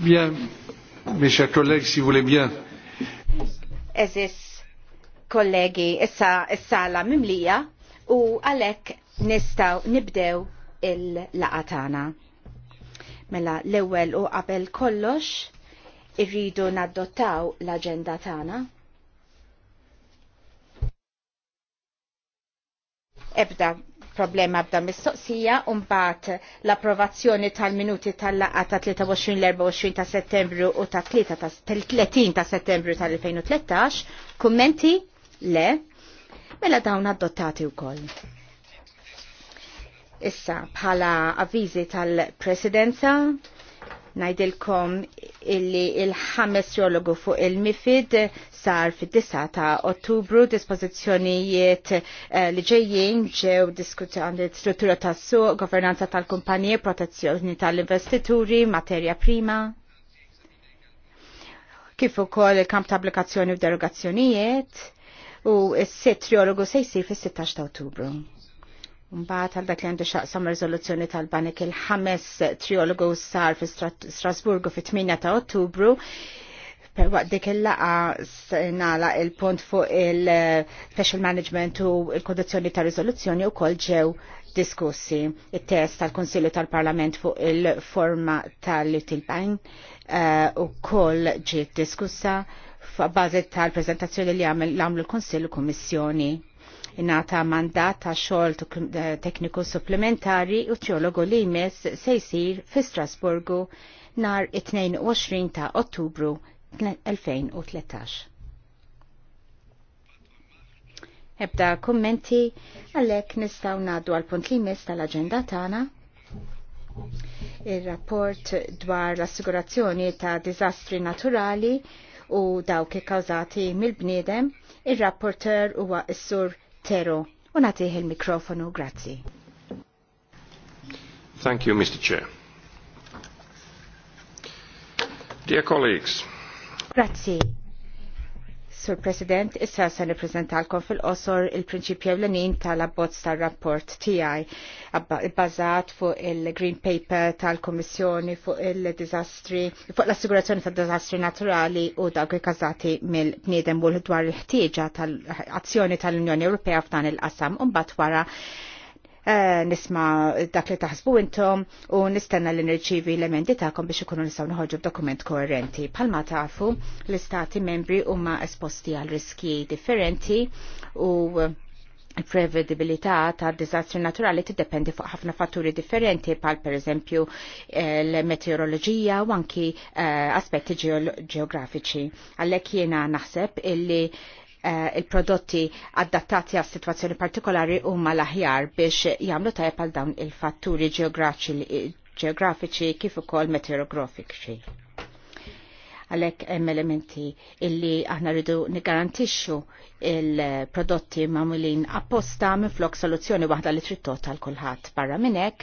Bien, mes chers collègues, si vous voulez bien. Eżis, kollegi, issa s-sala mimlija u għalek nistaw nibdew il-laqatana. Mela l-ewel u qabel kollox irridu naddottaw l-agenda tana. Ebda problema b'da mistoqsija mbagħad l-approvazzjoni tal-minuti tal laqgħa ta' 23 l-24 ta' settembru u ta' 30 ta' settembru tal-2013. Kummenti? Le. Mela dawn adottati wkoll. Issa, bħala avviżi tal-presidenza, Najdilkom illi il-ħames jologu fuq il-MIFID sar fid-9 ta' Ottubru dispożizzjonijiet eh, li ġejjin ġew diskutan struttura tas-suq, governanza tal-kumpanije, protezzjoni tal-investituri, materja prima kif ukoll il-kamp ta' applikazzjoni u derogazzjonijiet u s sit jologu se jsir fis-16 ta' Ottubru. Mbagħad għal dak li għandu xaqsam riżoluzzjoni tal-banik il-ħames triologu sar fi Strasburgu fit-8 ta' Ottubru per waqt dik il-laqa nala il-punt fuq il-special management u il kondizjoni ta' riżoluzzjoni u kol ġew diskussi il-test tal-Konsilju tal-Parlament fuq il-forma tal Bank eh, u kol ġiet diskussa f'bażi tal-prezentazzjoni li għamlu l-Konsilju Kommissjoni Inata mandat ta' xogħol tekniku supplementari u teologu li jmiss se jsir fi Strasburgu nar 22 ta' Ottubru 2013. Ebda kommenti għalek nistaw naddu għal punt li mis tal-agenda tagħna il-rapport dwar l-assigurazzjoni ta' dizastri naturali u dawk ikkawżati mill-bniedem, il-rapporter huwa s-sur Tero, u nagħtih il-mikrofonu, grazzi. Thank you, Mr. Chair. Dear colleagues. Grazie, Sur President, issa se niprezentalkom fil-qosor il l-nin tal-abbozz tar-rapport tiegħi bbażat fuq il-Green Paper tal-Kummissjoni fuq il-diżastri fuq l-assigurazzjoni tad diżastri naturali u dawk ikkażati mill-bniedem u dwar il-ħtieġa tal-azzjoni tal-Unjoni Ewropea f'dan il-qasam un mbagħad wara Eh, nisma dak li taħsbu intom u nistenna li nirċivi l-emendi tagħkom biex ikunu nistgħu noħorġu b'dokument koerenti. Palma tafu l-istati membri huma esposti għal riski differenti u prevedibilità ta' dizastri naturali tiddependi fuq ħafna fatturi differenti pal per eżempju eh, l-meteoroloġija u anki eh, aspetti ġeografiċi. Għallek jiena naħseb illi Eh, il-prodotti adattati għal situazzjoni partikolari huma l-aħjar biex jagħmlu tajjeb għal dawn il-fatturi ġeografiċi kif ukoll meteorografiċi. Għalhekk hemm elementi illi aħna rridu nigarantixxu il-prodotti mamulin apposta minn flok soluzzjoni waħda li trid għal kulħadd. Barra minn hekk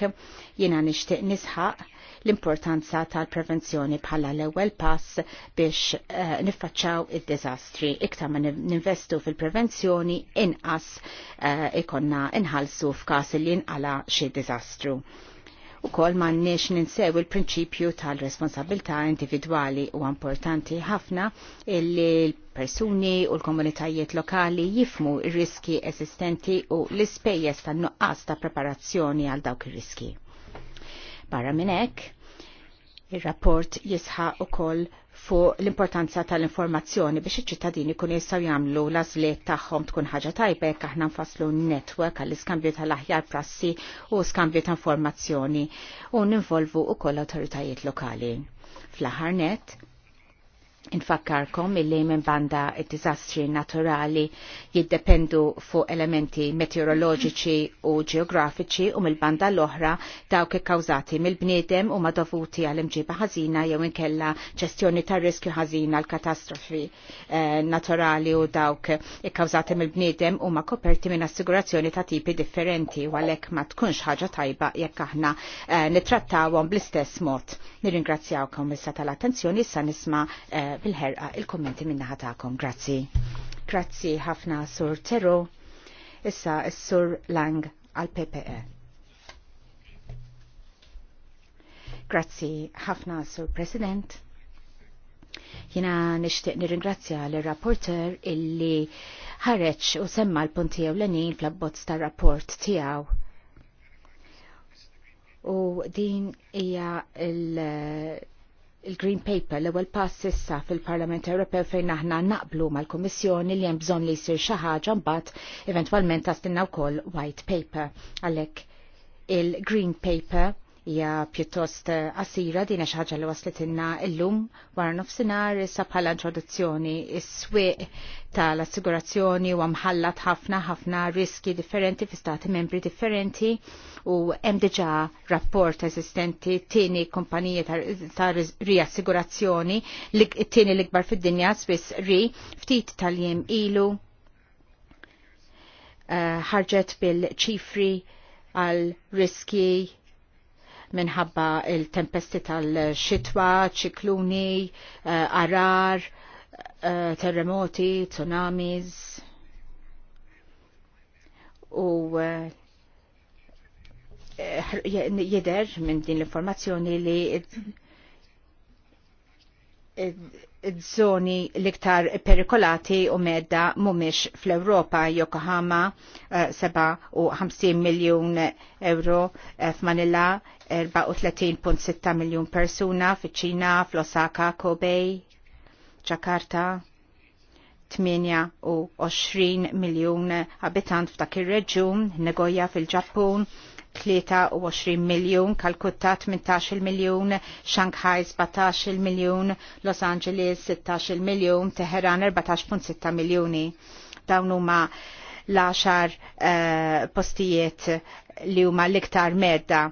jiena nixtieq nisħaq l-importanza tal-prevenzjoni bħala l-ewwel pass biex uh, niffaċċaw id-diżastri. Iktar ma ninvestu fil-prevenzjoni inqas uh, ikonna inħalsu f'każ li inqala xi diżastru. U kol mannix ninsew il-prinċipju tal-responsabilità individuali u importanti ħafna illi l-persuni u l-komunitajiet lokali jifmu ir-riski esistenti u l-ispejjeż tan-nuqqas ta' preparazzjoni għal dawk ir-riski. Barra minn hekk, ir-rapport u koll fuq l-importanza tal-informazzjoni biex iċ-ċittadini kun jistaw jagħmlu l-għażliet tagħhom tkun ħaġa tajba jekk aħna nfasslu n-netwerk għall-iskambju tal-aħjar prassi u skambju ta' informazzjoni u ninvolvu wkoll awtoritajiet lokali. Fl-aħħar net, Infakkarkom illi minn banda disastri naturali jiddependu fuq elementi meteoroloġiċi u ġeografiċi u mill banda l-oħra dawk ikkawżati mill-bniedem u madovuti għal imġiba ħażina jew inkella ċestjoni tar riskju ħażina l katastrofi eh, naturali u dawk ikkawżati mill-bniedem u ma koperti minn assigurazzjoni ta' tipi differenti u għalhekk ma tkunx ħaġa tajba jekk aħna eh, nittrattawhom bl-istess mod. Nirringrazzjawkom issa tal-attenzjoni issa nisma' eh, bil-ħerqa il-kommenti minna ħatakom. Grazzi. Grazzi ħafna sur Tero, issa sur Lang għal-PPE. Grazzi ħafna sur President. Jina nishtiq nirringrazzja l-rapporter illi ħareċ u semma l-punti enin fl-abbozz tar-rapport tiegħu. U din hija il-Green Paper l ewwel pass issa fil-Parlament Ewropew fejn aħna naqblu mal-Kummissjoni li hemm bżonn li jsir xi ħaġa mbagħad eventwalment tastinna wkoll White Paper. Għalhekk il-Green Paper hija pjuttost eh, qasira din għax ħaġa li waslet illum llum wara nofsinhar issa bħala introduzzjoni is-swieq tal-assigurazzjoni u mħallat ħafna ħafna riski differenti fi stati membri differenti u hemm diġà rapport eżistenti tieni kumpaniji ta' riassigurazzjoni tieni l-ikbar fid-dinja Swiss Re ftit tal-jiem ilu eh, ħarġet bil-ċifri għal riski minħabba il-tempesti tal-xitwa, ċikluni, uh, arar, uh, terremoti, tsunamis u uh, jider minn din l-informazzjoni li Zoni l-iktar perikolati u medda mumiex fl-Europa Yokohama 57 eh, miljon euro eh, f'Manila 34.6 miljon persuna fiċ-Ċina, fl-Osaka, Kobe, Jakarta 28 miljon abitant f'dak ir-reġjun, Nagoya fil-Ġappun, 23 miljon, Kalkutta 18 miljon, Shanghai 17 miljon, Los Angeles 16 miljon, Teheran 14.6 miljoni. Dawn huma l-10 uh, eh, postijiet li huma l-iktar medda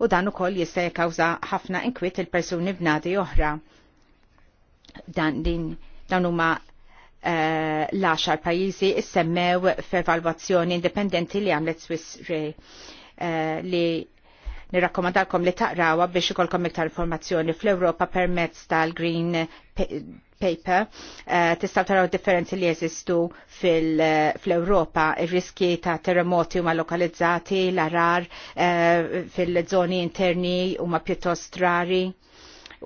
u dan ukoll jista' jikkawża ħafna inkwiet il-persuni b'nadi oħra. Dan din dawn huma Uh, eh, l-10 pajjiżi issemmew f'evalwazzjoni indipendenti li għamlet Swiss Re. Eh, li nirrakkomandalkom li taqrawa biex ikolkom iktar informazzjoni fl-Ewropa permezz tal-Green Paper. Eh, tistaw taraw differenzi li jeżistu fl-Ewropa, ir-riski ta' terremoti huma lokalizzati, l-arar eh, fil-żoni interni huma pjuttost rari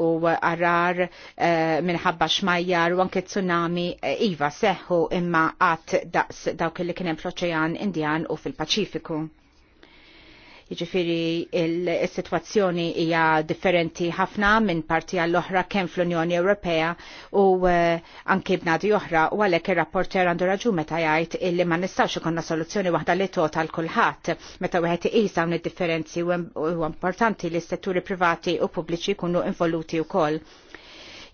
u arar minħabba xmajjar u anke tsunami iva seħħu imma għat daqs dawk li kienem fl-oċean Indjan u fil-Paċifiku. Jiġifieri il-sitwazzjoni hija differenti ħafna minn parti għall-oħra kemm fl-Unjoni Ewropea u eh, anki b'nadi oħra u għalhekk ir-rapporter għandu raġun meta jgħid illi ma nistgħux ikonna soluzzjoni waħda li tota għal kulħadd meta wieħed iqis dawn id-differenzi u importanti li s-setturi privati u pubbliċi jkunu involuti wkoll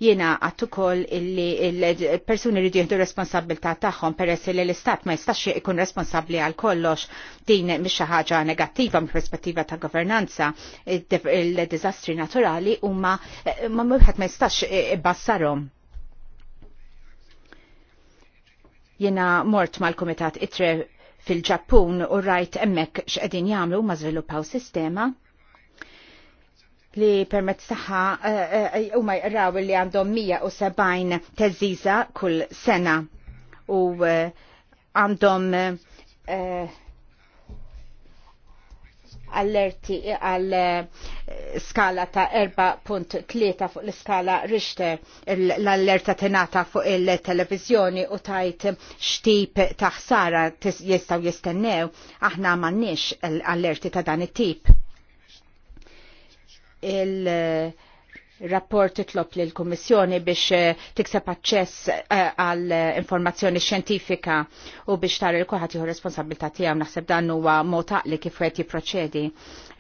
Jena għattu kol illi il-persuni rridu jihdu responsabilta taħħom peress li l-istat ma jistax ikun responsabli għal kollox din mish ħaġa negattiva mill perspettiva ta' governanza il-dizastri naturali u ma mwħed ma jistax bassarom. Jena mort mal-komitat itre fil-ġappun u rajt emmek x'qegħdin jagħmlu ma żviluppaw sistema li permezz taħħa eh, eh, eh, huma jqraw li għandhom 170 teżiża kull sena u għandhom allerti għal skala ta' 4.3 fuq l-skala Richter l-allerta tenata fuq il-televizjoni u tajt xtip ta' ħsara jistaw jistennew aħna mannix l-allerti ta' dan it-tip il- rapport titlob li l-Kommissjoni biex eh, tikseb aċċess eh, għal informazzjoni xjentifika u biex tara l kulħadd jieħu responsabilità tiegħu naħseb dan huwa mod taqli kif qed jipproċedi.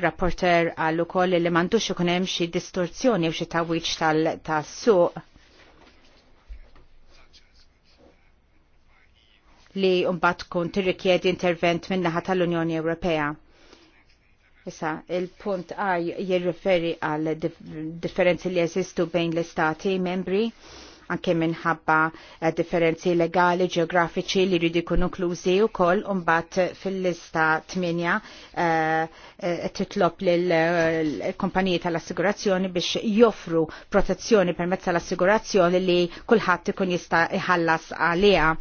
Rapporter għal ukoll li m'għandux ikun hemm xi distorzjoni u xi tawwiċ tas-suq li mbagħad tkun tirrikjedi intervent min-naħa tal-Unjoni Ewropea Issa, il-punt A jirriferi għal differenzi li jeżistu bejn l-istati membri anke minħabba eh, differenzi legali ġeografiċi li rridu jkunu klużi u koll unbat fil-lista 8 eh, eh, titlob l-kompaniji tal-assigurazzjoni biex joffru protezzjoni permezz tal-assigurazzjoni li kullħat ikun jista' iħallas għaliha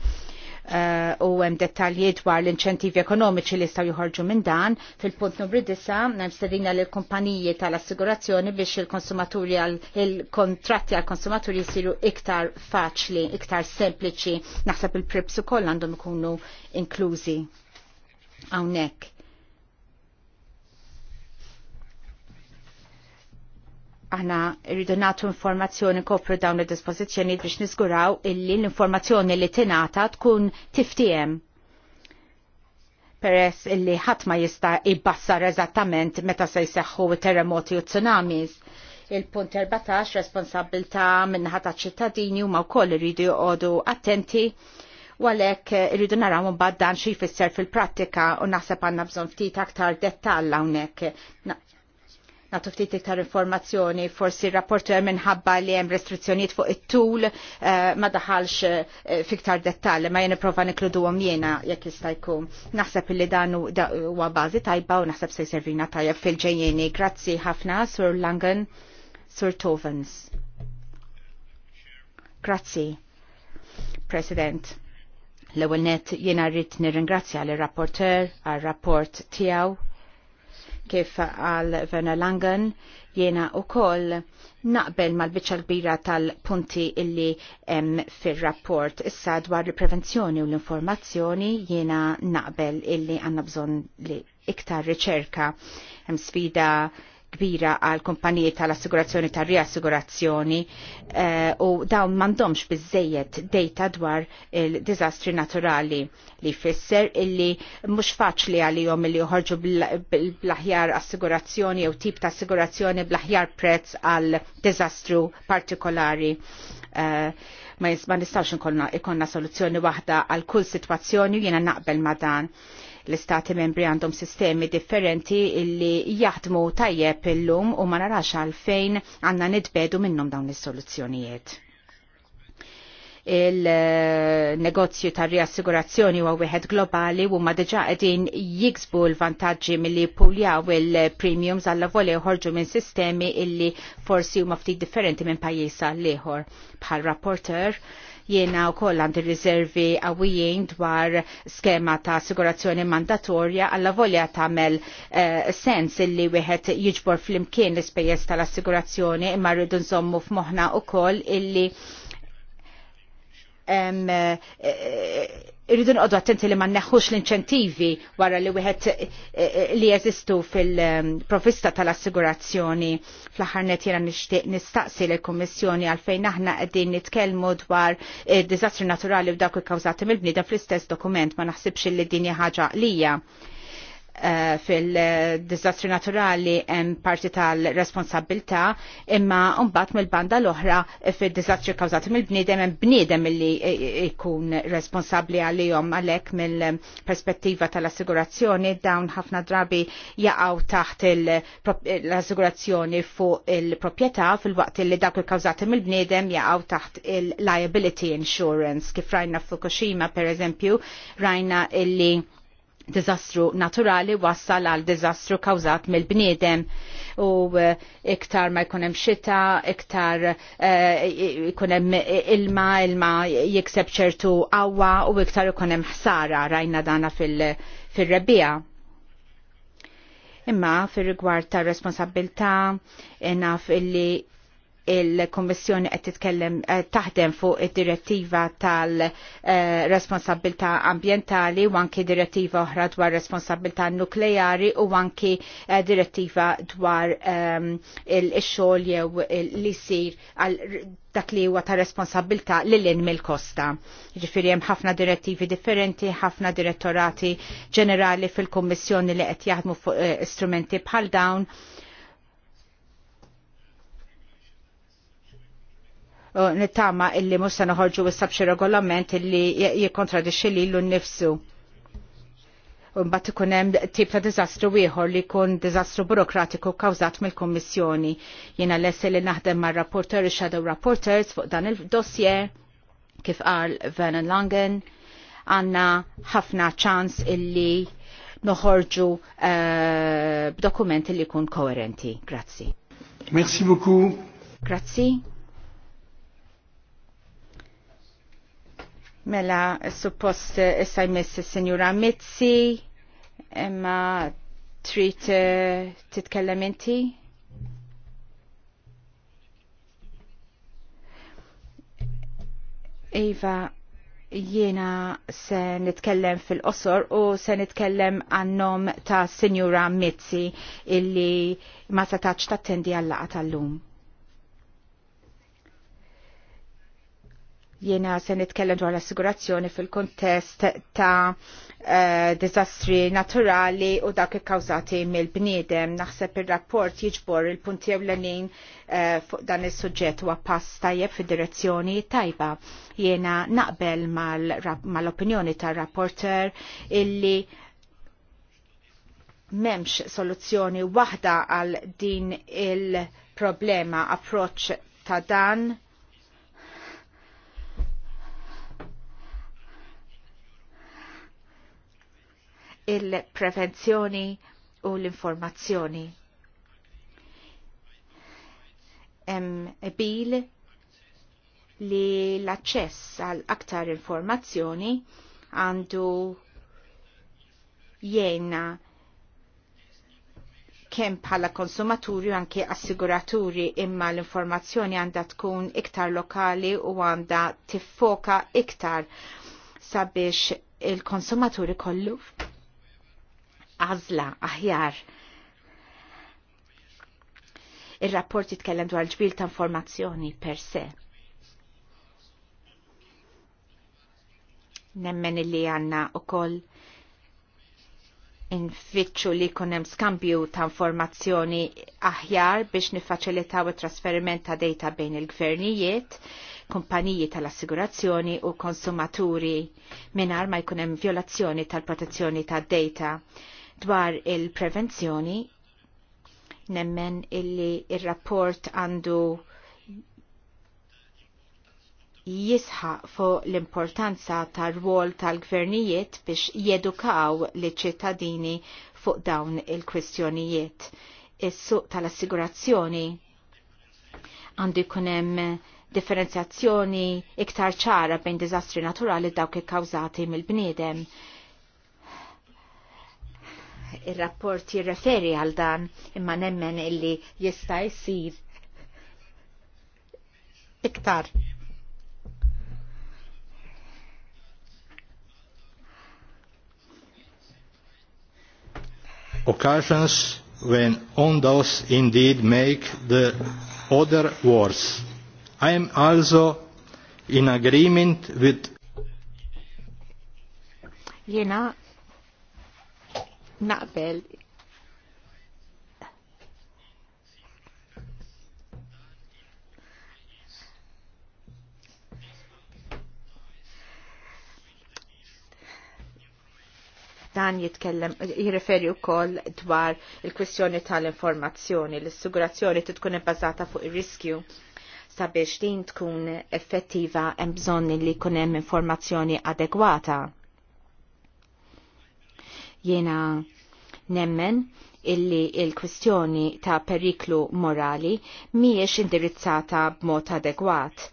Eh, u hemm dettalji dwar l-inċentivi ekonomiċi li jistgħu joħorġu minn dan. Fil-punt numru 9 hemm stedina lil kumpaniji tal-assigurazzjoni biex il-konsumaturi il-kontratti għall konsumaturi jsiru iktar faċli, iktar sempliċi. Naħseb il-prips ukoll għandhom ikunu inklużi hawnhekk aħna rridu nagħtu informazzjoni kopru dawn id-dispożizzjoni biex niżguraw illi l-informazzjoni li tingħata tkun tiftiem. Peress illi ħadd ma jista' jbassar eżattament meta se jseħħu terremoti u tsunamis. Il-punt 14 responsabilta minnaħa ta' ċittadini huma wkoll iridu joqogħdu attenti u għalhekk irridu naraw mbagħad dan xi jfisser fil-prattika u naħseb għandna bżonn ftit aktar dettall hawnhekk natu ftit iktar informazzjoni, forsi rapporter minħabba li hemm restrizzjonijiet fuq it-tul eh, ma daħalx eh, fiktar dettalji ma jien prova nikluduhom jiena jekk jista' jkun. Naħseb li dan huwa bażi tajba u naħseb se jservina tajjeb fil-ġejjeni. Grazzi ħafna Sur Langen, Sur Tovens. Grazzi, President. L-ewwel net jiena rrid nirringrazzja l-rapporter għal rapport tiegħu kif għal Werner Langen jena u koll naqbel mal biċċa kbira tal-punti illi em, fil-rapport issa dwar il-prevenzjoni u l-informazzjoni jena naqbel illi għanna bżon li iktar riċerka hemm sfida kbira għal kumpaniji tal-assigurazzjoni tal-riassigurazzjoni eh, u dawn mandomx bizzejiet data dwar il-dizastri naturali li fisser illi mux faċli għalihom illi uħorġu bil-blaħjar assigurazzjoni u tip ta' assigurazzjoni bl-aħjar prezz għal dizastru partikolari. Uh, ma nistawx ikonna soluzzjoni waħda għal kull situazzjoni jiena naqbel ma' dan L-istati membri għandhom sistemi differenti illi jaħdmu tajjeb illum u ma narax għalfejn għanna nitbedu minnhom dawn is-soluzzjonijiet il-negozju ta' riassigurazzjoni huwa wieħed globali u ma diġa qegħdin jiksbu l-vantaġġi milli puljaw il-premiums għalla voli joħorġu minn sistemi illi forsi huma ftit differenti minn pajjiż għal ieħor. Bħal rapporter, Jena u koll għandi riservi għawijin dwar skema ta' assigurazzjoni mandatorja għalla volja tamel eh, sens illi wieħed jiġbor fl-imkien l-ispejjeż tal-assigurazzjoni imma rridu nżommu f'moħna u koll illi Eh, eh, irridu nqodu attenti li ma neħħux l-inċentivi wara li wieħed eh, li jeżistu fil-provista tal-assigurazzjoni. Fl-aħħar net jiena nixtieq nistaqsi l kummissjoni għalfejn aħna qegħdin nitkellmu dwar diżastri naturali u dawk ikkawżati mill-bniedem fl-istess dokument ma naħsibx li din hija ħaġa qlija Eh, fil-dizastri naturali hemm parti tal responsabilità imma mbagħad mill-banda l-oħra fil-dizastri kawżati mill-bniedem hemm bniedem li jkun responsabbli għalihom għalhekk mill-perspettiva tal-assigurazzjoni dawn ħafna drabi jaqgħu taħt l-assigurazzjoni fuq il-proprjetà fil-waqt li dak il-kawżati mill-bniedem jaqgħu taħt il-liability insurance kif rajna f'Fukushima per eżempju rajna illi Dizastru naturali wassal għal dizastru kawzat mill-bniedem u eh, iktar ma jkunem xita, iktar jkunem eh, ilma, ilma jikseb ċertu għawa u iktar jkunem ħsara rajna dana fil-rebbija. Fil imma fir rigward ta' responsabilta naf illi il-Kommissjoni qed titkellem eh, taħdem fuq id-direttiva tal-responsabilità ambientali u anki direttiva oħra dwar responsabilità nukleari u anki eh, direttiva dwar ehm, il-xogħol jew li jsir għal dak li huwa ta' responsabilta lil in mill-kosta. Ġifieri hemm ħafna direttivi differenti, ħafna direttorati ġenerali fil-Kummissjoni li qed jaħdmu fuq eh, strumenti bħal dawn nittama illi musa noħorġu s-sabxi regolament illi jikontradixxi li l-nifsu. Mbatt ikun hemm tip ta' diżastru ieħor li jkun diżastru burokratiku kawżat mill-Kummissjoni. Jiena lesi li naħdem mar rapporter u shadow rapporters fuq dan il-dossier kif qal Vernon Langen għandna ħafna ċans illi noħorġu eh, b'dokument li jkun koerenti. Grazzi. Merci beaucoup. Grazzi. Mela, suppost issa jmiss il-Senjura Mizzi, imma trid eh, titkellem inti? Iva, jiena se nitkellem fil-qosor u se nitkellem għannom ta' Sinjura Mizzi illi ma setax tattendi għallaqa tal-lum. Jena se nitkellem dwar l-assigurazzjoni fil-kontest ta' uh, eh, dizastri naturali u dak ikkawżati mill-bniedem. Naħseb ir-rapport jiġbor il-punti ewlenin uh, fuq dan is-suġġett huwa pass tajjeb fid-direzzjoni tajba. Jena naqbel mal-opinjoni mal tar-rapporter illi memx soluzzjoni waħda għal din il-problema approċ ta' dan il-prevenzjoni u l-informazzjoni. Hemm bil li l-aċċess għal aktar informazzjoni għandu jena kemm bħala konsumaturi anke assiguraturi imma l-informazzjoni għandha tkun iktar lokali u għandha tiffoka iktar sabiex il-konsumaturi kollu għazla aħjar. Il-rapport jitkellem dwar ġbil ta' informazzjoni per se. Nemmen illi għanna u koll infittxu li kunem skambju ta' informazzjoni aħjar biex nifacilitaw it-trasferiment ta' data bejn il-gvernijiet, kumpaniji tal-assigurazzjoni u konsumaturi minar ma jkunem violazzjoni tal-protezzjoni ta' data dwar il-prevenzjoni nemmen illi il-rapport għandu jisħa fuq l-importanza tar rwol tal-gvernijiet biex jedukaw li ċittadini fuq dawn il kwestjonijiet Is-suq tal-assigurazzjoni għandu jkunem differenzjazzjoni iktar ċara bejn diżastri naturali dawk ikkawżati mill-bniedem il-rapport jirreferi għal dan imma nemmen illi jista' jisir iktar. Occasions when on those indeed make the other worse. I am also in agreement with Jena naqbel dan jitkellem, jirreferi u koll dwar il-kwestjoni tal-informazzjoni, l-assigurazzjoni tkun bazata fuq il-riskju sabiex din tkun effettiva hemm bżonn li jkun hemm informazzjoni adegwata. Jena nemmen illi il-kwistjoni ta' periklu morali miex indirizzata b'mod adegwat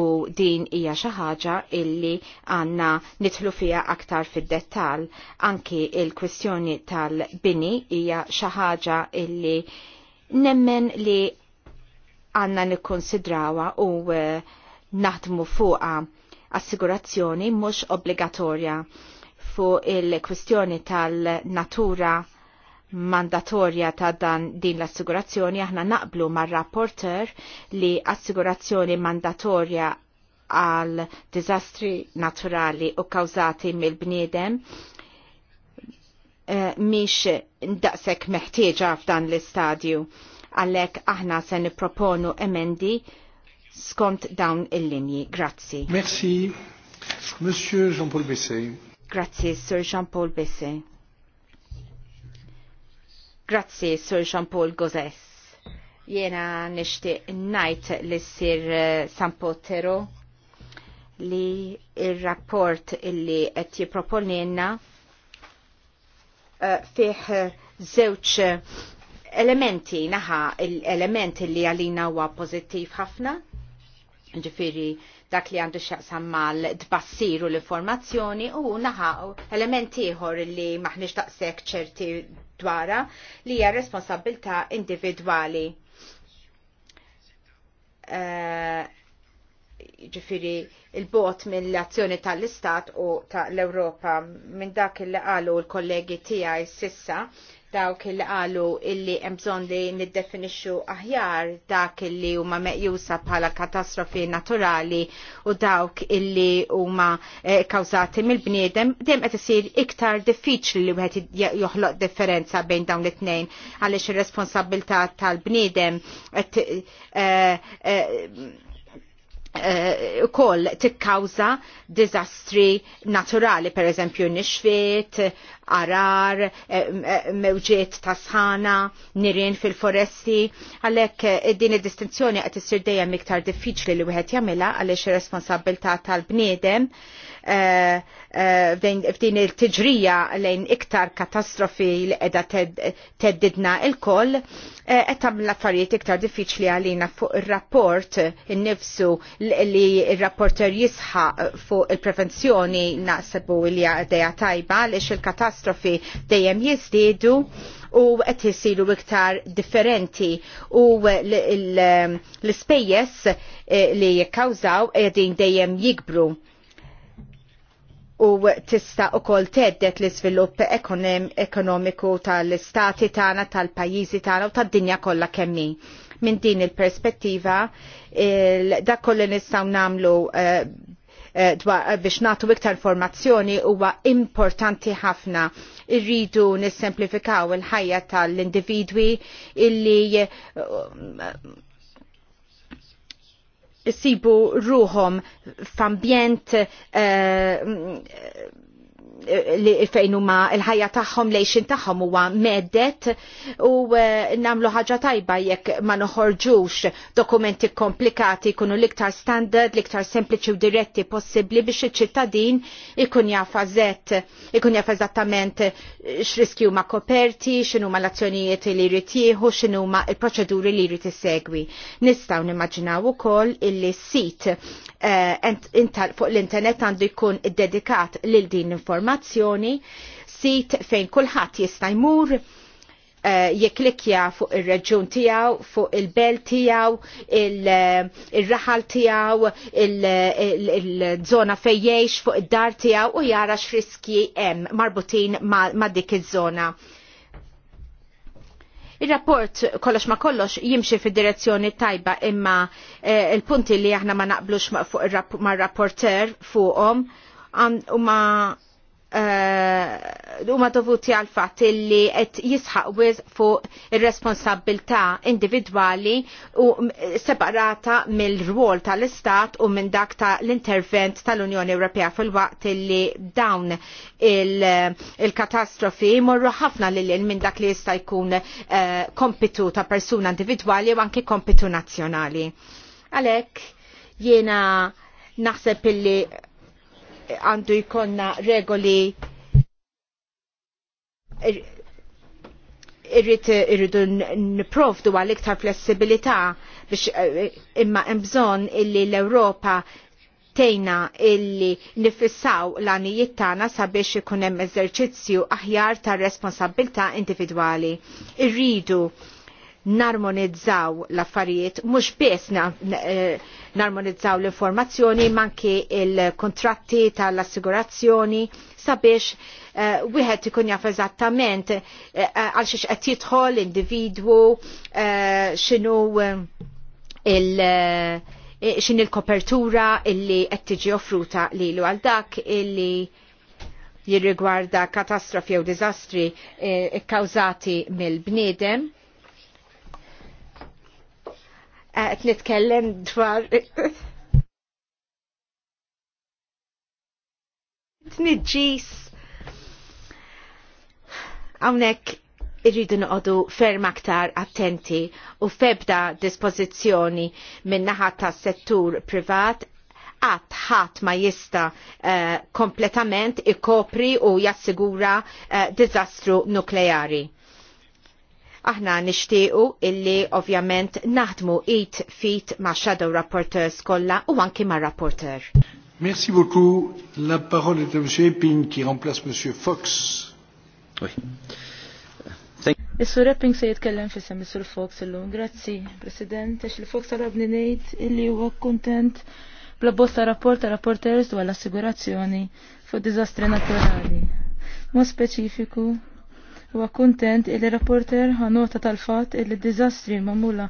u din hija xi ħaġa illi għandna nidħlu fiha aktar fid-dettall. Anki il-kwistjoni tal-bini hija xi ħaġa illi nemmen li għandna nikkonsidrawa u eh, naħdmu fuqa assigurazzjoni mhux obbligatorja fuq il-kwistjoni tal-natura mandatorja ta' dan din l-assigurazzjoni aħna naqblu mar-rapporter li assigurazzjoni mandatorja għal dizastri naturali u kawzati mill-bniedem uh, eh, miex daqsek meħtieġa f'dan l-istadju għallek aħna se niproponu emendi skont dawn il-linji. Grazzi. Merci. Monsieur Jean-Paul Besset. Grazzi, Sir Jean-Paul Bessé. Grazzi, Sir Jean-Paul Gozes. Jena nishtiq najt li Sir eh, Sampotero li il-rapport illi qed jiproponilna uh, eh, fih eh, zewċ elementi naħa l-element li għalina huwa pozittiv ħafna ġifiri dak li għandu xaqsam mal tbassir u l-informazzjoni u naħaw elementi ieħor li maħniex taqsek ċerti dwara li hija responsabilta individwali. Uh, il-bot mill-azzjoni tal-Istat u tal-Europa minn dak il-li għalu l-kollegi tijaj sissa dawk li qalu illi bżonn li niddefinixxu aħjar dak illi huma meqjusa bħala katastrofi naturali u dawk illi huma kawzati eh, kawżati mill-bniedem dejjem qed isir iktar diffiċli li wieħed joħloq differenza bejn dawn it-tnejn għaliex ir-responsabilità tal-bniedem eh, eh, Uh, eh, kol tikkawza dizastri naturali, per eżempju nixfiet, arar, eh, eh, mewġiet ta' sħana, nirien fil-foresti, għalek din id-distinzjoni għat issir dejjem iktar diffiċli li wieħed jagħmilha għaliex ir-responsabilità tal-bniedem Eh, eh, f'din il-tiġrija lejn iktar katastrofi li edha teddidna il-koll eh, qed tagħmel affarijiet iktar diffiċli għalina fuq ir-rapport innifsu li r-rapporter jisħaq fuq il-prevenzjoni naqsebu li għadeja tajba għaliex il-katastrofi dejjem jiżdiedu u qed jisiru iktar differenti u l-ispejjeż li jikkawżaw qegħdin dejjem jikbru u tista' ukoll teddet l-iżvilupp ekonomiku tal-istati tagħna, tal-pajjiżi tagħna u tad-dinja kollha kemm min. Minn din il-perspettiva, dak kollu nistgħu nagħmlu eh, eh, eh, biex natu iktar informazzjoni huwa importanti ħafna. Irridu nissemplifikaw il-ħajja tal-individwi illi Sibu ruhom f'ambjent uh, li fejn huma l-ħajja tagħhom lejxin tagħhom huwa meddet u eh, nagħmlu ħaġa tajba jekk ma noħorġux dokumenti komplikati jkunu l-iktar standard, l-iktar sempliċi u diretti possibbli biex iċ-ċittadin ikun jaf eżett, ikun jaf eżattament x'riskju ma koperti, x'inhu ma l-azzjonijiet li jrid jieħu, x'inhu ma l-proċeduri li jrid isegwi. Nistgħu nimmaġinaw ukoll illi sit eh, fuq l-internet għandu jkun iddedikat lil din l-informazzjoni informazzjoni, sit fejn kulħadd jista' jmur eh, jeklikja fuq ir reġun tiegħu, fuq il-belt tiegħu, il-raħal eh, tiegħu, il żona eh, fejn jgħix, fuq id-dar tiegħu, u jara x'riski hemm marbutin ma' dik iż-żona. Il-rapport kollox ma kollox jimxi fi direzzjoni tajba imma il-punti li aħna ma naqblux ma' rapporter fuqhom u ma' Eh, huma dovuti għal fatt li qed jisħaq wiz fuq ir responsabilità individwali u separata mill-rwol tal-Istat u minn dak tal-intervent tal-Unjoni Ewropea fil-waqt li dawn il-katastrofi il morru ħafna lil minn dak li jista' jkun eh, kompitu ta' persuna individwali u anke kompitu nazzjonali. Għalhekk jiena naħseb illi għandu jkonna regoli irrid irridu niprovdu għal iktar flessibilità biex eh, imma hemm bżonn illi l-Ewropa tejna illi nifissaw l-għanijiet tagħna sabiex ikun hemm eżerċizzju aħjar ta' responsabilità individwali. Irridu narmonizzaw l-affarijiet, mhux biss eh, narmonizzaw l-informazzjoni, manki il-kontratti tal-assigurazzjoni sabiex uh, wieħed ikun jaf eżattament eh, għal uh, xiex qed jidħol individwu uh, x'inhu il- xin il-kopertura illi qed tiġi offruta lilu għal dak illi jirrigwarda katastrofi jew diżastri kkawżati mill-bniedem qed nitkellem dwar tniġġis hawnhekk irridu noqogħdu ferm aktar attenti u febda dispozizjoni minn naħa tas-settur privat qatt ħadd ma jista uh, kompletament ikopri u jassigura uh, diżastru nukleari Aħna nixtiequ illi ovvjament naħdmu it fit ma' shadow rapporteurs kollha u anki ma' rapporteur. Merci beaucoup. La parole est à M. Epping qui remplace M. Fox. Oui. Is-sur Epping se jitkellem fi semmi sur Fox illum. Grazzi, President, Ix il Fox għarabni nejt illi huwa kontent bla bosta rapporta ta' rapporters dwar l-assigurazzjoni fuq dizastri naturali. Mo speċifiku Huwa kuntent il rapporter ħa nota tal-fatt d diżastri mamula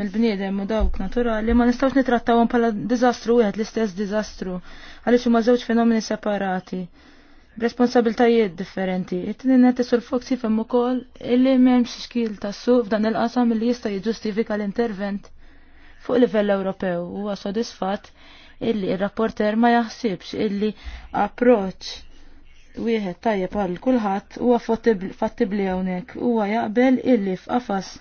mill-bniedem u dawk naturali ma nistgħux nitrattawhom bħala diżastru wieħed l-istess diżastru għaliex huma żewġ fenomeni separati responsabiltajiet differenti. It-tnien qed isul Fox jifhem ukoll illi m'hemmx xkil tas-suq f'dan il-qasam illi jista' jiġġustifika l-intervent fuq livell Ewropew huwa sodisfatt illi ir-rapporter ma jaħsibx illi approċċ wieħed tajjeb għal kulħadd huwa fattibbli hawnhekk huwa jaqbel illi f'qafas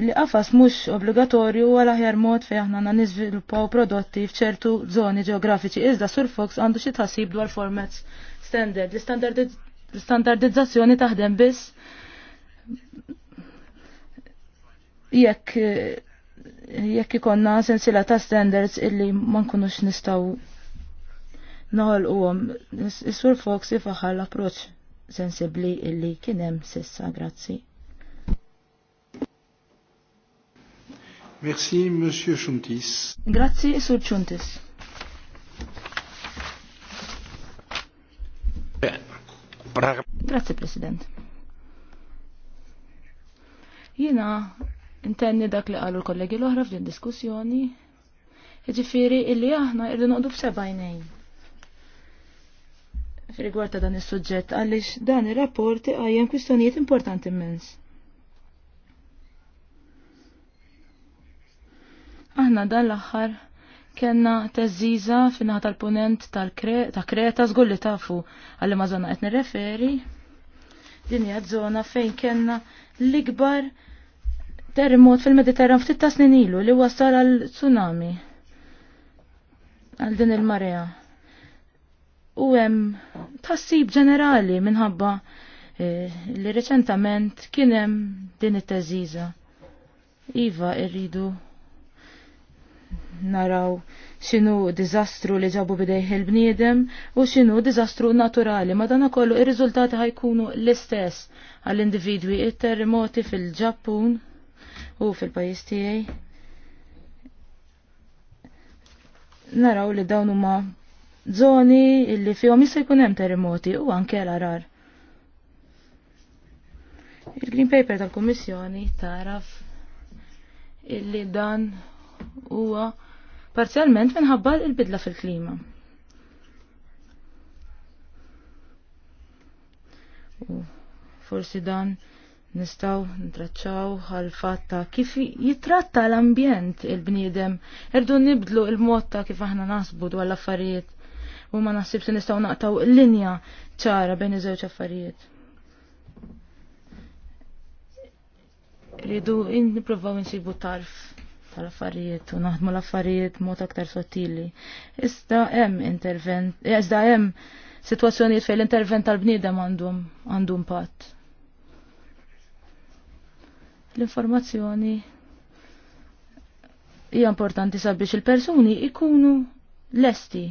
illi qafas mhux obbligatorju għal aħjar mod fejn aħna niżviluppaw prodotti f'ċertu żoni ġeografiċi iżda Sur Fox għandu xi tħassib dwar formats standard. l istandardizzazzjoni taħdem biss jekk jekk ikonna sensila ta' standards illi ma nkunux nistgħu noħol u għom, s-sur Fox ifaħar l-approċ sensibli illi kienem sissa, grazzi. Merci, Monsieur Chuntis. Grazzi, Sur Chuntis. Grazie, President. Jina, intenni dak li għalu l-kollegi l-oħra f'din diskussjoni, ġifiri illi aħna irridu noqdu f'sebajnejn fil-rigward ta' dan is-suġġett għaliex dan ir-rapport għajjem kwistjonijiet importanti immens. Aħna dan l-aħħar kellna teżiża fin punent tal-punent ta' Kreta żgur li tafu għalli ma' żona qed nirreferi. Din hija żona fejn kellna l-ikbar terremot fil-Mediterran ftit ta' snin ilu li wasal għal tsunami għal din il-marea u hemm tassib ġenerali minħabba eh, li reċentament kien hemm din it-teżiża. Iva irridu naraw xinu dizastru li ġabu bidejh il-bniedem u xinu dizastru naturali. dana kollu ir-riżultati ħajkunu l-istess għall-individwi it-terremoti fil-Ġappun u fil-pajis tiegħi. Naraw li dawn huma zoni illi fihom jista' jkun hemm terremoti u anke l-arar. Il-Green Paper tal-Kummissjoni taraf illi dan huwa parzjalment minħabba il-bidla fil-klima. U forsi dan nistaw ntraċċaw għal fatta kif jitratta l-ambjent il-bniedem. erdu nibdlu il motta kif aħna nasbu dwar l-affarijiet u ma naħsib li nistgħu naqtaw linja ċara bejn iż-żewġ affarijiet. Ridu nippruvaw insibu tarf tal-affarijiet u naħdmu l-affarijiet mod aktar sottili. Iżda hemm intervent, eh, iżda hemm sitwazzjonijiet fejn l-intervent tal-bniedem għandhom għandhom patt. L-informazzjoni hija importanti sabiex il-persuni ikunu lesti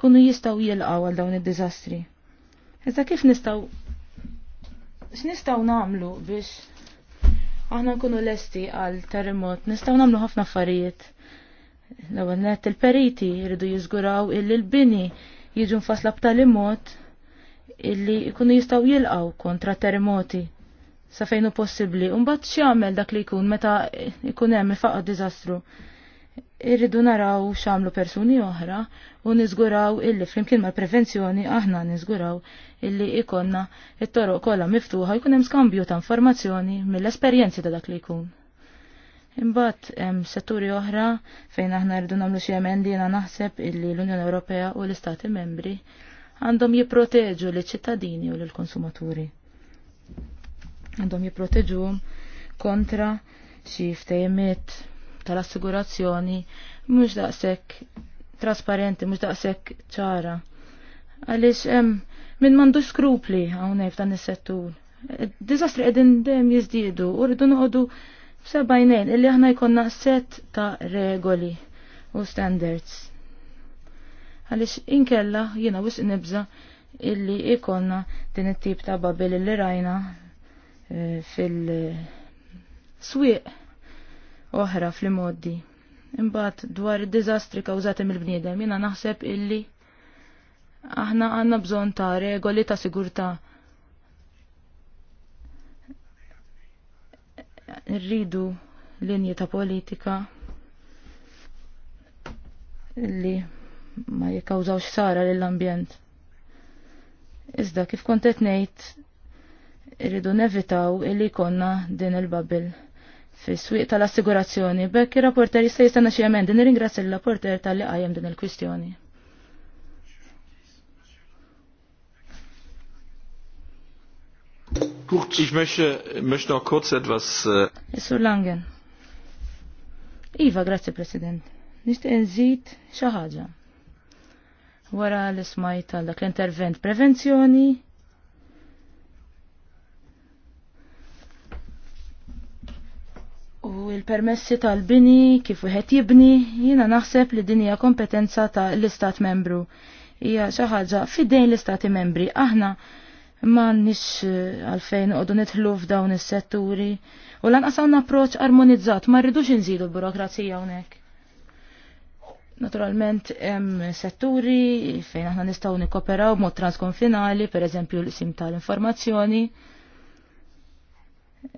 Kunu jistaw jilqaw għal dawn id-dizastri. Iżda kif nistaw x'nistgħu nagħmlu biex aħna nkunu lesti għal terremot, nistgħu nagħmlu ħafna affarijiet. L-ewwel nett il-periti jridu jiżguraw illi l-bini jiġu nfasla b'tali mod illi jkunu jistgħu jilqaw kontra terremoti sa fejnu hu possibbli. Imbagħad x'jagħmel dak li jkun meta jkun hemm ifaqgħod dizastru. diżastru irridu naraw xamlu persuni oħra u nizguraw illi flimkien mal prevenzjoni aħna nizguraw illi ikonna il toroq kollha miftuħa jkun hemm skambju ta' informazzjoni mill-esperjenzi ta' dak li jkun. Imbagħad hemm setturi oħra fejn aħna rridu nagħmlu xi emendi naħseb illi l-Unjoni Ewropea u l-Istati Membri għandhom jipproteġu l ċittadini u lill-konsumaturi. Għandhom jipproteġuhom kontra xi ftehimiet tal-assigurazzjoni mhux daqshekk trasparenti, mhux daqshekk ċara. Għaliex hemm min m'għandux skrupli hawnhekk f'dan is-settur. Diżastri qegħdin dejjem jiżdiedu u rridu noqogħdu f'sebajnejn illi aħna jkollna set ta' regoli u standards. Għaliex inkella jiena wisq nibża illi ikonna din it-tip ta' babel illi rajna eh, fil-swieq oħra fl-modi. Imbagħad dwar id-diżastri kawżati mill-bniedem jiena naħseb illi aħna għandna bżonn ta' regoli ta' sigurtà. Rridu linji ta' politika li ma jikkawżawx sara lill-ambjent. Iżda kif kont qed ngħid irridu nevitaw illi jkollna din il-babil fis-swieq tal-assigurazzjoni. Bekk ir-rapporter jista' jistenna xi emendi, nirringrazzja l-rapporter tal-li qajjem din il-kwistjoni. Ich möchte, möchte noch kurz etwas... Äh, Isur Langen. Iva, grazie, President. Nicht nżid xi ħaġa. Wara l-ismaj l-intervent prevenzjoni U il-permessi tal-bini kif wieħed jibni jiena naħseb li din hija kompetenza ta' l-istat membru. Hija xi ħaġa fidejn l-istati membri. Aħna m'għandniex eh, għalfejn noqogħdu nidħlu f'dawn is-setturi u lanqas hawn approċċ armonizzat ma rridux inżidu burokrazija hawnhekk. Naturalment hemm setturi fejn aħna nistgħu nikkoperaw b'mod transkonfinali, pereżempju l-isim tal-informazzjoni.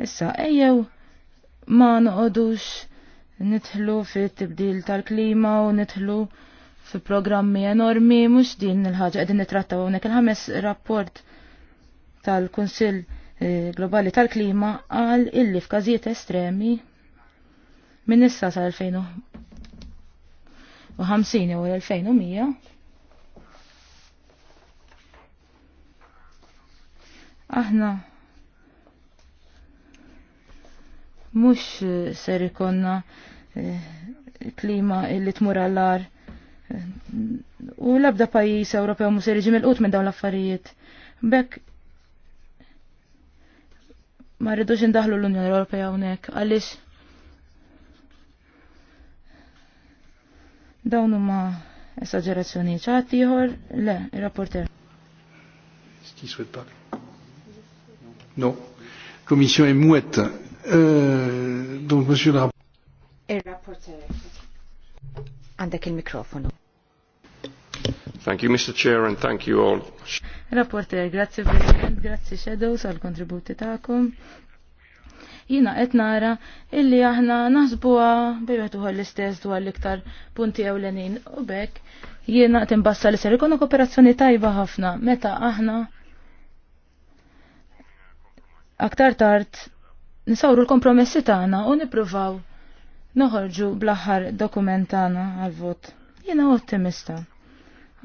Issa ejjew ma noqodux nitħlu fit-tibdil tal-klima u nitħlu fi programmi enormi mhux din il-ħaġa qegħdin nitrattaw hawnhekk il-ħames rapport tal-Kunsill eh, Globali tal-Klima għal illi f'każijiet estremi minn issa sa' 2050 u 2100 aħna mux ser ikonna eh, klima illi tmur għallar. U l pajis Ewropew mu ser iġi qut minn dawn l-affarijiet. Bekk ma rridux indaħlu l-Unjoni Ewropea hawnhekk għaliex dawn huma esagerazzjoni ċaħat ieħor, le, il-rapporter. Ski souhaite parler. Commission est mouette. Eh, donc, monsieur Għandek il-mikrofonu. Thank you, Mr. Chair, and thank you all. Rapporter, grazie President, grazie Shadows għal kontributi ta'kom. Jina qed nara illi aħna naħsbuha bejwet uħol l-istess dwar l-iktar punti ewlenin u bekk jiena qed imbassa li ser kooperazzjoni tajba ħafna meta aħna aktar tard nisawru l-kompromessi tagħna u nippruvaw noħorġu bl-aħħar dokument tagħna għal-vot. Jiena ottimista.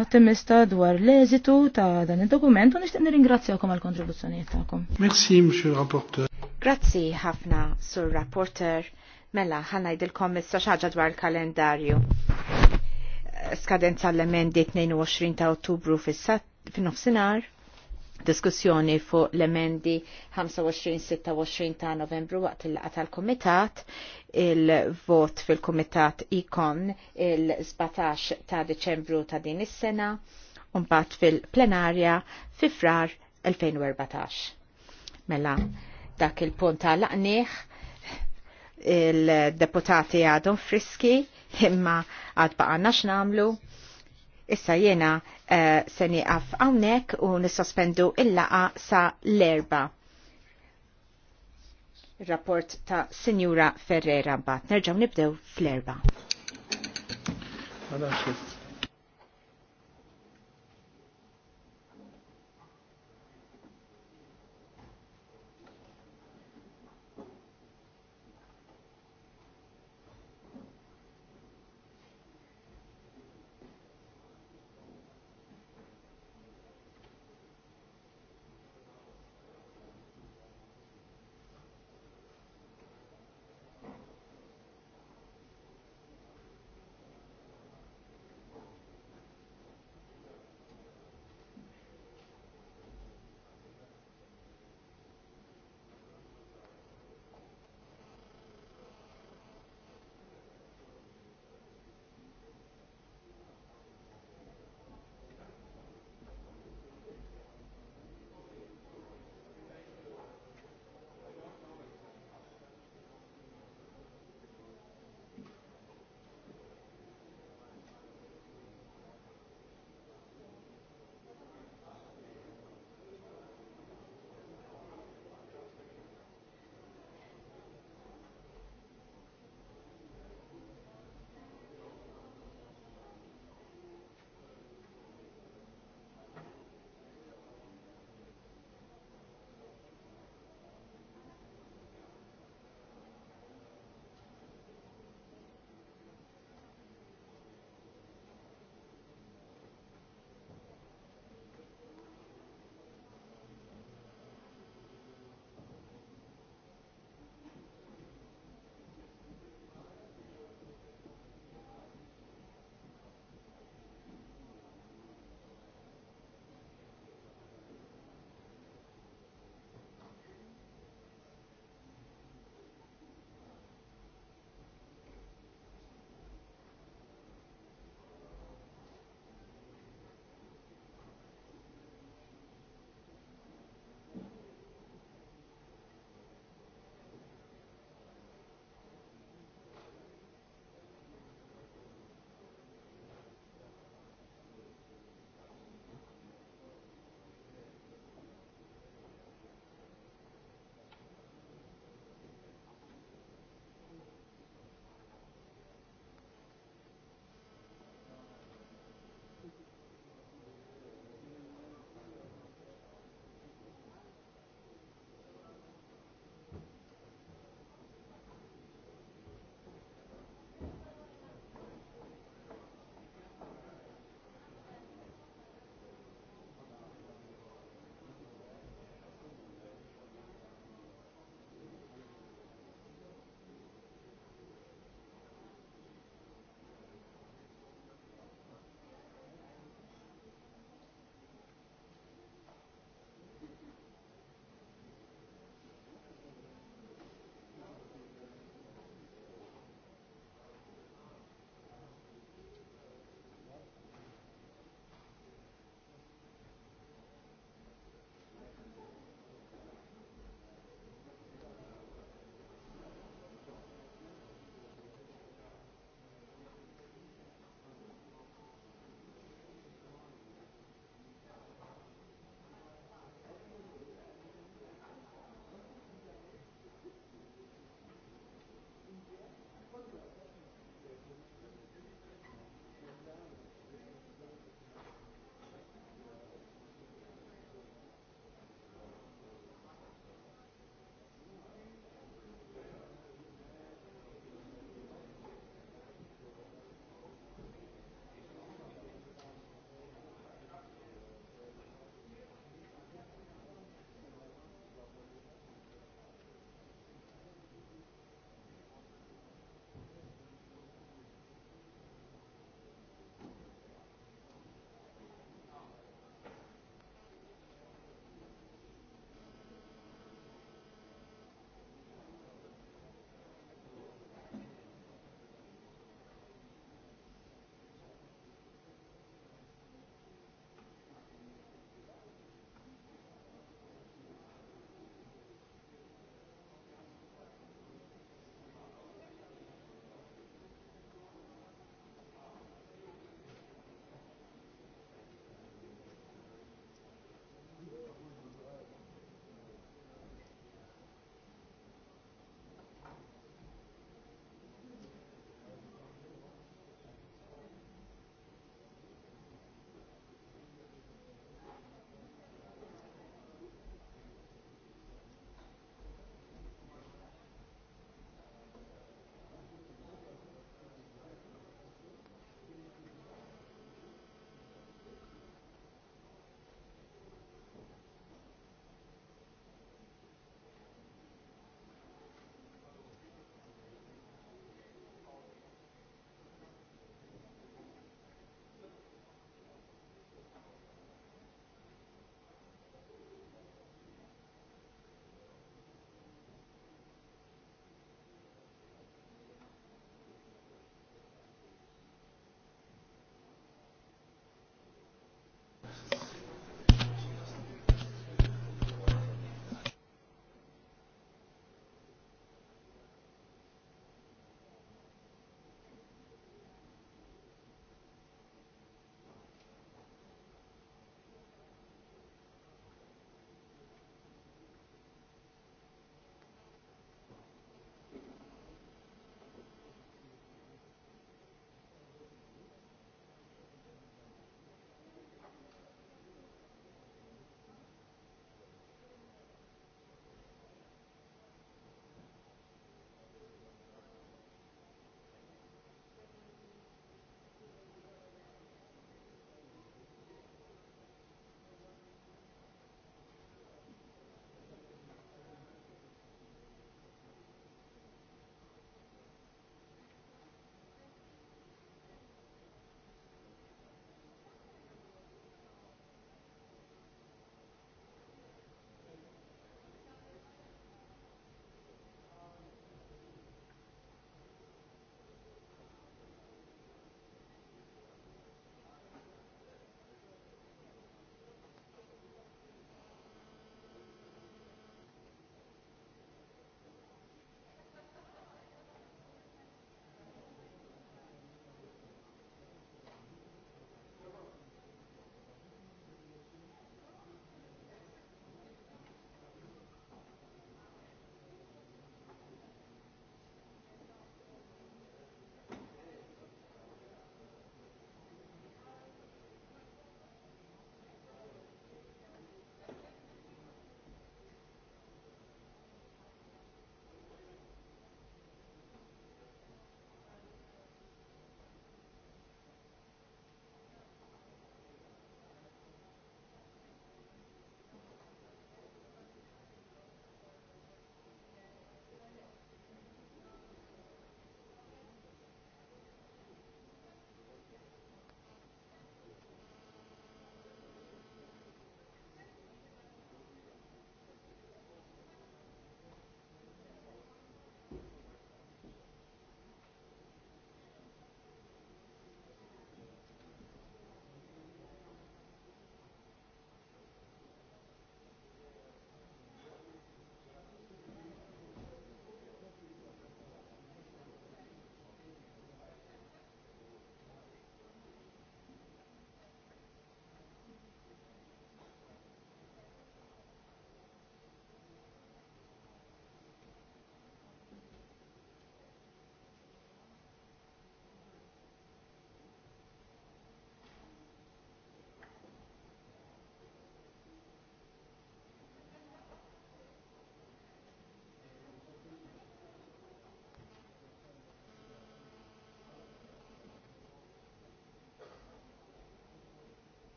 Ottimista dwar l-eżitu ta' dan id-dokument u nixtieq nirringrazzjawkom għall-kontribuzzjonijiet tagħkom. Merci, Monsieur Rapporteur. Grazzi ħafna, Sur Rapporteur. Mela, ħanajdilkom issa xaġa dwar kalendarju. Skadenza l-emendi 22 ta' Ottubru fin-nofsinhar diskussjoni fuq l-emendi 25-26 ta' novembru waqt il-laqa tal-komitat, il-vot fil-komitat ikon il-17 ta' deċembru ta' din is-sena, unbat fil-plenarja fi frar 2014. Mela, dak il-punt ta' laqniħ il-deputati għadhom friski, imma għad baqa x'namlu Issa jena eh, se nieqaf hawnhekk u nissospendu il-laqa sa l-erba. rapport ta' Sinjura Ferrera Bat. Nerġaw nibdew fl-erba.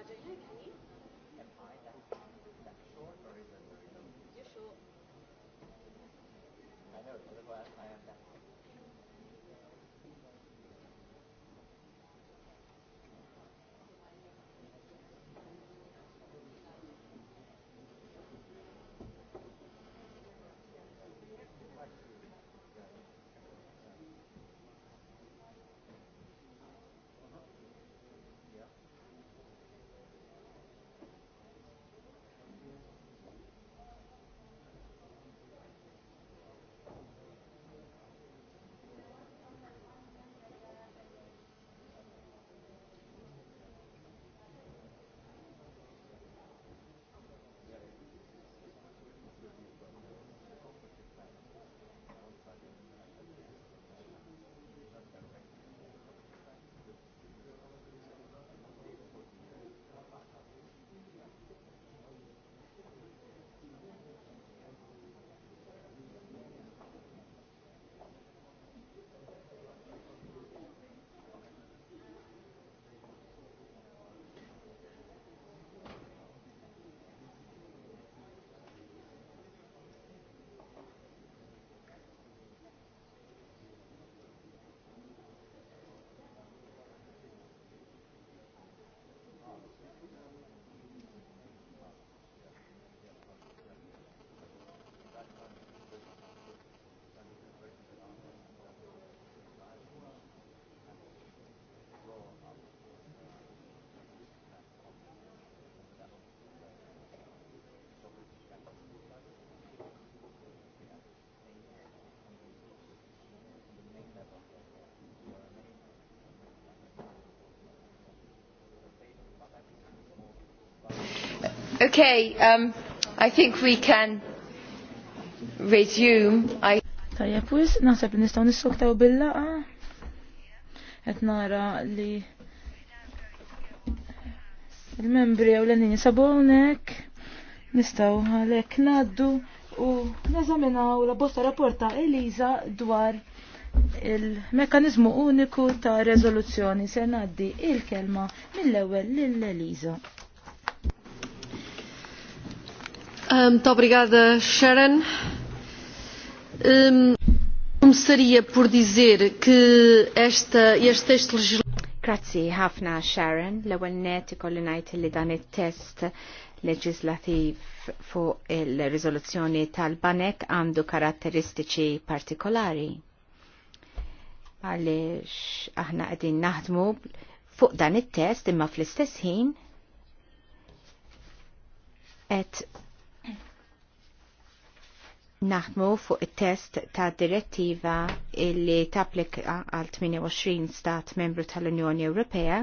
I know, otherwise Okay, um, I think we can resume. I... Tajja, pwis, nasab nistaw nissoktaw bil-laqa. għet nara li il-membri għu l-għanin sabonek, Nistaw għalek naddu u neżaminaw la bosta rapporta Eliza dwar il-mekanizmu uniku ta' rezoluzzjoni. se naddi il-kelma mill-ewel lill-Eliza. Ehm, muito obrigada, Sharon. Ehm, começaria por dizer que esta, este texto legislativo. Grazzi ħafna Sharon, l-ewwel net ikolli ngħid li dan it-test leġislattiv fuq il-riżoluzzjoni tal-banek għandu karatteristiċi partikolari. Għaliex aħna qegħdin naħdmu fuq dan it-test imma fl-istess ħin qed naħdmu fuq it-test ta' direttiva illi tapplika għal 28 stat membru tal-Unjoni Ewropea,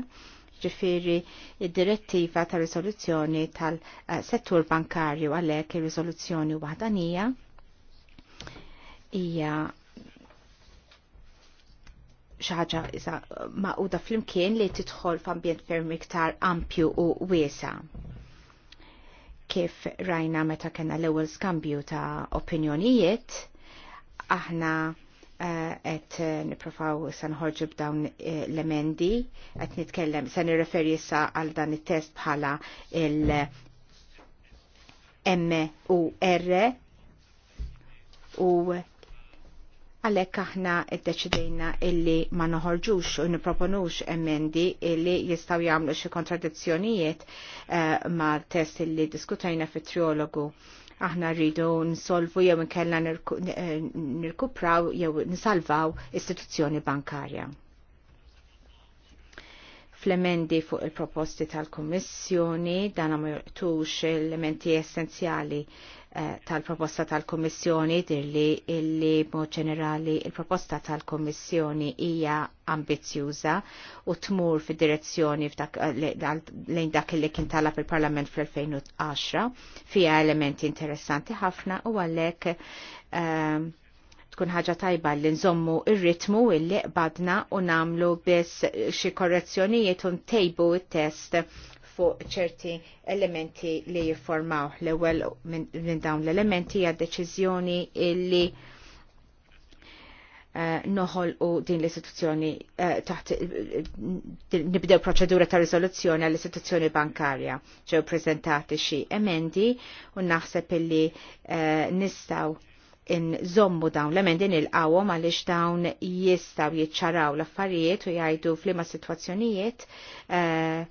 ġifiri id-direttiva ta' risoluzzjoni tal-settur bankarju għalhekk ir-riżoluzzjoni waħdanija hija xaħġa maquda fl-imkien li tidħol f'ambjent ferm iktar ampju u wiesa' kif rajna meta kena l-ewwel skambju ta' opinjonijiet, aħna qed uh, eh, niprofaw se nħorġu b'dawn uh, l-emendi, qed nitkellem se nirreferi issa għal dan it-test bħala il mur u għalek aħna id-deċidejna illi ma noħorġux u niproponux emendi illi jistaw jamlu xie kontradizzjonijiet eh, ma test illi diskutajna fit triologu aħna rridu nsolvu jew nkella eh, nirkupraw jew nsalvaw istituzzjoni bankarja. Fl-emendi fuq il-proposti tal-Kommissjoni dan ma jortux elementi essenzjali Eh, tal-proposta tal-Kommissjoni dirli illi mod ġenerali il-proposta tal-Kommissjoni hija ambizjuża u tmur fid direzzjoni eh, lejn dak li kien talab il-Parlament fl-2010 fija elementi interessanti ħafna u għalhekk ehm, tkun ħaġa tajba li nżommu ir-ritmu illi qbadna u namlu biss xi korrezzjonijiet u ntejbu it-test fuq ċerti elementi li jiformaw l-ewwel minn dawn l-elementi hija deċiżjoni illi uh, eh, noħol u din l-istituzzjoni uh, taħt eh, nibdew proċedura ta' rizoluzzjoni għall istituzzjoni bankarja ġew prezentati xi emendi u naħseb illi uh, nistaw nżommu dawn l emendi nilqawhom għaliex dawn jistaw jiċċaraw l-affarijiet u jgħidu f'liema situazzjonijiet uh,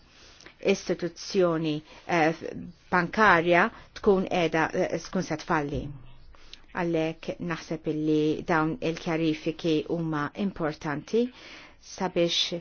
istituzzjoni eh, bankarja tkun edha eh, tkun se tfalli. Għallek naħseb illi dawn il-kjarifiki huma importanti sabiex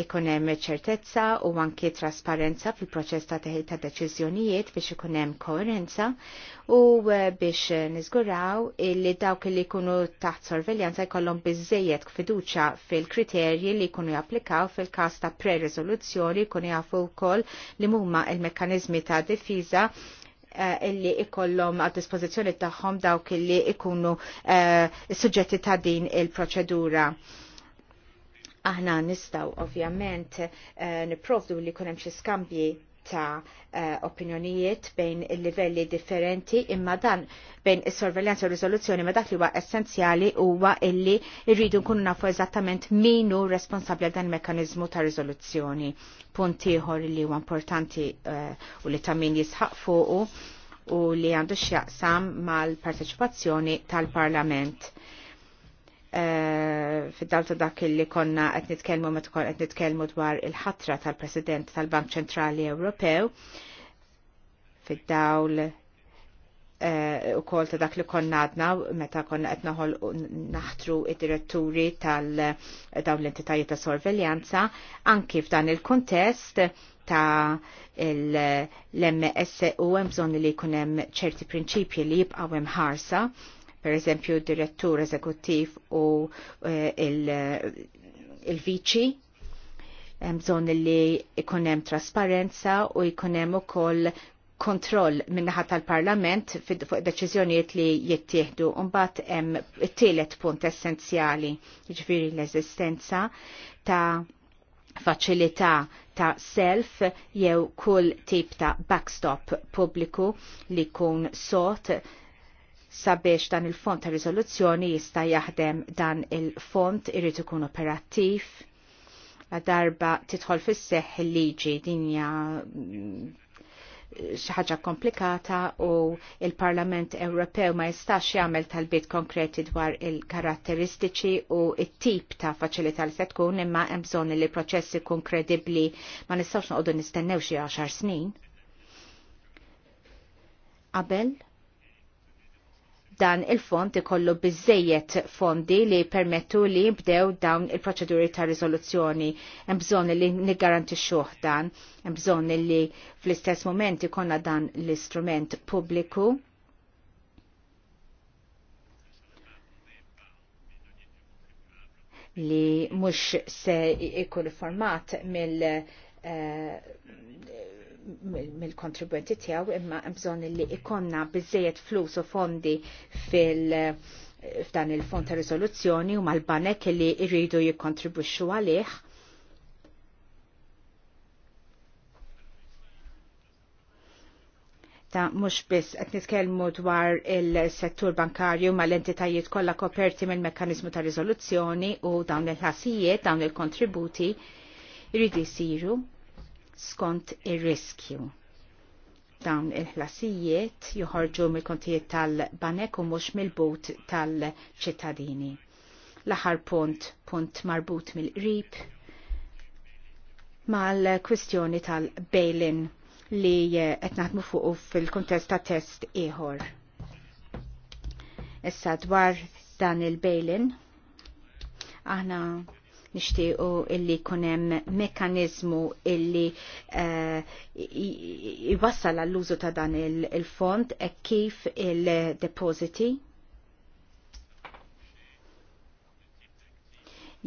ikun hemm ċertezza u anki trasparenza fil-proċess ta' teħil ta' deċiżjonijiet biex ikun hemm koerenza u eh, biex niżguraw li dawk li jkunu taħt sorveljanza jkollhom biżejjed fiduċja fil-kriterji li jkunu japplikaw fil-każ ta' pre-riżoluzzjoni jkunu jafu wkoll li huma il-mekkaniżmi ta' difiża eh, illi ikollhom għad dispożizzjoni tagħhom dawk illi ikunu eh, suġġetti ta' din il-proċedura. Aħna nistaw ovvjament eh, niprovdu li kunem xi skambji ta' eh, opinjonijiet bejn il-livelli differenti imma dan bejn is-sorveljanza u riżoluzzjoni ma dak li huwa essenzjali huwa illi rridu nkunu nafu eżattament min hu responsabbli għal dan il-mekkaniżmu ta' rizoluzzjoni. Punt ieħor li huwa importanti eh, u li ta' min jisħaq fuqu u li għandu x'jaqsam mal-parteċipazzjoni tal-Parlament Eh, fid-dal ta' dak li konna qed nitkellmu meta tkun qed nitkellmu dwar il-ħatra tal-President tal-Bank Ċentrali Ewropew fid-dawl eh, u kol ta' dak li konna għadna meta konna qed naħol naħtru id-diretturi tal-dawn l-entitajiet ta' sorveljanza anki f'dan il-kontest ta' l-MSU hemm bżonn li jkun hemm ċerti prinċipji li jibqgħu hemm ħarsa per eżempju direttur eżekuttiv u il-viċi, eh, il eh, bżon li hemm trasparenza u ikunem u koll kontroll minnaħat tal-parlament fuq deċiżjonijiet li jittieħdu mbagħad hemm it-tielet punt essenzjali, jiġifieri l-eżistenza ta' faċilità ta' self jew kull tip ta' backstop pubbliku li kun sot sabiex dan il-font ta' rizoluzzjoni jista' jaħdem dan il-font irid ikun operattiv darba titħol fis seħħ il-liġi dinja mm, ħaġa komplikata u il-Parlament Ewropew ma jistax jagħmel talbiet konkreti dwar il-karatteristiċi u it-tip ta' faċilità li se tkun imma hemm bżonn li proċess ikun kredibbli ma nistgħux noqogħdu nistennew xi 10 snin. Qabel dan il-fond ikollu bizzejiet fondi li permettu li jibdew dawn il-proċeduri ta' rizoluzzjoni. Hemm bżonn li niggarantixxuh dan, hemm bżonn li fl-istess moment ikonna dan l-istrument pubbliku. li mhux se ikun format mill uh, mill-kontribwenti tiegħu imma hemm bżonn li ikonna biżejjed flus u fondi fil- f'dan il-fond ta' riżoluzzjoni u mal-banek li jridu jikkontribwixxu għalih. ta' mhux biss qed nitkellmu dwar il-settur bankarju mal entitajiet kollha koperti mill-mekkaniżmu ta' riżoluzzjoni u dawn il-ħasijiet, dawn il-kontributi jridu jsiru skont ir-riskju. Dawn il-ħlasijiet joħorġu mill-kontijiet tal-banek u mhux mill-but tal-ċittadini. L-aħħar punt, punt marbut mill-qrib, mal-kwistjoni tal-bailin li qed naħdmu fuq fil-kuntest ta' test ieħor. Issa dwar dan il-bailin, aħna nishtiqu illi kunem mekanizmu illi jwassal eh, għall-użu ta' dan il-fond e kif il-depositi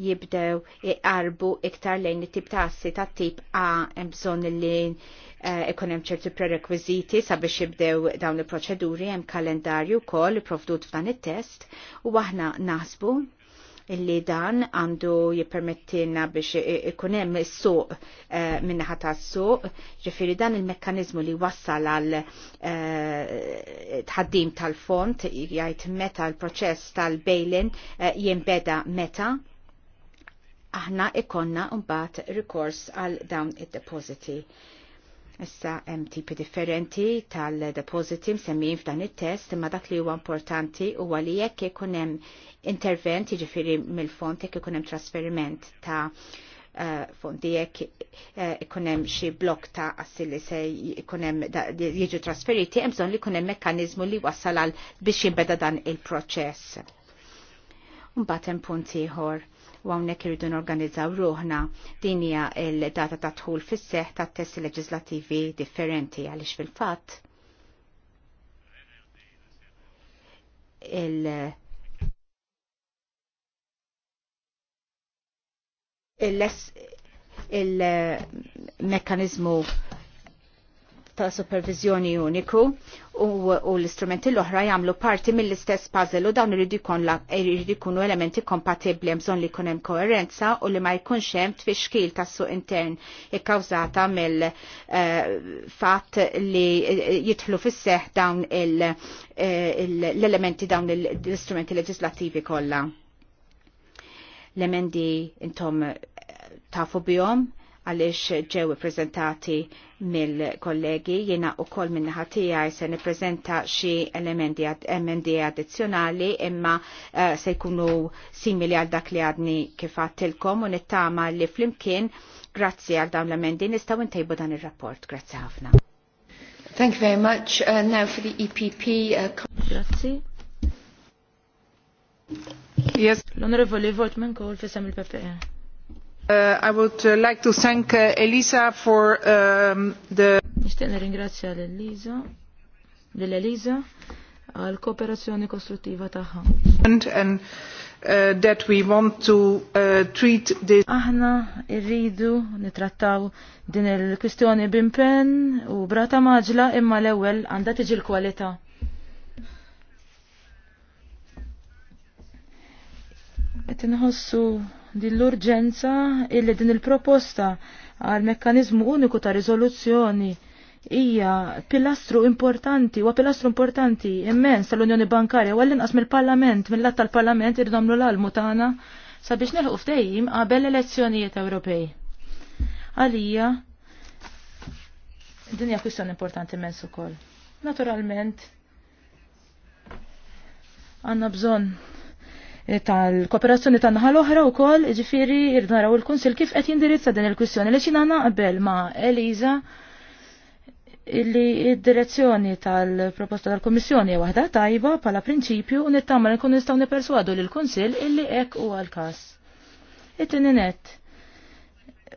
jibdew iqarbu iktar lejn it-tip ta' assi ta' tip A hemm bżonn li eh, ikun hemm ċerti sabiex jibdew dawn il-proċeduri hemm kalendarju wkoll il-provdut f'dan it-test u aħna naħsbu illi dan għandu jippermettilna biex ikun hemm suq uh, eh, minnaħa tas-suq, ġifieri dan il mekkanizmu li wassal għal eh, tħaddim tal-font jgħid meta l-proċess tal-bejlin uh, eh, jinbeda meta aħna ikonna mbagħad rikors għal dawn id depositi Issa hemm tipi differenti tal-depositi msemmijin f'dan it-test imma dak li huwa importanti huwa li jekk ikun hemm intervent jiġifieri mill-fond jekk ikun hemm trasferiment ta' eh, fondi jekk eh, ikun hemm xi blok ta' assi li se ikun hemm jiġu trasferiti hemm bżonn li jkun hemm mekkaniżmu li wassal għal biex jinbeda dan il-proċess. Mbagħad hemm punt ieħor u hawnhekk irridu norganizzaw ruħna din hija l-data ta' dħul fis-seħ ta' testi leġislattivi differenti għaliex fil-fatt il- il eh, ta' supervizjoni uniku u, u l-istrumenti l-oħra jagħmlu parti mill-istess puzzle u dawn irid jkunu elementi kompatibbli hemm bżonn li jkun hemm koerenza u li ma jkunx hemm tfixkil tas-suq intern ikkawżata mill-fatt eh, li eh, jidħlu fis-seħ dawn eh, l-elementi dawn l-istrumenti leġislattivi kollha. L-emendi intom tafu bihom għalix ġew prezentati mill-kollegi jena u kol minnaħa tijaj se niprezenta xie elementi emendi addizjonali imma eh, se jkunu simili għal dak li għadni tilkom u nittama li flimkien grazzi għal dawn l-emendi nistaw intajbu dan il-rapport. Grazzi ħafna. Thank you very much. Uh, now for the EPP. Uh, Yes. L-Onorevoli Voltman Kohl fissam il-PPE. Nixtieq uh, I would uh, like to thank uh, Elisa for um, the... l-Elisa, l għal kooperazzjoni kostruttiva tagħha. And, and uh, that we want to uh, treat this... Aħna irridu nitrattaw din il-kwistjoni bimpen u brata maġla imma l-ewwel għandha tiġi l-kwalità. Qed inħossu din l-urġenza illi din il-proposta għal mekkanizmu uniku ta' riżoluzzjoni hija pilastru importanti wa pilastru importanti immens tal-Unjoni Bankarja u inqas mill-Parlament, mill latta tal-Parlament irridu nagħmlu l-almu tagħna sabiex nelħu f'dejjem qabel elezzjonijiet Ewropej. Għalija din hija kwistjoni importanti immens ukoll. Naturalment għandna bżonn Eh, tal-kooperazzjoni tan naħa l-oħra wkoll, jiġifieri irdu naraw il kunsill kif qed jindirizza din il-kwistjoni li xina qabel ma' Eliza illi id-direzzjoni tal-proposta tal-Kommissjoni waħda tajba pala prinċipju u nittama nkun nistgħu nipperswadu lil kunsil illi hekk huwa l-każ. It-tieni nett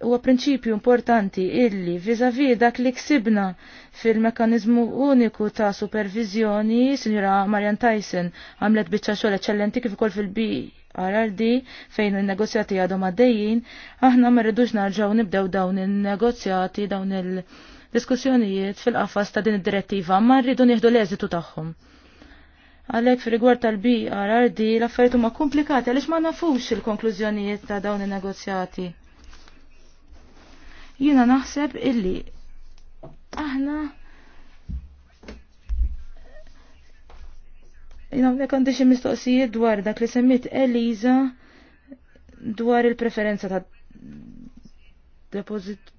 huwa prinċipju importanti illi vizavi dak li ksibna fil-mekanizmu uniku ta' supervizjoni, sinjura Marian Tyson għamlet biċċa xogħol eċċellenti kif ukoll fil-BRRD fejn in-negozjati għadhom għaddejjin, aħna ma rridux narġgħu nibdew dawn in-negozjati dawn il-diskussjonijiet fil-qafas ta' din id-direttiva, ma rridu nieħdu l-eżitu tagħhom. Għalek fi rigward tal-BRRD l-affarijiet huma komplikati għaliex ma nafux il-konklużjonijiet ta' dawn in-negozjati Jina naħseb illi aħna Jina għamnek għandi xie mistoqsijiet dwar dak li semmit Eliza dwar il-preferenza ta' deposit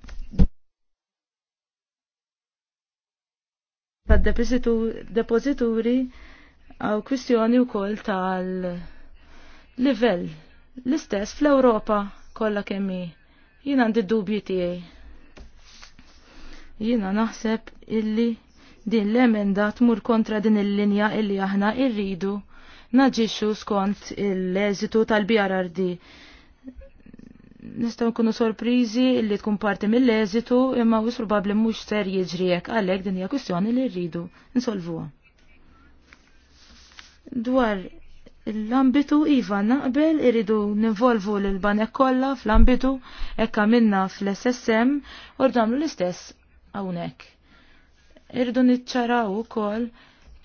ta' depozituri għaw kwistjoni u koll tal livell l-istess fl-Europa kolla kemmi jina għandi dubji tiegħi. Jiena naħseb illi din l-emenda tmur kontra din il-linja illi aħna irridu naġixxu skont l-eżitu tal-BRRD. Nistgħu nkunu sorpriżi illi tkun parti mill-eżitu imma wis probabbli mhux ser jiġri għalek għalhekk din hija kwistjoni li rridu insolvuha. Dwar L-ambitu iva naqbel iridu ninvolvu l-banek kollha fl-ambitu hekk għamilna fl-SSM u rdamlu l-istess hawnhekk. nitċaraw niċċaraw ukoll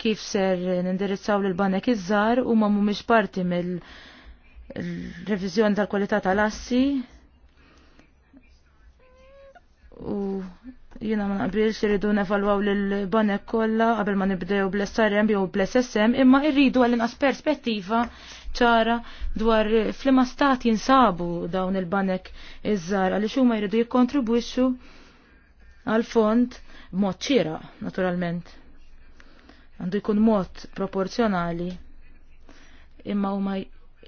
kif ser nindirizzaw l-banek iż-żar u ma mhumiex parti mill-reviżjoni tal-kwalità tal-assi u Jina ma naqbilx irridu nevalwaw l-banek kollha qabel ma nibdew bl-SRM jew bl-SSM imma irridu għall-inqas perspettiva ċara dwar flima stat jinsabu dawn il-banek iż-żar għaliex huma jridu jikkontribwixxu għal fond b'mod ċira, naturalment. Għandu jkun mod proporzjonali imma huma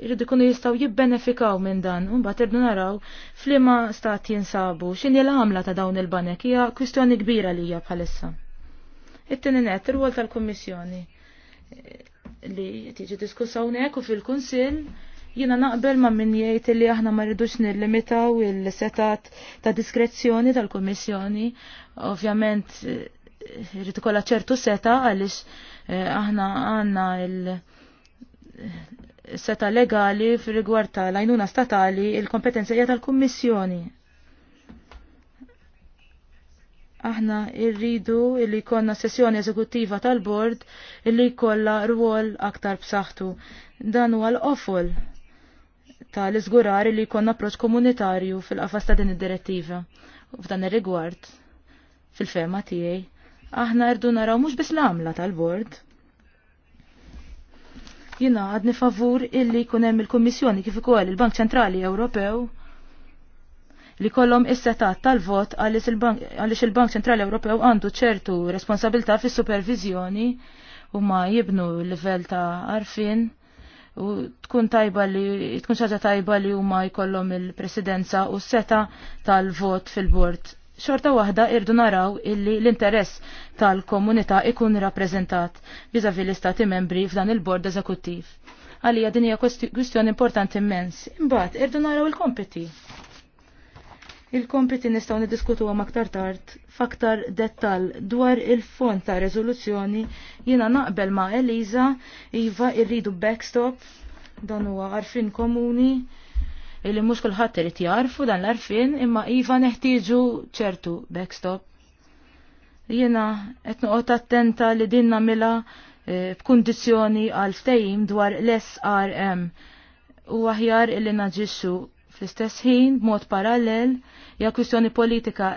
irridu kunu jistaw jibbenefikaw minn dan, unbat irdu naraw flima stat jinsabu, xin l-għamla ta' dawn il-banek, hija kwistjoni kbira li hija bħalissa. It-tini net, ir tal-Kummissjoni eh, li tiġi diskussa hawnhekk u fil-Kunsill jiena naqbel ma' min jgħid li aħna ma rridux nillimitaw il-setat ta' diskrezzjoni tal-Kummissjoni. Ovvjament eh, irrid kolla ċertu seta għaliex eh, aħna għandna il- seta legali fil-rigward tal-għajnuna statali il-kompetenza hija tal-Kummissjoni. Aħna irridu illi konna sessjoni eżekuttiva tal-bord illi kolla rwol aktar b'saħħtu. Dan huwa l-qofol tal-iżgurar li jkollna approċ komunitarju fil-qafas ta' din id-direttiva. U f'dan ir-rigward, fil-fema tiegħi, aħna rdu naraw mhux biss l-għamla tal-bord, Jina għadni favur illi kunem il-Kommissjoni kif ukoll il-Bank Ċentrali Ewropew li kollom is-setat tal-vot għaliex il-Bank Ċentrali Ewropew għandu ċertu responsabilità fis supervizjoni u ma jibnu l livell ta' arfin u tkun tajba li tkun xaġa tajba li huma jkollhom il-presidenza u s-seta tal-vot fil-bord xorta waħda irdu naraw illi l-interess tal-komunità ikun rappreżentat viżavi l-istati membri f'dan il-bord eżekuttiv. Għalija din hija kwistjoni importanti immens. Imbagħad irdu naraw il-kompiti. Il-kompiti nistgħu niddiskutu għam aktar tard f'aktar dettal dwar il-fond ta' reżoluzzjoni jiena naqbel ma' Eliza iva irridu backstop dan huwa għarfin komuni illi mhux kulħadd irid jarfu dan l-arfin imma iva neħtieġu ċertu backstop. Jiena qed noqgħod attenta li din nagħmilha eh, b'kundizzjoni għal ftehim dwar l-SRM u aħjar illi naġixxu fl-istess ħin b'mod parallel hija kwistjoni politika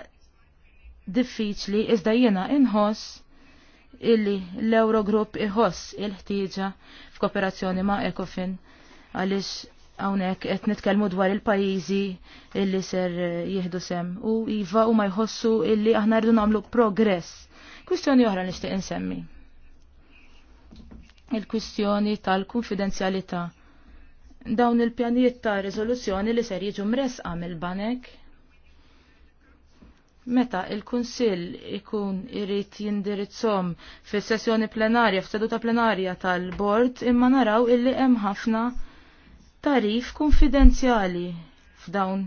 diffiċli iżda jiena inħoss illi l-Eurogrupp iħoss il-ħtieġa f'kooperazzjoni ma' Ecofin għaliex Hawnhekk qed nitkellmu dwar il-pajjiżi illi ser eh, jieħdu sem u iva u ma jħossu illi aħna rridu nagħmlu progress. Kwistjoni oħra nixtieq insemmi. Il-kwistjoni tal-konfidenzjalità. Dawn il-pjanijiet ta' riżoluzzjoni li ser jiġu mresqa mill-banek meta il-Kunsill ikun irrit jindirizzom fis sessjoni plenarja, f'seduta plenarja tal-Bord, imma naraw illi hemm ħafna tarif konfidenzjali f'dawn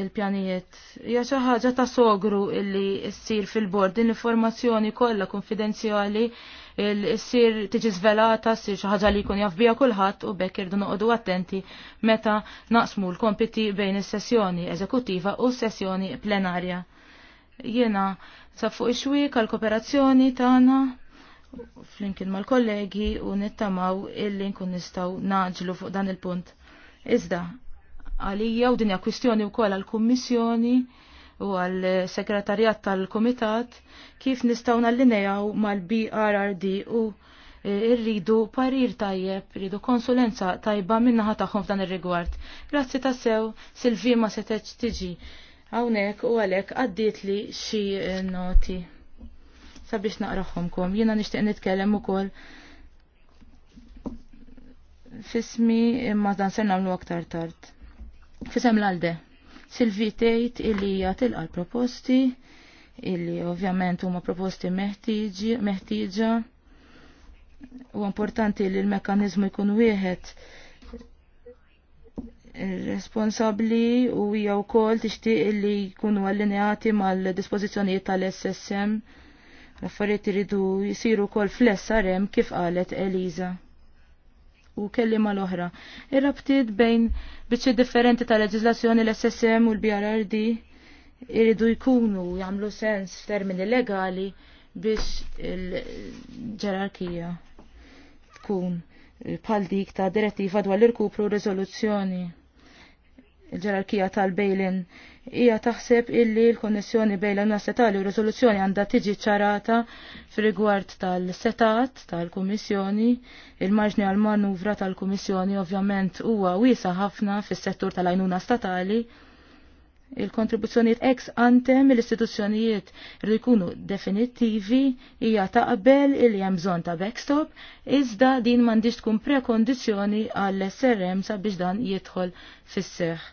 il-pjanijiet. Ja xi ħaġa ta' sogru illi ssir fil-bord din l-informazzjoni kollha konfidenzjali ssir tiġi żvelata, ssir xi ħaġa li jkun jaf biha kulħadd u bekk irdu noqogħdu attenti meta naqsmu l-kompiti bejn is-sessjoni eżekuttiva u s-sessjoni plenarja. Jiena sa fuq ix-xwieq għall-kooperazzjoni tagħna flimkien mal-kollegi u nittamaw illi nkun nistaw naġlu fuq dan il-punt. Iżda, għalija u dinja kwistjoni u kol għal-kommissjoni u għal-sekretarjat tal-komitat kif nistaw nallinejaw mal-BRRD u e, irridu parir tajjeb, irridu konsulenza tajba minnaħa taħħom f'dan ir-rigward. Grazzi tassew, Silvi ma seteċ tiġi. Hawnhekk u għalhekk għaddit li xi noti sabiex kom, Jiena nishtiq nitkellem ukoll fismi imma dan ser nagħmlu aktar tard. Fisem l-alde. Silvi tgħid illi hija tilqa' proposti illi ovvjament huma proposti meħtieġa. U importanti li l-mekkaniżmu jkun wieħed responsabli u hija wkoll tixtieq li jkunu allineati mal-dispożizzjonijiet tal-SSM L-affarijiet iridu jisiru kol fl-SRM kif qalet Eliza. U kellima l oħra Ir-rabtiet bejn biċċi differenti ta' leġislazzjoni l-SSM u l-BRRD iridu jkunu jagħmlu sens f'termini legali biex il-ġerarkija tkun bħal dik ta' direttiva dwar l-irkupru riżoluzzjoni il-ġerarkija tal-bejlin hija taħseb illi l-konnessjoni bejn l setali u rizoluzzjoni għandha tiġi ċarata fil rigward tal-setat tal-Kummissjoni, il-marġni għal manuvra tal-Kummissjoni ovvjament huwa wiesa ħafna fis-settur tal-għajnuna statali. Il-kontribuzzjonijiet ex ante mill-istituzzjonijiet rridu jkunu definittivi hija taqbel illi hemm bżonn ta' backstop, iżda din m'għandix tkun prekondizzjoni għall-SRM sabiex dan jidħol fis-seħħ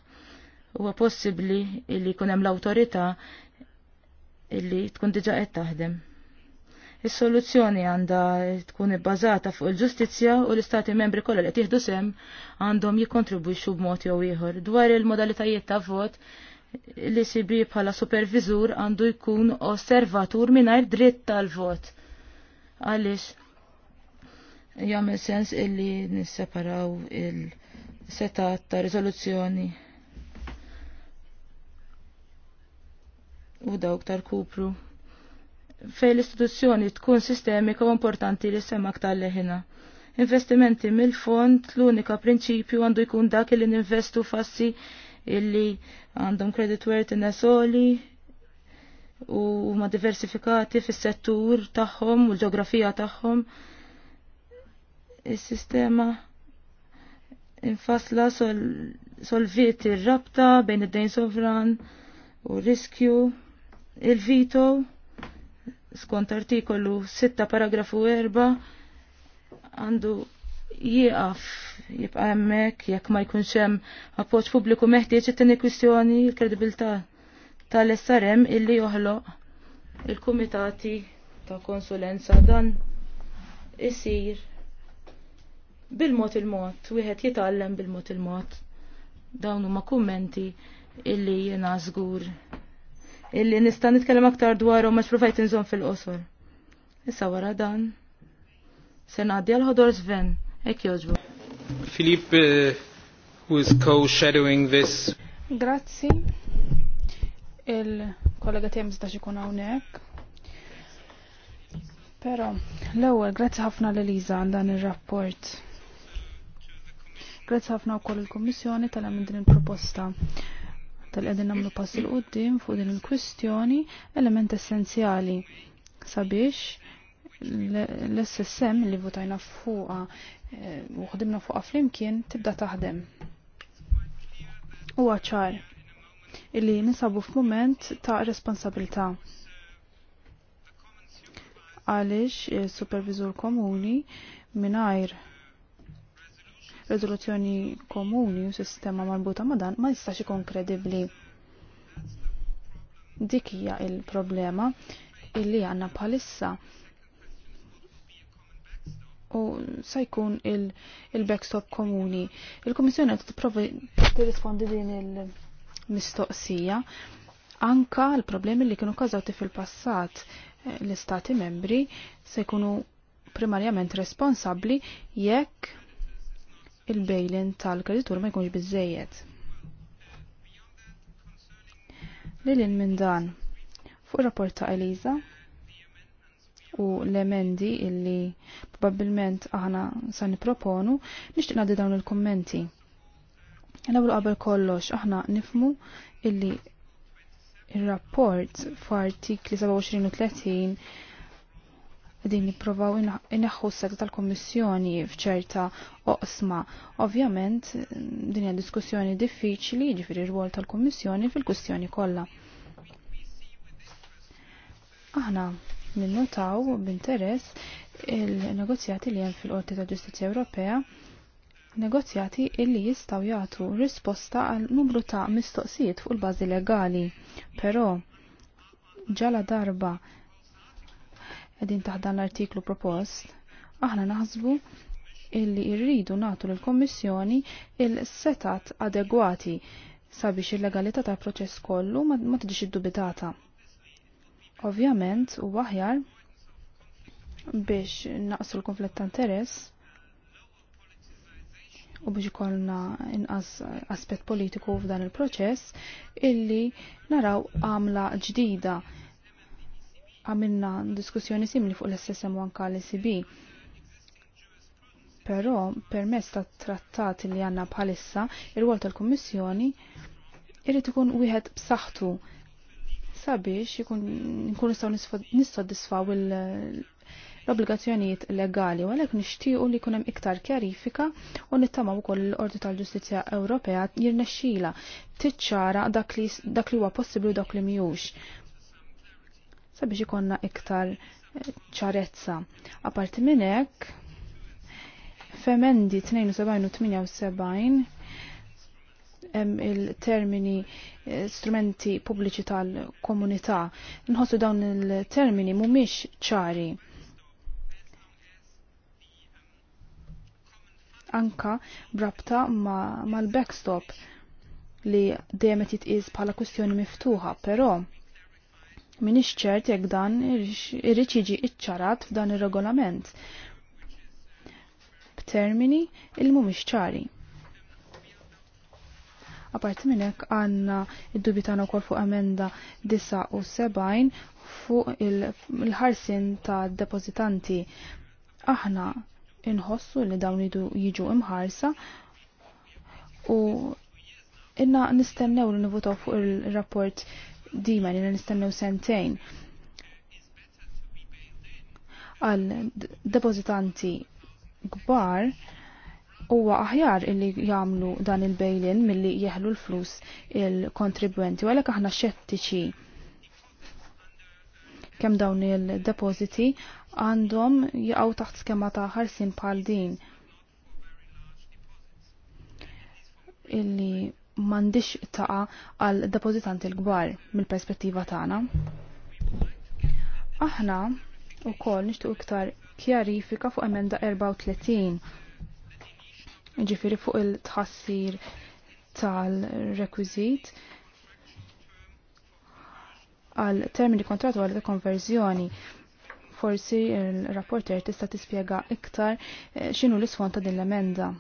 huwa possibbli li jkun hemm l-awtorità illi tkun diġa qed taħdem. Is-soluzzjoni għandha tkun ibbażata fuq il-ġustizzja u l-istati membri kollha li qed jieħdu sem għandhom jikkontribwixxu b'mod jew ieħor dwar il-modalitajiet ta' vot li sibi bħala supervizur għandu jkun osservatur mingħajr dritt tal-vot. Għaliex jagħmel sens illi nisseparaw il-setat ta' riżoluzzjoni u dawk tal-kupru. Fej l-istituzzjoni tkun sistemika u importanti li semma ktar leħina Investimenti mill-fond l-unika prinċipju għandu jkun dak li ninvestu fassi illi għandhom credit worthiness soli u ma diversifikati fis-settur tagħhom u l-ġeografija tagħhom. Is-sistema infasla sol solviet ir-rabta bejn id-dejn sovran u riskju Il-vito skont artikolu 6 paragrafu 4 għandu jieqaf jibqa' hemmhekk jekk ma jkunx hemm appoġġ pubbliku meħtieġ it-tieni kwistjoni l-kredibilità tal-SRM illi joħloq il-kumitati ta' konsulenza dan isir bil-mod il-mod, wieħed jitgħallem bil-mod il-mod. Dawn huma kummenti illi jiena żgur illi nista' nitkellem aktar dwarhom għax provajt inżomm fil-qosor. Issa wara dan. Se ngħaddi għal ħodor Sven, hekk jogħġbu. Filip uh, who is co-shadowing this. Grazzi. Il-kollega tiegħi mistax ikun hawnhekk. Però l-ewwel grazzi ħafna lil Liza għal dan ir-rapport. Grazzi ħafna wkoll il-Kummissjoni tal-hemm din il-proposta. il proposta tal-qegħdin nagħmlu pass il qudiem fuq din il-kwistjoni element essenzjali sabiex l-SSM li votajna fuqa eh, u ħdimna fuqa flimkien tibda taħdem. Huwa ċar illi nisabu f'mument ta' responsabilità għaliex il-supervizur eh, komuni mingħajr rezoluzzjoni komuni u sistema marbuta ma' dan ma jistax ikun kredibbli. Dik hija il-problema illi għandna bħalissa u sa jkun il-backstop il komuni. Il-Komissjoni qed tipprovi tirrispondi din il-mistoqsija anka l-problemi li kienu kazawti fil-passat eh, l-istati membri se jkunu primarjament responsabbli jekk il-bejlin tal-kreditur ma jkunx biżejjed. Lilin minn dan, fuq rapport ta' Eliza u l-emendi illi probabbilment aħna sa' niproponu, nixtieq naddi dawn il-kommenti. L-ewwel qabel kollox aħna nifmu illi il rapport f'artikli 27 u 30 Din nipprovaw inneħħu s-seta tal-Kommissjoni fċerta oqsma. Ovvjament, din hija diskussjoni diffiċli ġifieri r-rwol tal-Kommissjoni fil-kustjoni kollha. Aħna minnotaw b'interess il-negozjati li hemm fil-Qorti ta' Ġustizzja Ewropea negozjati illi jistaw jagħtu risposta għal numru ta' mistoqsijiet fuq il-bażi legali, però ġala darba qegħdin taħt dan l-artiklu propost, aħna naħsbu illi rridu nagħtu lill-Kommissjoni il-setat adegwati sabiex il-legalità tal-proċess kollu ma tidix iddubitata. Ovvjament, u aħjar biex naqsu l-konflitt ta' interess u biex ikollna inqas aspett politiku f'dan il-proċess illi naraw għamla ġdida għamilna diskussjoni simili fuq l-SSM u anka l-ECB. Però permezz ta' trattat li għanna bħalissa, ir-rwol tal-Kummissjoni irrid ikun wieħed b'saħħtu sabiex ikun nkun nistgħu nissodisfaw l-obbligazzjonijiet legali u għalhekk nixtiequ li jkun hemm iktar kjarifika u nittamaw ukoll l-Qorti tal-Ġustizzja Ewropea jirnexxila tiċċara dak li huwa possibbli u dak li mhijiex sabiex ikonna iktar eh, ċarezza. Aparti minn hekk, femendi 72 u 78 hemm il-termini eh, strumenti pubbliċi tal-komunità. Nħossu dawn il-termini mhumiex ċari. Anka brabta mal-backstop ma li dejjem qed jitqies bħala kwistjoni miftuħa, però Min ċert jekk dan irrid jiġi iċċarat f'dan ir-regolament b'termini il mhumiex ċari. Apart minn hekk għandna id-dubi tagħna wkoll fuq emenda 79 fuq il-ħarsin ta' depozitanti. Aħna inħossu li dawn idu jiġu imħarsa u inna nistennew li nivutaw fuq il-rapport dima li nistennew sentejn għal depozitanti kbar huwa aħjar illi jagħmlu dan il-bejlin milli jeħlu l-flus il-kontribwenti u għalhekk aħna xettiċi kemm dawn il-depożiti għandhom jaqgħu taħt skema ta' ħarsin bħal din illi mandiċ taqa għal depozitanti l-gbar mill-perspettiva tagħna. Aħna u kol nishtu iktar kjarifika fuq emenda 34 ġifiri fuq il-tħassir tal-rekwizit għal termini kontratu ta' konverzjoni, forsi il-rapporter tista' tispjega iktar eh, x'inhu l-isfond ta' din l-emenda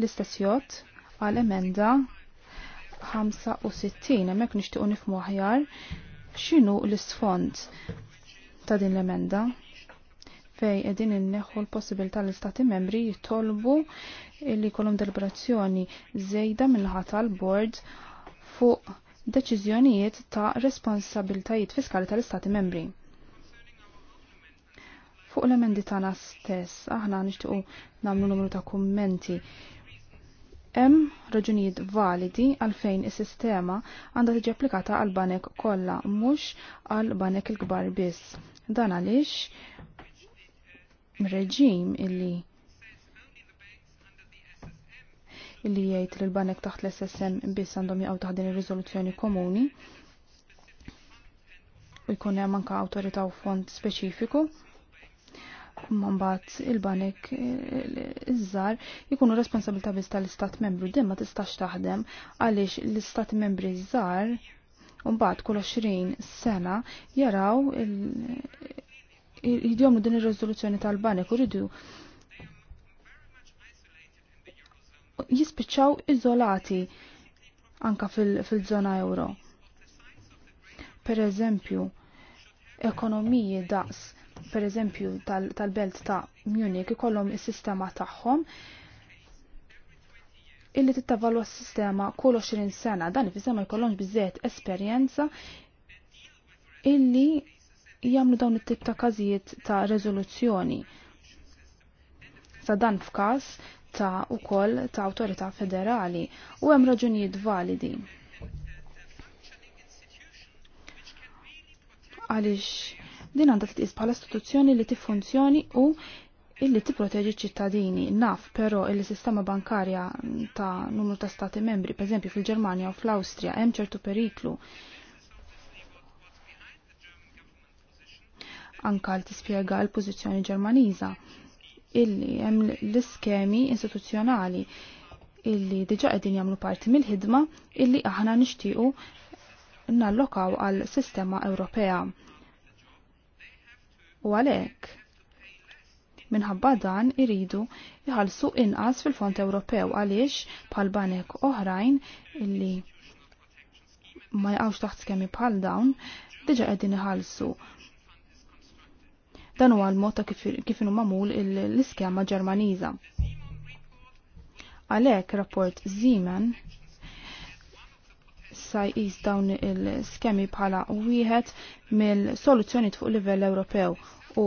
l-istess jott għal emenda 65 hemmhekk nixtiequ nifhmu aħjar x'inhu l-isfond ta' din l-emenda fej qegħdin inneħħu l-possibilità l istati membri jitolbu li jkollhom deliberazzjoni żejda mill-ħa tal-bord fuq deċiżjonijiet ta' responsabiltajiet fiskali tal-Istati membri fuq l-emendi tagħna stess aħna nixtiequ nagħmlu numru ta' kummenti Hemm raġunijiet validi għalfejn is-sistema għandha tiġi applikata għal banek kollha mhux għal banek il-kbar biss. Dan għaliex reġim illi illi jgħid li l-banek taħt l-SSM biss għandhom jgħu taħt din ir-riżoluzzjoni komuni u jkun hemm anke awtorità u fond speċifiku Mbagħad il-banek iż-żar jikunu responsabilta biss tal-istat membru din ma tistax taħdem għaliex l-istat membri iż-żar mbagħad kull 20 sena jaraw jidjomlu din ir-riżoluzzjoni tal-banek u ridu jispiċċaw iżolati anka fil-żona fil euro. Per eżempju, ekonomiji daqs per eżempju tal-belt ta' Munich ikollhom is-sistema tagħhom illi tittavalwa s-sistema kull 20 sena dan ifisser ma jkollhomx biżejjed esperjenza illi jagħmlu dawn it-tip ta' każijiet ta' riżoluzzjoni. Sa dan f'każ ta' ukoll ta' awtorità federali u hemm raġunijiet validi. Għaliex Din għandha titqis bħala istituzzjoni li tiffunzjoni u illi tipproteġi ċittadini. Naf però il sistema bankarja ta' numru ta' stati membri, per eżempju fil-Ġermanja u fl austria hemm ċertu periklu anka tispjega l-pożizzjoni Ġermaniża illi hemm l-iskemi istituzzjonali illi diġa qegħdin jagħmlu parti mill-ħidma illi aħna nixtiequ nallokaw għal sistema Ewropea. U għalhekk minħabba dan iridu jħallsu inqas fil-Fond Ewropew għaliex bħal banek oħrajn illi ma jgħawx taħt skemi bħal dawn diġa qegħdin iħallsu. Dan huwa l-mod ta' kif inhu magħmul l-iskema Ġermaniża. Għalhekk rapport Zeman sajqis dawn il-skemi bħala wieħed mill-soluzzjoni fuq livell Ewropew u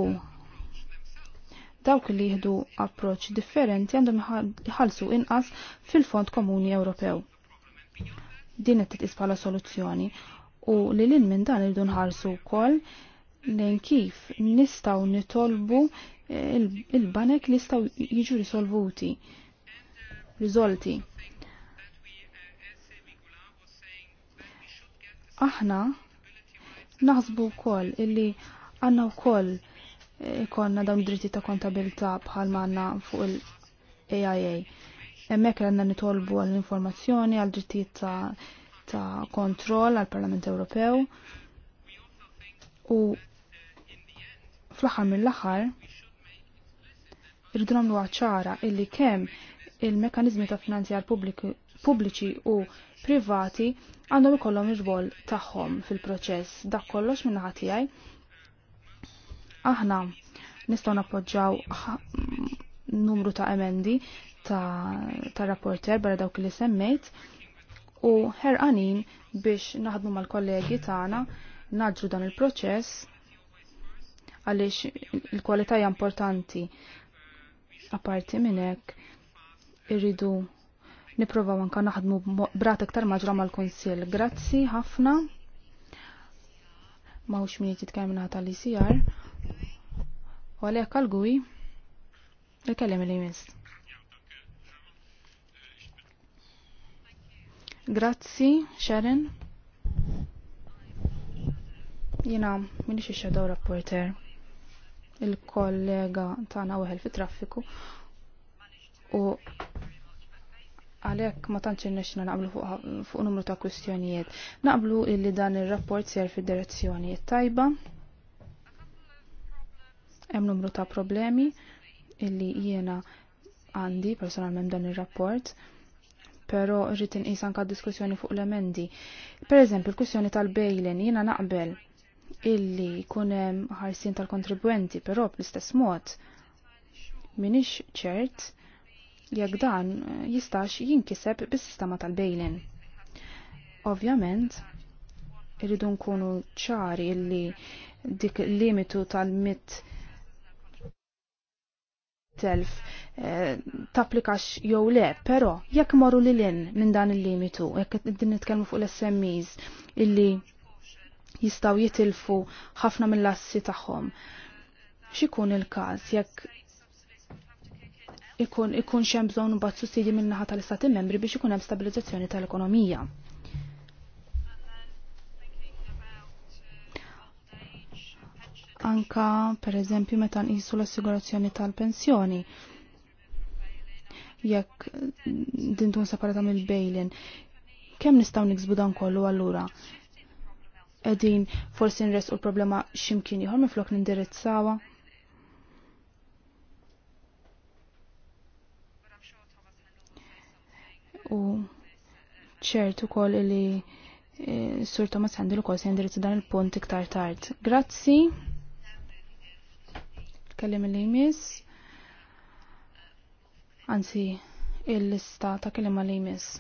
dawk li jihdu approċ differenti għandhom jħallsu inqas fil-Fond Komuni Ewropew. Din qed titqis bħala soluzzjoni u li lin minn dan irdu nħarsu wkoll lejn kif nistgħu nitolbu eh, il-banek li jistgħu jiġu risolvuti, riżolti. Aħna naħsbu wkoll illi għandna wkoll ikonna eh, dawn dritti ta' kontabilta bħal manna fuq il-AIA. Hemmhekk għandna nitolbu għall-informazzjoni għal drittijiet ta' ta' kontroll għal Parlament Ewropew u fl-aħħar mill-aħħar irridu nagħmlu ċara illi kemm il-mekkaniżmi ta' finanzjar pubbliċi u privati għandhom ikollhom ir-rwol tagħhom fil-proċess. Dak kollox minn ħatijaj. tiegħi. Aħna nistgħu nappoġġjaw numru ta' emendi ta', ta rapporter barra dawk li semmejt u ħerqanin biex naħdmu mal-kollegi tagħna naġru dan il-proċess għaliex il-kwalità hija importanti. apparti minn hekk irridu niprovaw anka naħdmu brat iktar maġra mal-Kunsill. Grazzi ħafna. Mawx min jitkellem tal-ICR. U għalhekk għal-gwi il-kellem li jmiss. Grazzi, Sharon. Jena, minni xie shadow rapporter il-kollega tana uħel fi traffiku u għalek ma tantx irnexxina naqblu fuq numru ta' kwistjonijiet. Naqblu illi dan ir-rapport ser fid-direzzjoni tajba. Hemm numru ta' problemi illi jiena għandi personalment dan ir-rapport, però rrid inqis anke diskussjoni fuq l-emendi. Pereżempju, l-kwistjoni tal-bejlin jiena naqbel illi jkun hemm ħarsien tal-kontribwenti, però bl-istess mod minix ċert jekk dan jistax jinkiseb bis-sistema tal-bejlin. Ovvjament, irridu nkunu ċari li dik limitu tal-mit telf eh, taplikax jew le, pero jekk morru li lin minn dan il-limitu, jekk din nitkellmu fuq l-SMEs illi jistaw jitilfu ħafna mill-assi tagħhom. X'ikun il-każ jekk ikun ikun xem bżon bat sussidji minnaħa tal-istati membri biex ikun hemm stabilizzazzjoni tal-ekonomija. Anka, per eżempju, meta nqisu l-assigurazzjoni tal-pensjoni. Jekk din tkun separata mill-bejlin, kemm nistgħu niksbu dan kollu allura? Qegħdin forsi nresqu l-problema x'imkien ieħor minflok nindirizzawa. u ċertu kol li eh, Sur Thomas Handel u kol se jindirizzu dan il-punt iktar tard. Grazzi. Kellim li jmiss. Anzi, il-lista ta' kellim li jmiss.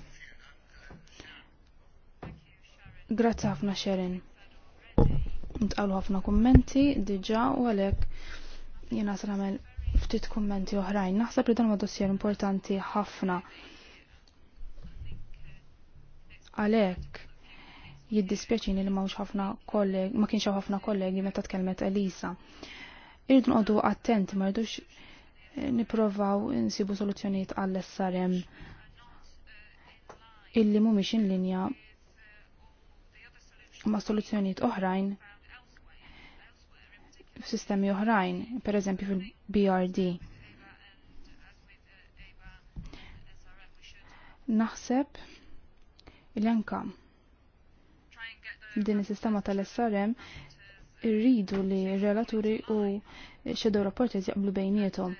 Grazzi ħafna xerin. Ntqalu ħafna kummenti, diġa u għalek jena s ftit kommenti oħrajn. Naħseb li dan huwa dossier importanti ħafna Għalhekk jiddispjaċini li mawx ħafna kolleg, ma kienx ħafna kollegi meta tkellmet Elisa. Irridu nqogħdu attent ma rridux eh, nipprovaw nsibu soluzzjonijiet għall srm illi mhumiex in linja ma' soluzzjonijiet oħrajn f'sistemi oħrajn, per eżempju fil-BRD. Naħseb il-anka din is-sistema tal-SRM irridu li relaturi u xedew rapporti jaqblu bejnietom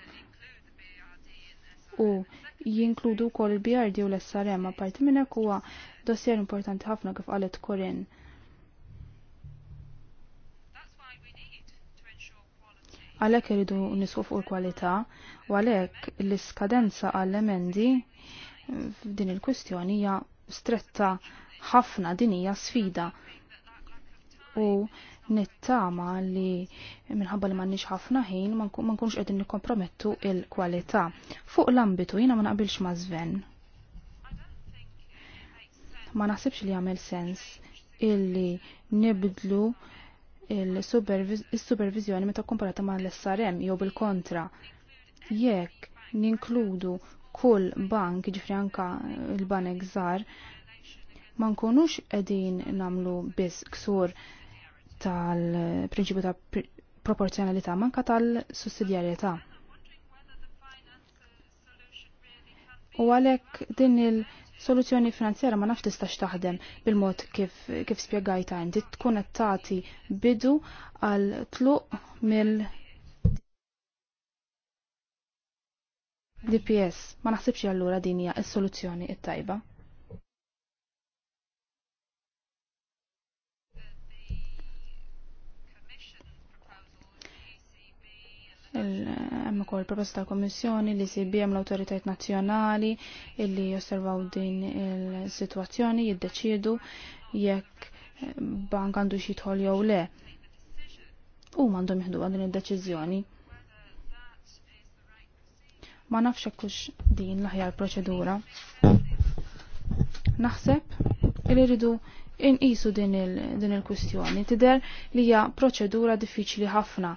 u jinkludu kol il-BRD u l-SRM apparti minnek huwa dossier importanti ħafna kif qalet Korin. Għalek irridu nisqu fuq il-kwalità u għalek l-iskadenza għall-emendi f'din il-kwistjoni hija stretta ħafna din hija sfida. U nittama li minħabba li m'għandniex ħafna ħin ma nkunx qegħdin nikkompromettu il-kwalità. Fuq l-ambitu jiena ma naqbilx ma' żven. Ma naħsibx li jagħmel sens illi nibdlu il-supervizjoni meta komparata ma' l-SRM jew bil-kontra. Jekk ninkludu kull bank, ġifri anka il-banek żgħar, ma nkunux qegħdin namlu biss ksur tal-prinċipju ta' proporzjonalità manka tal-sussidjarjetà. U għalhekk din il-soluzzjoni finanzjera ma nafx tistax taħdem bil-mod kif, kif spjegajta inti tkun qed tagħti bidu għal tluq mill- DPS ma naħsibx allura din hija s-soluzzjoni it-tajba. Hemm ukoll proposta tal kommissjoni li sibi hemm l-awtoritajiet nazzjonali illi josservaw din il-sitwazzjoni jiddeċiedu jekk bank għandu xi jidħol jew le. U m'għandhom jieħdu din id-deċiżjoni ma nafx hekk din l-aħjar proċedura. Naħseb li rridu inqisu din il-kwistjoni il tidher li hija proċedura diffiċli ħafna.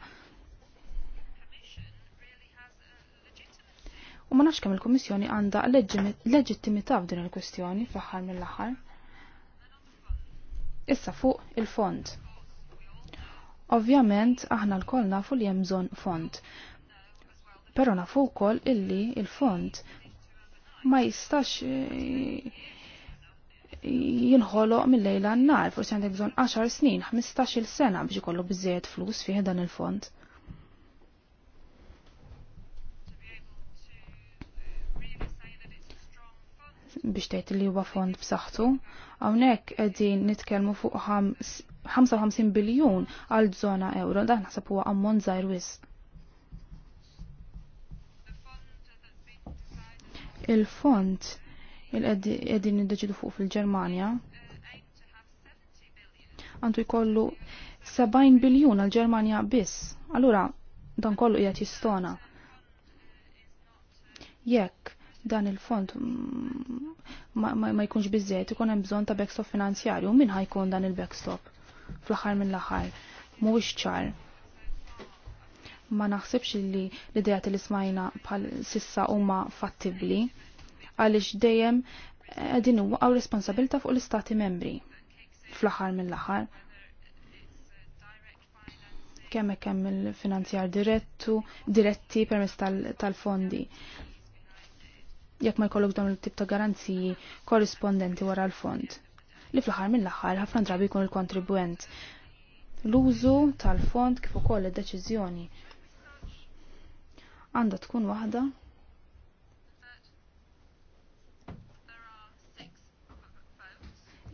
U ma nafx kemm il-Kummissjoni għandha leġittimità f'din il-kwistjoni fl-aħħar mill-aħħar. Issa fuq il-fond. Ovvjament aħna l kolna nafu li hemm bżonn fond pero nafu wkoll illi il-fond ma jistax eh, jinħoloq mill-lejla n-nar, forsi għandek bżon 10 snin, 15 il sena biex ikollu biżejjed flus fih dan il-fond. biex tgħid li huwa fond b'saħħtu, hawnhekk qegħdin nitkellmu fuq 55 biljun għal żona euro, dan naħseb huwa ammont żgħir wisq. il-font il id-deċidu fuq fil-Ġermanja għandu jkollu 70 biljun għal Ġermanja biss. Allura dan kollu qiegħed jistona. Jekk dan il-fond ma, jkunx biżejt ikun hemm bżonn ta' backstop finanzjarju, min ħajkun dan il-backstop fl-aħħar mill-aħħar mhuwiex ċar ma naħsibx li l-idea li smajna pal sissa huma fattibli għaliex dejjem eh, din huwa għaw responsabilta fuq l-istati membri fl-aħħar mill-aħħar. Kemm hemm il-finanzjar direttu, diretti permezz tal-fondi. Jekk ma jkollok dawn il-tip ta' garanziji korrispondenti wara l-fond. Li fl-aħħar mill-aħħar ħafna drabi jkun il-kontribwent l-użu tal-fond kif ukoll id-deċiżjoni għandha tkun waħda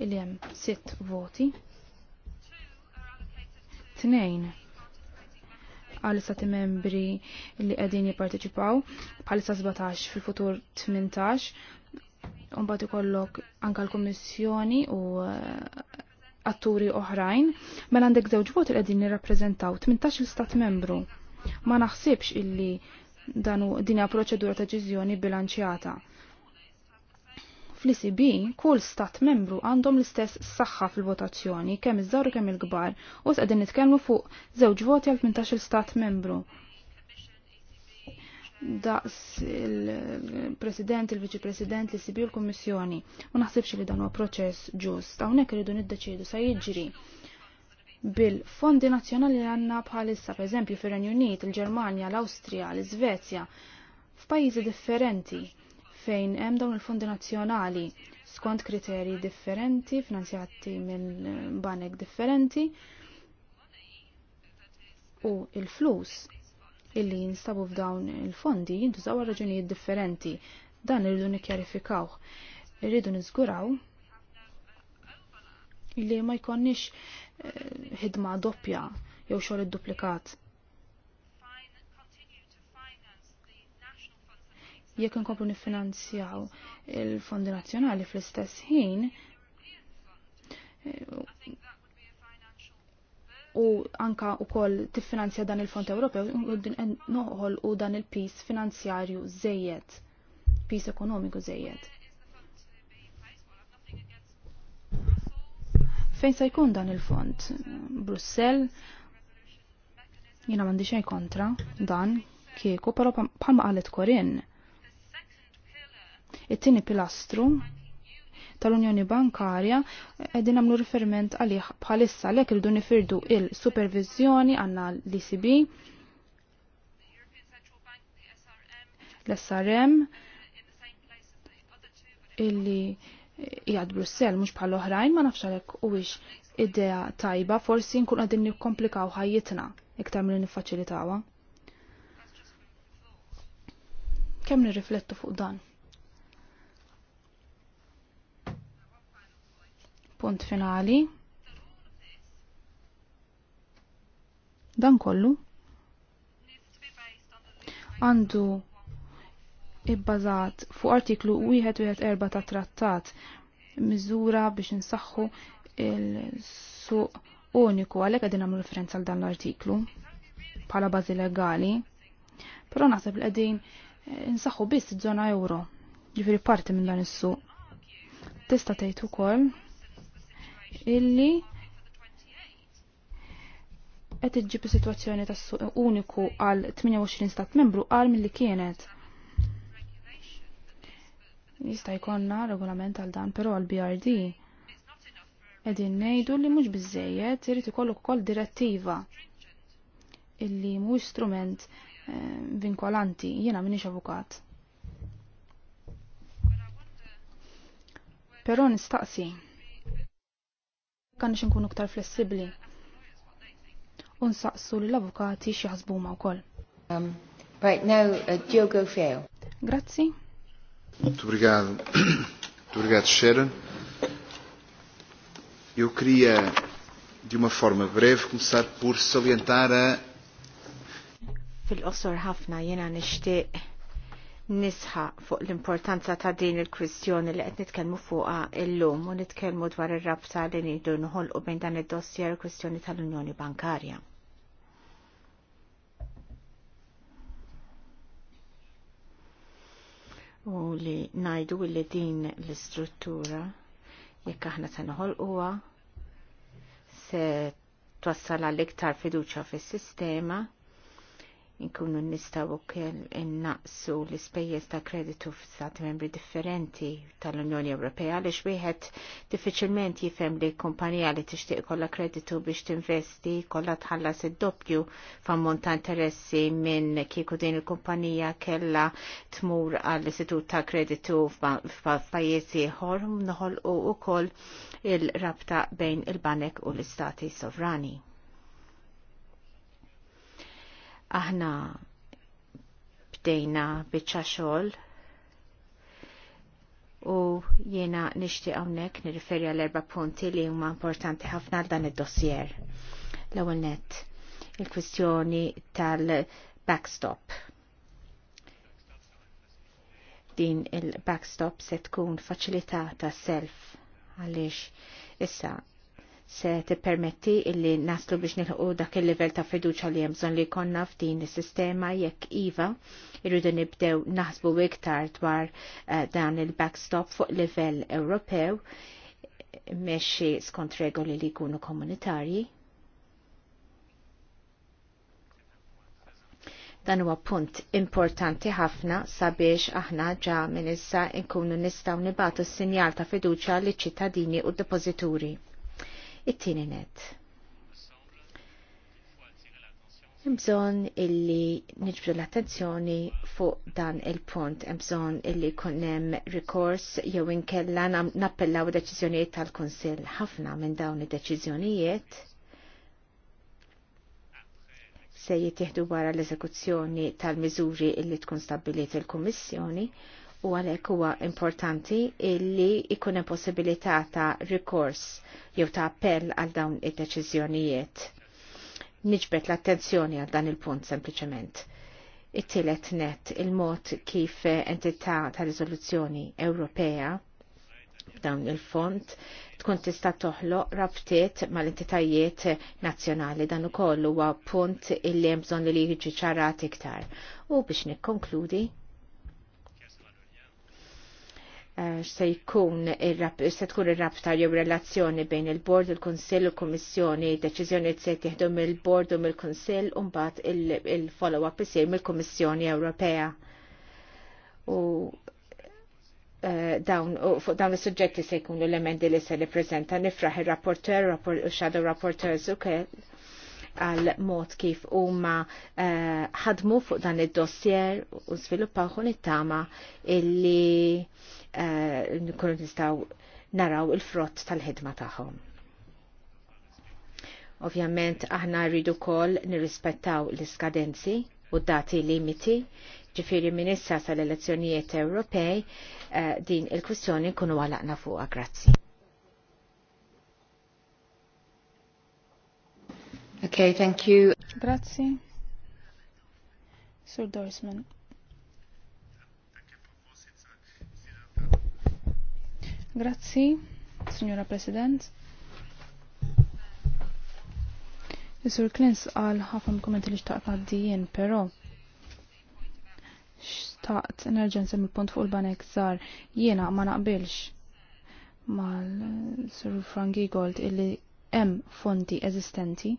il hemm sitt voti. Tnejn għal stati membri li qegħdin jipparteċipaw bħalissa 17 fil-futur 18 Unbat ikollok anka l-Kommissjoni u eh, atturi oħrajn, mela għandek żewġ voti li qegħdin jirrappreżentaw 18 il-Stat membru. Ma naħsibx illi dan dinja proċedura ta' ġiżjoni bilanċjata. Fl-ICB, kull stat membru għandhom l-istess saħħa fil-votazzjoni kemm iż-żaru kemm il-kbar u s'qegħdin nitkellmu fuq żewġ voti għal 18 stat membru. Daqs il-President, il-Viċi President, l-ICB u l-Kummissjoni. U naħsibx li dan huwa proċess ġust. Hawnhekk iridu niddeċiedu sa jiġri bil-fondi nazzjonali li għanna bħalissa, per eżempju, fir Unit, il-Germania, l-Austria, l-Svezja, f'pajjiżi differenti fejn hemm dawn il-fondi nazzjonali skont kriteri differenti, finanzjati minn banek differenti, u il-flus illi jinstabu f'dawn il-fondi jintużaw għal raġunijiet differenti. Dan irridu nikkjarifikaw. Irridu niżguraw li ma jkonniex ħidma doppja jew xogħol id id-duplikat. Jekk inkomplu niffinanzjaw il-fondi nazzjonali fl-istess ħin, u anka u koll tiffinanzja dan il-Fond Ewropew noħol u dan il-pis finanzjarju zejjed, pis ekonomiku zejjed. fejn se jkun dan il-fond? Brussell? Jina mandi xej kontra dan kieku, pero bħalma qalet Korin. It-tieni pilastru tal-Unjoni Bankarja qegħdin nagħmlu riferiment għalih bħalissa għalhekk irdu nifirdu il-supervizjoni għanna l-ECB l-SRM illi jgħad Brussel mhux bħal oħrajn ma nafx għalhekk huwiex idea tajba forsi nkun għadin nikomplikaw ħajjitna iktar milli niffaċilitawha. Kemm nirriflettu fuq dan? Punt finali. Dan kollu għandu ibbażat fuq artiklu 114 ta' trattat miżura biex insaħħu il-suq uniku għalhekk qegħdin nagħmlu referenza għal dan l-artiklu bħala bażi legali. Però naħseb li qegħdin eh, insaħħu biss iż-żona euro, Jiġifieri parti minn dan is-suq. Tista' tgħid ukoll illi qed iġġib is-sitwazzjoni tas-suq uniku għal 28 stat membru qal milli kienet Jista' jkollna regolament għal dan, però għal brd qegħdin ngħidu li mhux biżejjed irid ikollu wkoll direttiva illi mu strument eh, vinkolanti, jiena minix avukat. Però nistaqsi. Kan nkunu iktar flessibbli. U nsaqsu li l-avukati xi ħasbuma wkoll. Um, right now, uh, Diogo Feo. Grazzi. Obrigado. Obrigado, Sharon. Eu queria, de uma forma breve, começar por salientar a. Fil-qosor ħafna jena nishtiq nisħa fuq l-importanza ta' din il-kwistjoni li qed nitkellmu fuqha illum u nitkellmu dwar ir-rabta li nidu nħolqu bejn dan id-dossier kwistjoni tal-Unjoni Bankarja. u li najdu li din l-istruttura jekk aħna se noħolquha se twassala l iktar fiduċja fis-sistema Inkunu nistaw u innaqsu l-ispejjeż ta' kreditu f'stat membri differenti tal-Unjoni Ewropea għaliex wieħed diffiċilment jifhem li kumpanija li tixtieq kollha kreditu biex tinvesti kollha tħallas id-doppju f'ammont ta' interessi minn kieku din il-kumpanija kellha tmur għall-istitut ta' kreditu f'pajjiż ieħor noħolqu wkoll il-rabta bejn il-banek u l-istati sovrani. Aħna bdejna biċċa xogħol u jiena nixtieq hawnhekk nirriferi għal erba' punti li huma importanti ħafna għal dan id-dossier. L-ewwel nett il-kwistjoni tal-backstop. Din il-backstop se tkun faċilitata self għaliex issa se tippermetti illi naslu biex nilħu dak il-level ta' fiduċa li jemżon li konna f'din is-sistema jekk iva irridu nibdew naħsbu iktar dwar uh, dan il-backstop fuq livell Ewropew meċi skont regoli li jkunu komunitarji. dan huwa punt importanti ħafna sabiex aħna ġa minn issa nkunu nistgħu nibatu s-sinjal ta' fiduċja liċ ċittadini u d-depożituri it-tieni net. Mżon illi nġbdu l-attenzjoni fuq dan il-punt, mżon illi kunnem rikors jew inkella nappellaw deċiżjonijiet tal-Kunsill ħafna minn dawn id-deċiżjonijiet se jittieħdu wara l-eżekuzzjoni tal-miżuri illi tkun stabbiliet il-Kummissjoni. il kummissjoni u għalhekk huwa importanti illi ikun hemm possibilità ta' rikors jew ta' appell għal dawn id-deċiżjonijiet. Niġbet l-attenzjoni għal dan il-punt sempliċement. It-tielet net il-mod kif entità ta' riżoluzzjoni Ewropea b'dawn il-font tkun tista' toħloq rabtiet mal-entitajiet nazzjonali dan ukoll huwa punt illi hemm bżonn li jiġi ċarat iktar. U biex nikkonkludi, Eh, se jkun se tkun ir-rabta jew relazzjoni bejn il-Bord, il-Kunsill u l-Kummissjoni, deċiżjoni se tieħdu mill-Bord u mill-Kunsill u mbagħad il-follow-up isir mill-Kummissjoni Ewropea. U eh, dawn fuq dawn is-suġġetti se jkunu l-elementi li se nippreżenta nifraħ ir-rapporter u shadow rapporteurs ukoll għal mod kif huma eh, ħadmu fuq dan id-dossier u żviluppaw nittama illi Eh, nkunu nistaw naraw il-frott tal-ħidma tagħhom. Ovvjament aħna rridu kol nirrispettaw l-iskadenzi u dati limiti ġifiri minissa sal-elezzjonijiet Ewropej eh, din il-kwistjoni kunu għalaqna fuqa. Grazzi. Okay, thank you. Grazzi. Sur Dorsman. Grazzi, Signora President. Isur Klins għal ħafna kommenti li xtaqt għaddijien, pero xtaqt nerġan semmi punt fuq il-banek zar jiena ma naqbilx mal-Sir Frank Gold illi hemm fondi eżistenti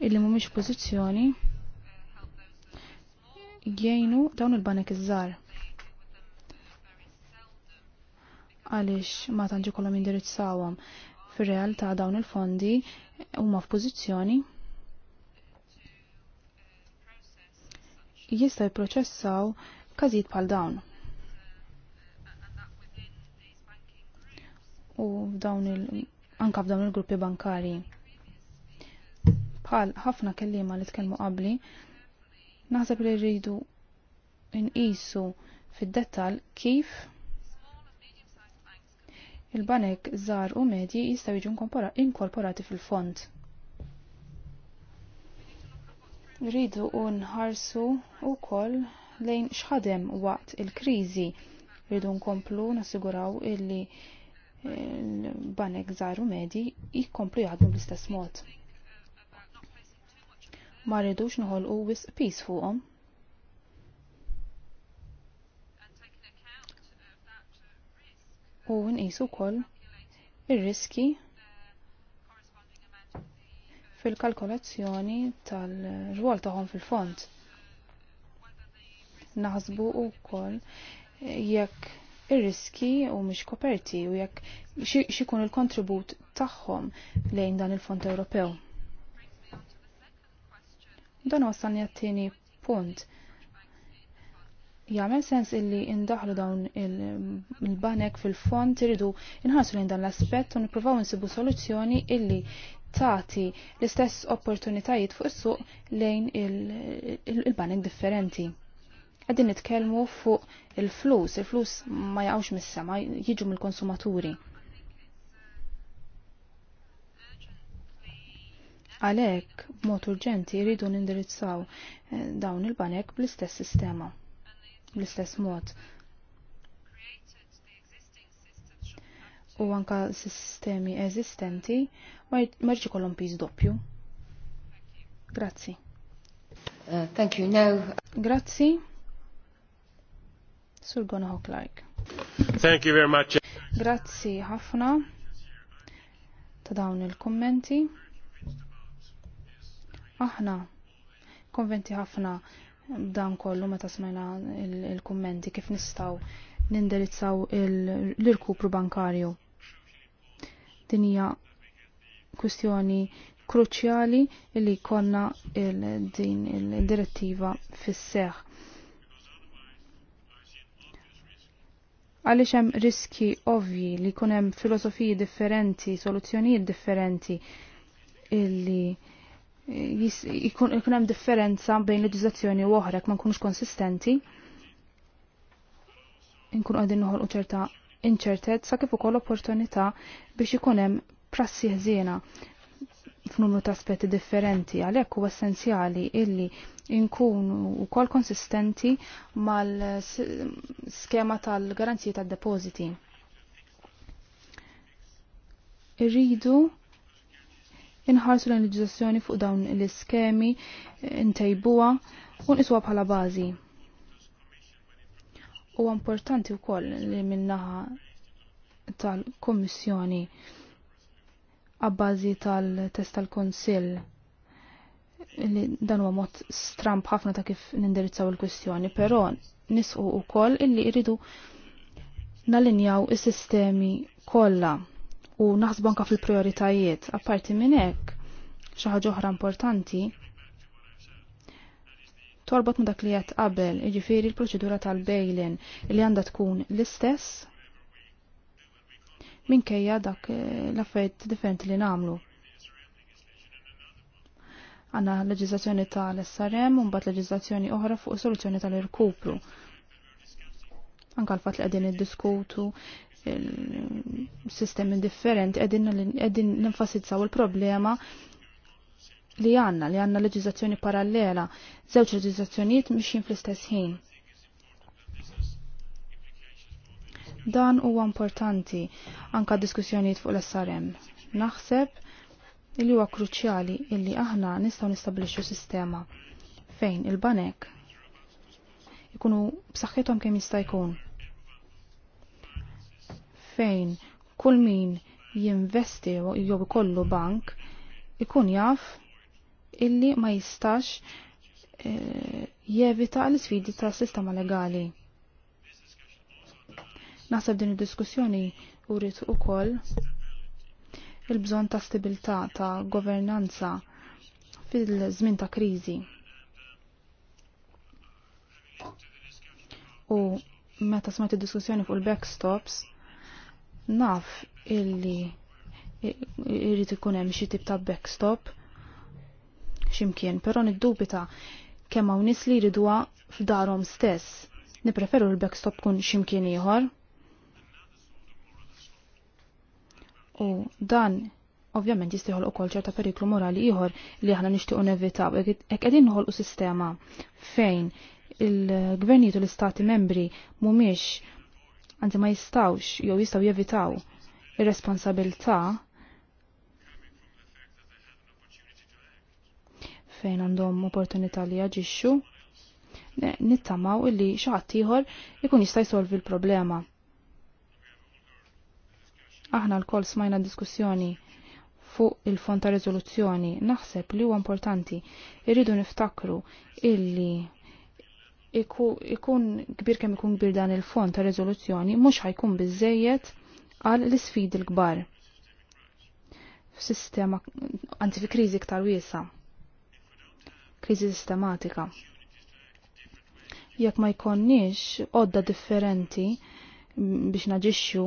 illi mhumiex pożizzjoni jgħinu dawn il-banek iż-żgħar. għaliex ma tantx ikollhom indirizzawhom. Fir-realtà dawn il-fondi huma f'pożizzjoni jista' jipproċessaw każijiet bħal dawn. U f'dawn il anka f'dawn il-gruppi bankari. Bħal ħafna kelliema li tkellmu qabli, naħseb li rridu nqisu fid-dettal kif il-banek żgħar u medji jistgħu jiġu inkorporati fil-fond. Rridu nħarsu wkoll lejn xħadem waqt il-kriżi. Rridu nkomplu nassiguraw illi il-banek żgħar u medji jikkomplu jaħdmu bl-istess mod. Ma rridux noħolqu wisq peace fuqhom. u nqisu wkoll ir-riski fil-kalkolazzjoni tal-rwol tagħhom fil-fond. Naħsbu wkoll jekk ir-riski u mhux koperti u jekk xikun il-kontribut tagħhom lejn dan il-Fond Ewropew. Dan wassalni għat-tieni punt jagħmel sens illi indaħlu dawn il-banek fil-fond iridu nħarsu lejn dan l-aspett u nippruvaw insibu soluzzjoni illi tagħti l-istess opportunitajiet fuq is-suq lejn il-banek differenti. Qegħdin nitkellmu fuq il-flus, il-flus ma jaqgħux mis-sema, jiġu mill-konsumaturi. Għalhekk b'mod urġenti jridu nindirizzaw eh, dawn il-banek bl-istess sistema l-istess mod. U anka sistemi eżistenti jġi kollom pis doppju. Grazzi. Uh, thank you. Now... Grazzi. Sur gonna hook like. Thank you very much. Grazzi ħafna ta' dawn il-kommenti. Aħna konventi ħafna dan kollu meta smajna il-kummenti kif nistaw nindirizzaw l-irkupru bankarju. Din hija kwistjoni kruċjali li konna il din il-direttiva fis-seħ. Għaliex hemm riski ovvji li jkun hemm filosofiji differenti, soluzzjonijiet differenti illi ikun hemm differenza bejn leġiżlazzjoni u oħra ma nkunux konsistenti. Nkun qegħdin noħolqu ċerta inċertezza kif ukoll opportunità biex ikun hemm prassi ħżiena f'numru ta' aspetti differenti għalhekk huwa essenzjali illi inkunu wkoll konsistenti mal-skema tal garanzji tad-depożiti. Irridu inħarsu l legislazzjoni fuq dawn l-iskemi intejbuha eh, u niswa bħala bażi. U importanti wkoll li minnaħa tal-Kommissjoni għabbażi tal-test tal-Konsill li dan huwa mod stramp ħafna ta' kif nindirizzaw il-kwistjoni, però nisqu wkoll illi jridu nalinjaw is-sistemi kollha u naħsbu anka fil-prioritajiet. Apparti minn hekk, xi ħaġa oħra importanti torbot ma dak li qed qabel, jiġifieri l-proċedura tal bailin li għandha tkun l-istess minkejja dak eh, l-affarijiet differenti li nagħmlu. Għanna leġiżlazzjoni tal-SRM u mbagħad leġiżlazzjoni oħra fuq soluzzjoni tal-irkupru. Anka l-fatt li qegħdin iddiskutu il-sistemi differenti għedin ninfasizzaw il-problema li għanna, li għanna leġizazzjoni parallela, zewċ leġizazzjoniet mxin fl-istess ħin. Dan huwa importanti anka diskussjonijiet fuq l-SRM. Naħseb li huwa kruċjali illi aħna nistgħu nistabbilixxu sistema fejn il-banek ikunu b'saħħithom kemm jista' jkun fejn kull min jinvesti jew kollu bank ikun jaf illi ma jistax e, jevita l sfidi ta' sistema legali. Naħseb din id-diskussjoni urid ukoll il-bżonn ta' stabilità ta' governanza fil-żmien ta' kriżi. U meta smajt id-diskussjoni fuq il-backstops, Naf illi irrid ikun hemm xi tip ta' backstop x'imkien, però niddubita kemm hawn nies li jridwa f'darhom stess. Nipreferu l-backstop kun x'imkien ieħor. U dan ovvjament jistieħol ukoll ċerta periklu morali ieħor li aħna nixtiequ nevitaw. Hekk qegħdin u sistema fejn il-gvernijiet u l-istati membri mhumiex anzi ma jistawx jew jistaw jevitaw ir-responsabilità fejn għandhom opportunità li jaġixxu nittamaw illi xi ħadd ieħor ikun jista' jsolvi l-problema. Aħna l koll smajna diskussjoni fuq il-fond ta' riżoluzzjoni naħseb li huwa importanti irridu niftakru illi ikun kbir kemm ikun kbir dan il-fond ta' rezoluzzjoni mhux ħajkun biżejjed għal l-isfidi l-kbar f'sistema anzi fi kriżi iktar wiesa. Kriżi sistematika. Jekk ma jkonniex odda differenti biex naġixxu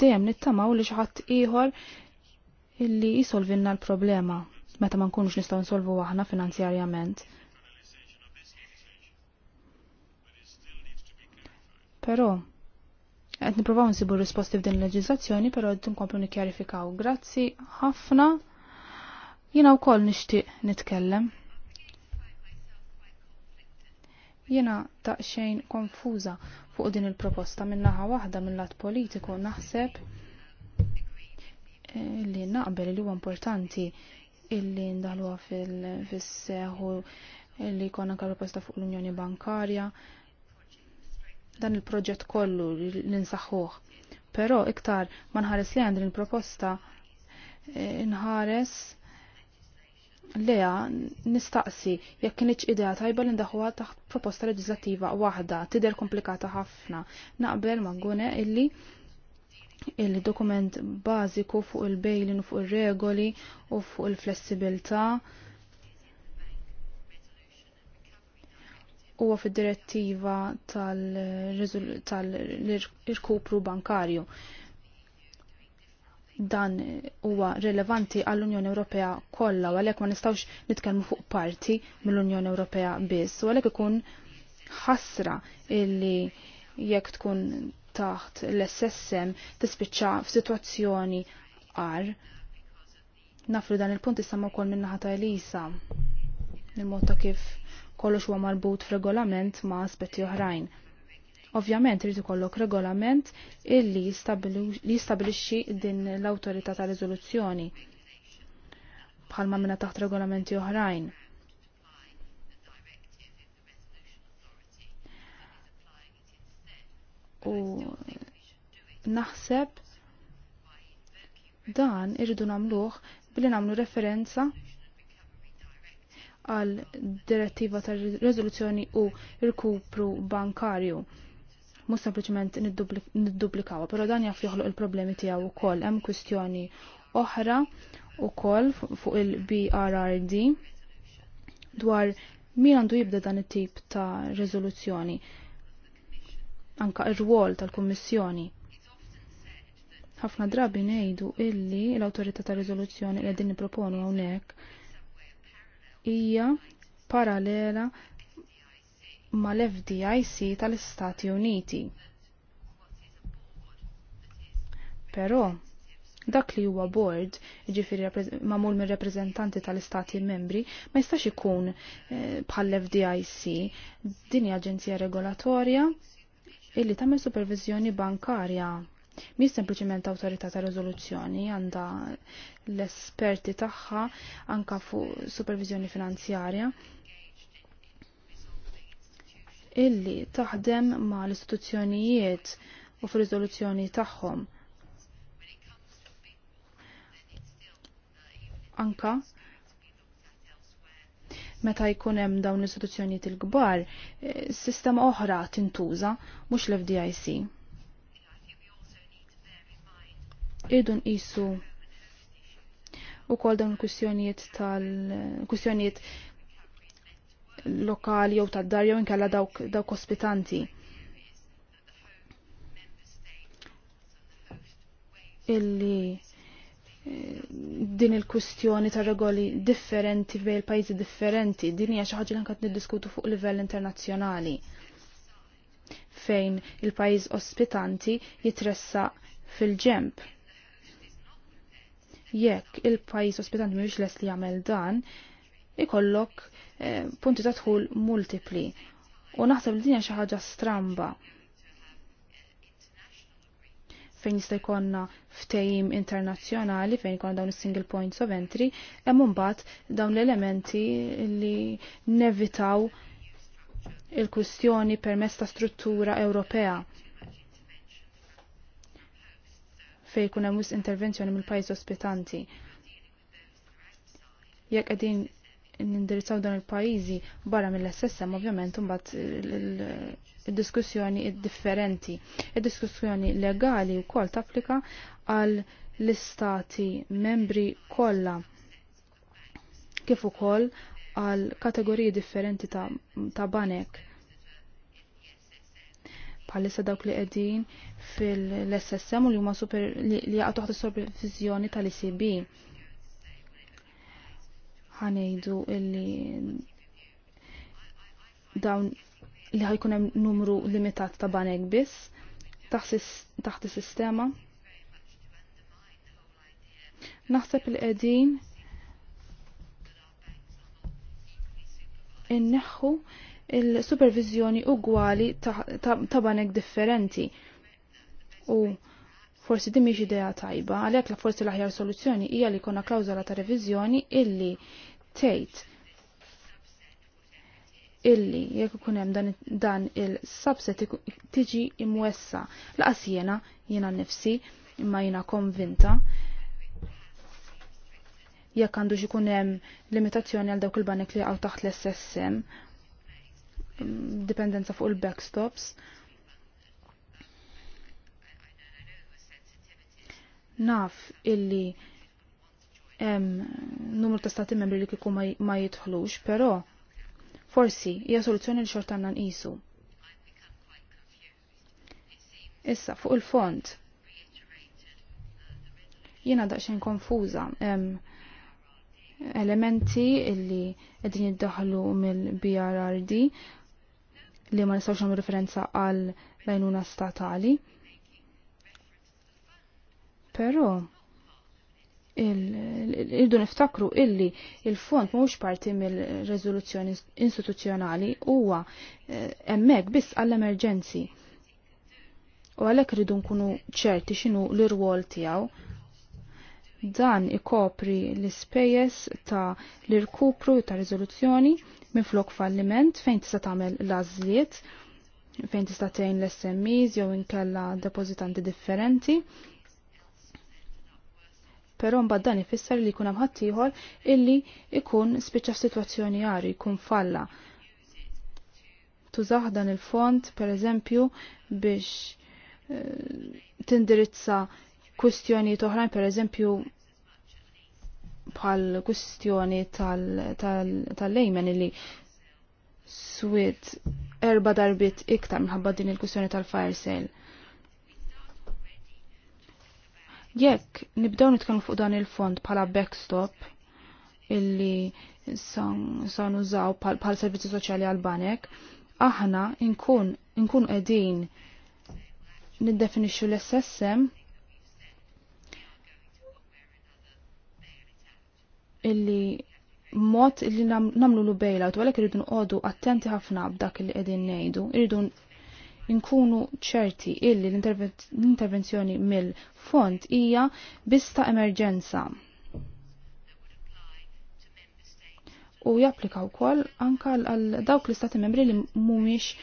dejjem nittamaw li xi ħadd ieħor illi jisolvinna l-problema meta ma nkunux nistgħu nsolvu aħna finanzjarjament. Però qed nippruvaw nsibu risposti f'din il leġizazzjoni però qed nkomplu nikkjarifikaw. Grazzi ħafna. Jiena wkoll nixtieq nitkellem. Jiena taqxejn konfuza fuq din il-proposta minnaħa waħda mill-lat politiku naħseb li naqbel li huwa importanti illi ndaħluha fil-seħu li jkollna proposta fuq l-Unjoni Bankarja dan il-proġett kollu l-insaħħuħ. Pero iktar manħares li għandin il-proposta eh, nħares Lea ah, nistaqsi jekk kienx idea tajba li ndaħwa taħt proposta leġislattiva waħda tidher komplikata ħafna naqbel ma' gune illi il-dokument bażiku fuq il-bejlin u fuq ir-regoli u fuq il-flessibilità il flessibilità huwa fid-direttiva tal-irkupru tal bankarju. Dan huwa relevanti għall-Unjoni Ewropea kollha u għalhekk ma nistgħux nitkellmu fuq parti mill-Unjoni Ewropea biss u għalhekk ikun ħasra illi jekk tkun taħt l-SSM tispiċċa f'sitwazzjoni għar. Nafru dan il-punt issa ma wkoll minnaħa ta' Elisa. Il-mod ta' kif kollox huwa marbut f'regolament ma' aspetti oħrajn. Ovvjament irid ikollok regolament illi jistabilixxi din l-awtorità ta' riżoluzzjoni bħalma minna taħt regolamenti oħrajn. U naħseb dan irridu namluħ billi namlu referenza għal direttiva ta' rezoluzzjoni u rkupru bankarju. Mhux sempliċement niddublikawa, però dan jaf joħloq il-problemi tiegħu wkoll hemm kwistjoni oħra wkoll fuq il-BRRD dwar min għandu jibda dan it-tip ta' rezoluzzjoni anka r rwol tal-Kummissjoni. Ħafna drabi ngħidu illi l-Awtorità ta' rezoluzzjoni li din nipproponu hawnhekk hija paralela mal-FDIC tal-Istati Uniti. Però, dak li huwa board, ġifiri mamul minn reprezentanti tal-istati membri, ma jistax ikun eh, bħall-FDIC, din hija aġenzija regolatorja illi tagħmel supervizjoni bankarja mi sempliciment autorità ta' rezoluzzjoni għanda l-esperti tagħha anka fuq supervizjoni finanzjarja illi taħdem ma' l-istituzzjonijiet u fu rizoluzzjoni tagħhom. Anka meta jkun hemm dawn l-istituzzjonijiet il-kbar, eh, sistema oħra tintuża mhux l-FDIC irdu nqisu ukoll dawn il-kwistjonijiet tal-kwistjonijiet lokali jew tad-dar jew inkella dawk dawk ospitanti. Illi eh, din il-kwistjoni ta' regoli differenti bej il-pajjiżi differenti, din hija xi ħaġa li nkant niddiskutu fuq livell internazzjonali fejn il-pajjiż ospitanti jitressa fil-ġemp Jekk il-pajjiż ospitanti mhuwiex les li jagħmel dan, ikollok eh, punti ta' dħul multipli. U naħseb li dinja xi ħaġa stramba fejn jista' jkollna ftehim internazzjonali fejn jkollna dawn is-single points of entry, hemm imbagħad dawn l-elementi li nevitaw il-kwistjoni permezz ta' struttura Ewropea. fej kuna hemm intervenzjoni mill-pajjiż ospitanti. Jekk qegħdin nindirizzaw dan il-pajjiżi barra mill-SSM ovvjament imbagħad id-diskussjoni differenti. Id-diskussjoni legali wkoll tapplika għal l-istati membri kollha kif ukoll għal kategoriji differenti ta', ta banek bħalissa dawk li qegħdin fil-SSM u li huma super li jaqgħu taħt is-supervizjoni tal-ICB. Ħanejdu illi dawn li ħajkun hemm numru limitat ta' banek biss taħt is-sistema. Naħseb li qegħdin inneħħu il-supervizjoni ugwali ta', banek differenti. U forsi din mhix idea tajba, għalhekk la forsi l-aħjar soluzzjoni hija li jkollna klawzola ta' reviżjoni illi tgħid illi jekk ikun hemm dan, dan il-subset tiġi imwessa laqas jiena jiena nnifsi imma jiena konvinta jekk għandux ikun hemm limitazzjoni għal dawk il-banek li għaw taħt l-SSM dipendenza fuq il-backstops. Naf illi hemm numru ta' stati membri li kieku ma jidħlux, però forsi hija soluzzjoni li xorta għandna nqisu. Issa fuq il-font. Jiena daqsxejn konfuża hemm elementi illi qegħdin jiddaħlu mill-BRRD li ma nistgħux nagħmlu referenza għal lajnuna statali. Però irdu niftakru illi il-fond mhux parti mill-reżoluzzjoni istituzzjonali huwa eh, hemmhekk biss għall-emerġenzi. U għalhekk ridu nkunu ċerti x'inhu l-irwol tiegħu Dan ikopri l-ispejjeż ta' l-irkupru ta' riżoluzzjoni minn flok falliment fejn tista' tagħmel l-għażliet fejn tista' tgħin l-SMEs jew inkella depożitanti differenti. Però mbagħad dan ifisser li jkun hemm ħaddieħor illi ikun spiċċa f'sitwazzjoni jari jkun falla. Tużaħ dan il-font pereżempju biex eh, tindirizza kustjoni toħrajn per eżempju bħal kustjoni tal-lejmen tal, li swit erba darbit iktar minħabba din il-kustjoni tal-fire sale. Jekk nibdew nitkellmu fuq dan il-fond bħala backstop illi sa nużaw bħal servizzi soċjali għal banek, aħna nkun nkun qegħdin niddefinixxu l-SSM illi mod illi namlu lu bejla u għalek irridu nqodu attenti ħafna b'dak li qegħdin ngħidu, irridu nkunu ċerti illi l-intervenzjoni mill-fond hija bista emerġenza. U japplika wkoll anka għal dawk l-istati membri li mhumiex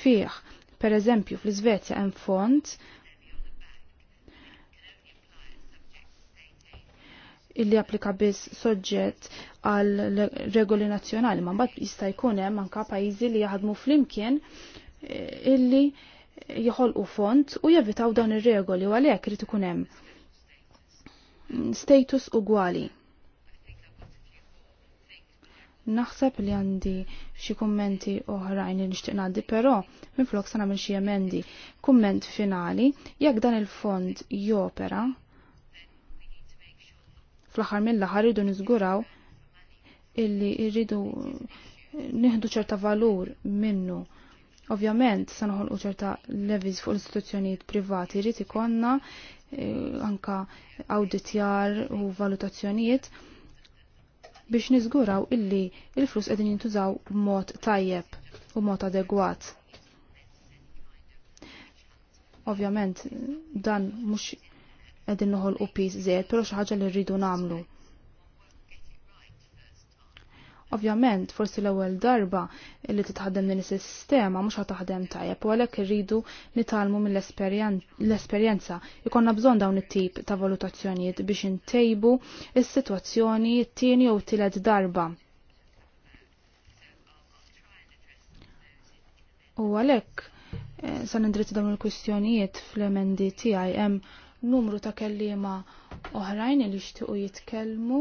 fih. Per eżempju, fl-Iżvezja hemm fond illi applika biss soġġett għal regoli nazzjonali, ma mbagħad jista' jkun hemm anke pajjiżi li jaħdmu flimkien eh, illi jħolqu font u jevitaw dawn ir-regoli u għalhekk irid ikun hemm status ugwali. Naħseb li għandi xi kummenti oħrajn li nixtieq ngħaddi, però minflok sa nagħmel xi emendi. Kumment finali, jekk dan il-fond jopera, fl-aħħar mill-aħħar rridu niżguraw illi rridu nieħdu ċerta valur minnu. Ovvjament se noħolqu ċerta levis fuq l-istituzzjonijiet privati jrid konna eh, anka awditjar u valutazzjonijiet biex niżguraw illi il-flus qegħdin jintużaw b'mod tajjeb u mod adegwat ovvjament dan mhux qegħdin noħolqu pis zed, però xi ħaġa li rridu nagħmlu. Ovvjament, forsi l-ewwel darba li titħaddem din is-sistema mhux taħdem tajjeb u għalhekk irridu nitalmu mill-esperjenza. Ikonna bżonn dawn it-tip ta' valutazzjonijiet biex intejbu is-sitwazzjoni t-tieni jew tielet darba. U għalhekk eh, se nindrizz dawn il-kwistjonijiet fl-emendi tiegħi hemm numru ta' kellima oħrajn li xtiqu jitkellmu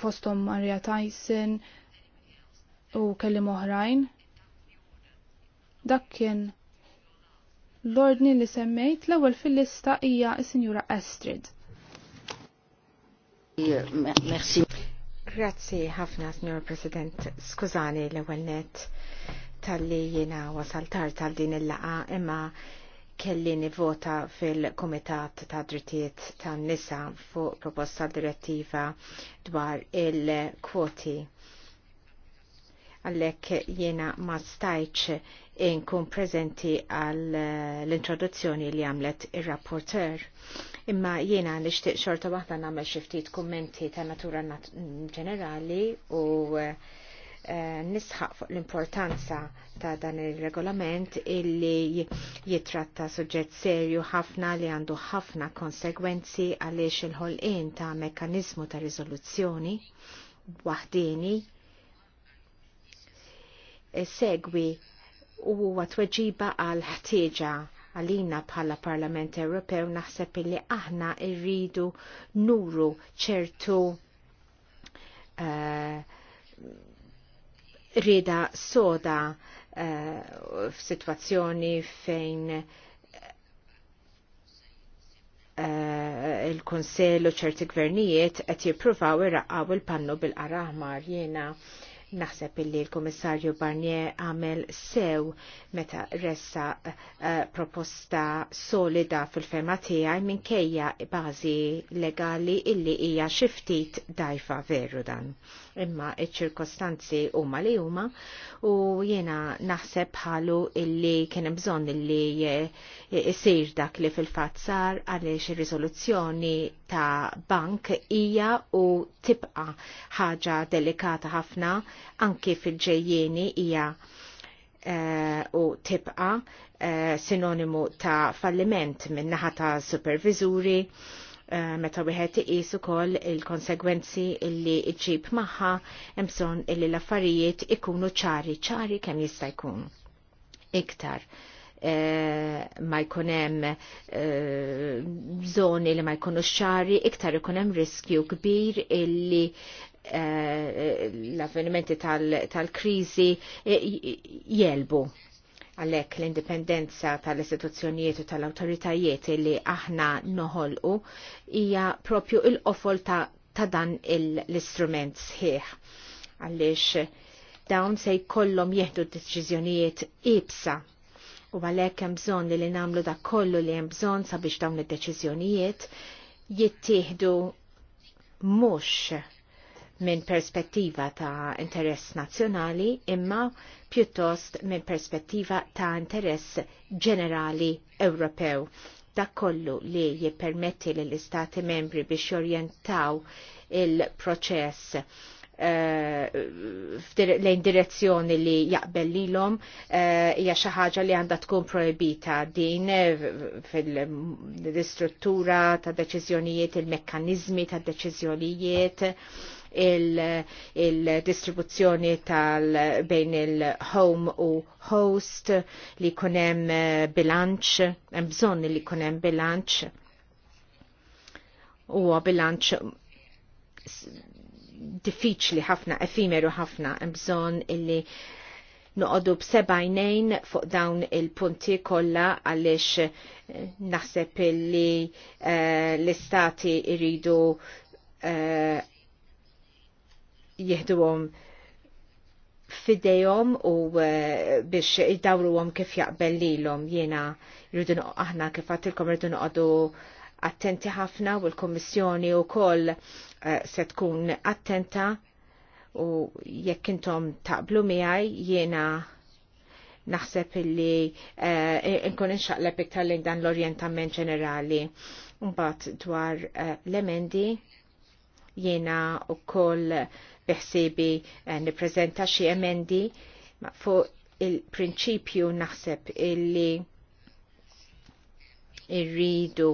fostom Maria Tyson u kellim oħrajn. Dak kien l-ordni li semmejt l-ewwel fil-lista hija s-Sinjura Astrid. Merci. Grazzi ħafna, Signor President. Skużani l-ewwel net tal-li jiena wasal tard tal din il-laqa imma kelli nivota fil-Komitat ta' Drittijiet tan Nisa fuq proposta direttiva dwar il-kwoti. Għallek jiena ma stajċ inkun prezenti għal l-introduzzjoni li għamlet il-rapporter. Imma jiena nishtiq xorta waħda namel xiftit kummenti ta' natura ġenerali u uh, Eh, nisħaq fuq l-importanza ta' dan il-regolament illi jitratta suġġett serju ħafna li għandu ħafna konsegwenzi għaliex il-ħolqien ta' mekanizmu ta' riżoluzzjoni waħdini eh, segwi u huwa tweġiba għal ħtieġa għalina bħala Parlament Ewropew naħseb illi aħna irridu nuru ċertu uh, rida soda uh, eh, f'sitwazzjoni fejn Uh, il-Konsell u ċerti gvernijiet qed jippruvaw irraqqaw il-pannu bil-qaraħmar jiena naħseb illi l-Komissarju Barnier għamel sew meta ressa uh, proposta solida fil-fema tiegħi minkejja bażi legali illi hija xi ftit dajfa veru dan imma iċ-ċirkostanzi huma li huma u jiena naħseb ħalu illi kien bżonn illi jisir dak li fil-fatt sar għaliex ir-riżoluzzjoni ta' bank hija u tibqa' ħaġa delikata ħafna anki fil-ġejjieni hija eh, u tibqa' eh, sinonimu ta' falliment minn naħa ta' supervizuri Eh, meta wieħed iqis ukoll il-konsegwenzi illi ġġib magħha hemm bżonn illi l-affarijiet ikunu ċari, ċari kemm jista' jkun. Iktar eh, ma jkun hemm bżoni eh, li ma jkunux ċari, iktar ikun hemm riskju kbir illi l-avvenimenti tal-kriżi jelbu Għalhekk l-indipendenza tal-istituzzjonijiet u tal-awtoritajiet li aħna noħolqu hija propju il-qofol ta, ta' dan l-istrument sħiħ. Għaliex dawn se jkollhom jieħdu deċiżjonijiet ibsa u għalhekk hemm bżonn li, li nagħmlu dak kollu li hemm bżonn sabiex dawn id-deċiżjonijiet jittieħdu mhux minn perspettiva ta' interess nazzjonali imma pjuttost minn perspettiva ta' interess ġenerali Ewropew. Dak kollu li jippermetti l istati membri biex jorjentaw il-proċess eh, lejn direzzjoni li jaqbel lilhom eh, hija xi ħaġa li għandha tkun projbita din eh, fil-istruttura ta' deċiżjonijiet, il-mekkaniżmi ta' deċiżjonijiet il-distribuzzjoni il tal bejn il-home u host li kunem eh, bilanċ, hemm bżonn li kunem bilanċ u bilanċ diffiċli ħafna, efimeru ħafna, hemm bżonn illi noqodu b'sebajnejn fuq dawn il-punti kollha għaliex eh, naħseb li uh, eh, l-istati iridu uh, jihduhom fidejhom u eh, biex jdawruhom kif jaqbel lilhom jiena rridu aħna kif għatilkom rridun noqogħdu attenti ħafna u l-Kommissjoni u koll eh, se tkun attenta u jekk intom taqblu miegħi jiena naħseb illi eh, nkun inxaqleb iktar lejn dan l-orjentament ġenerali. Mbagħad dwar l-emendi jiena u koll biħsibi eh, nippreżenta xi emendi fuq il-prinċipju naħseb illi irridu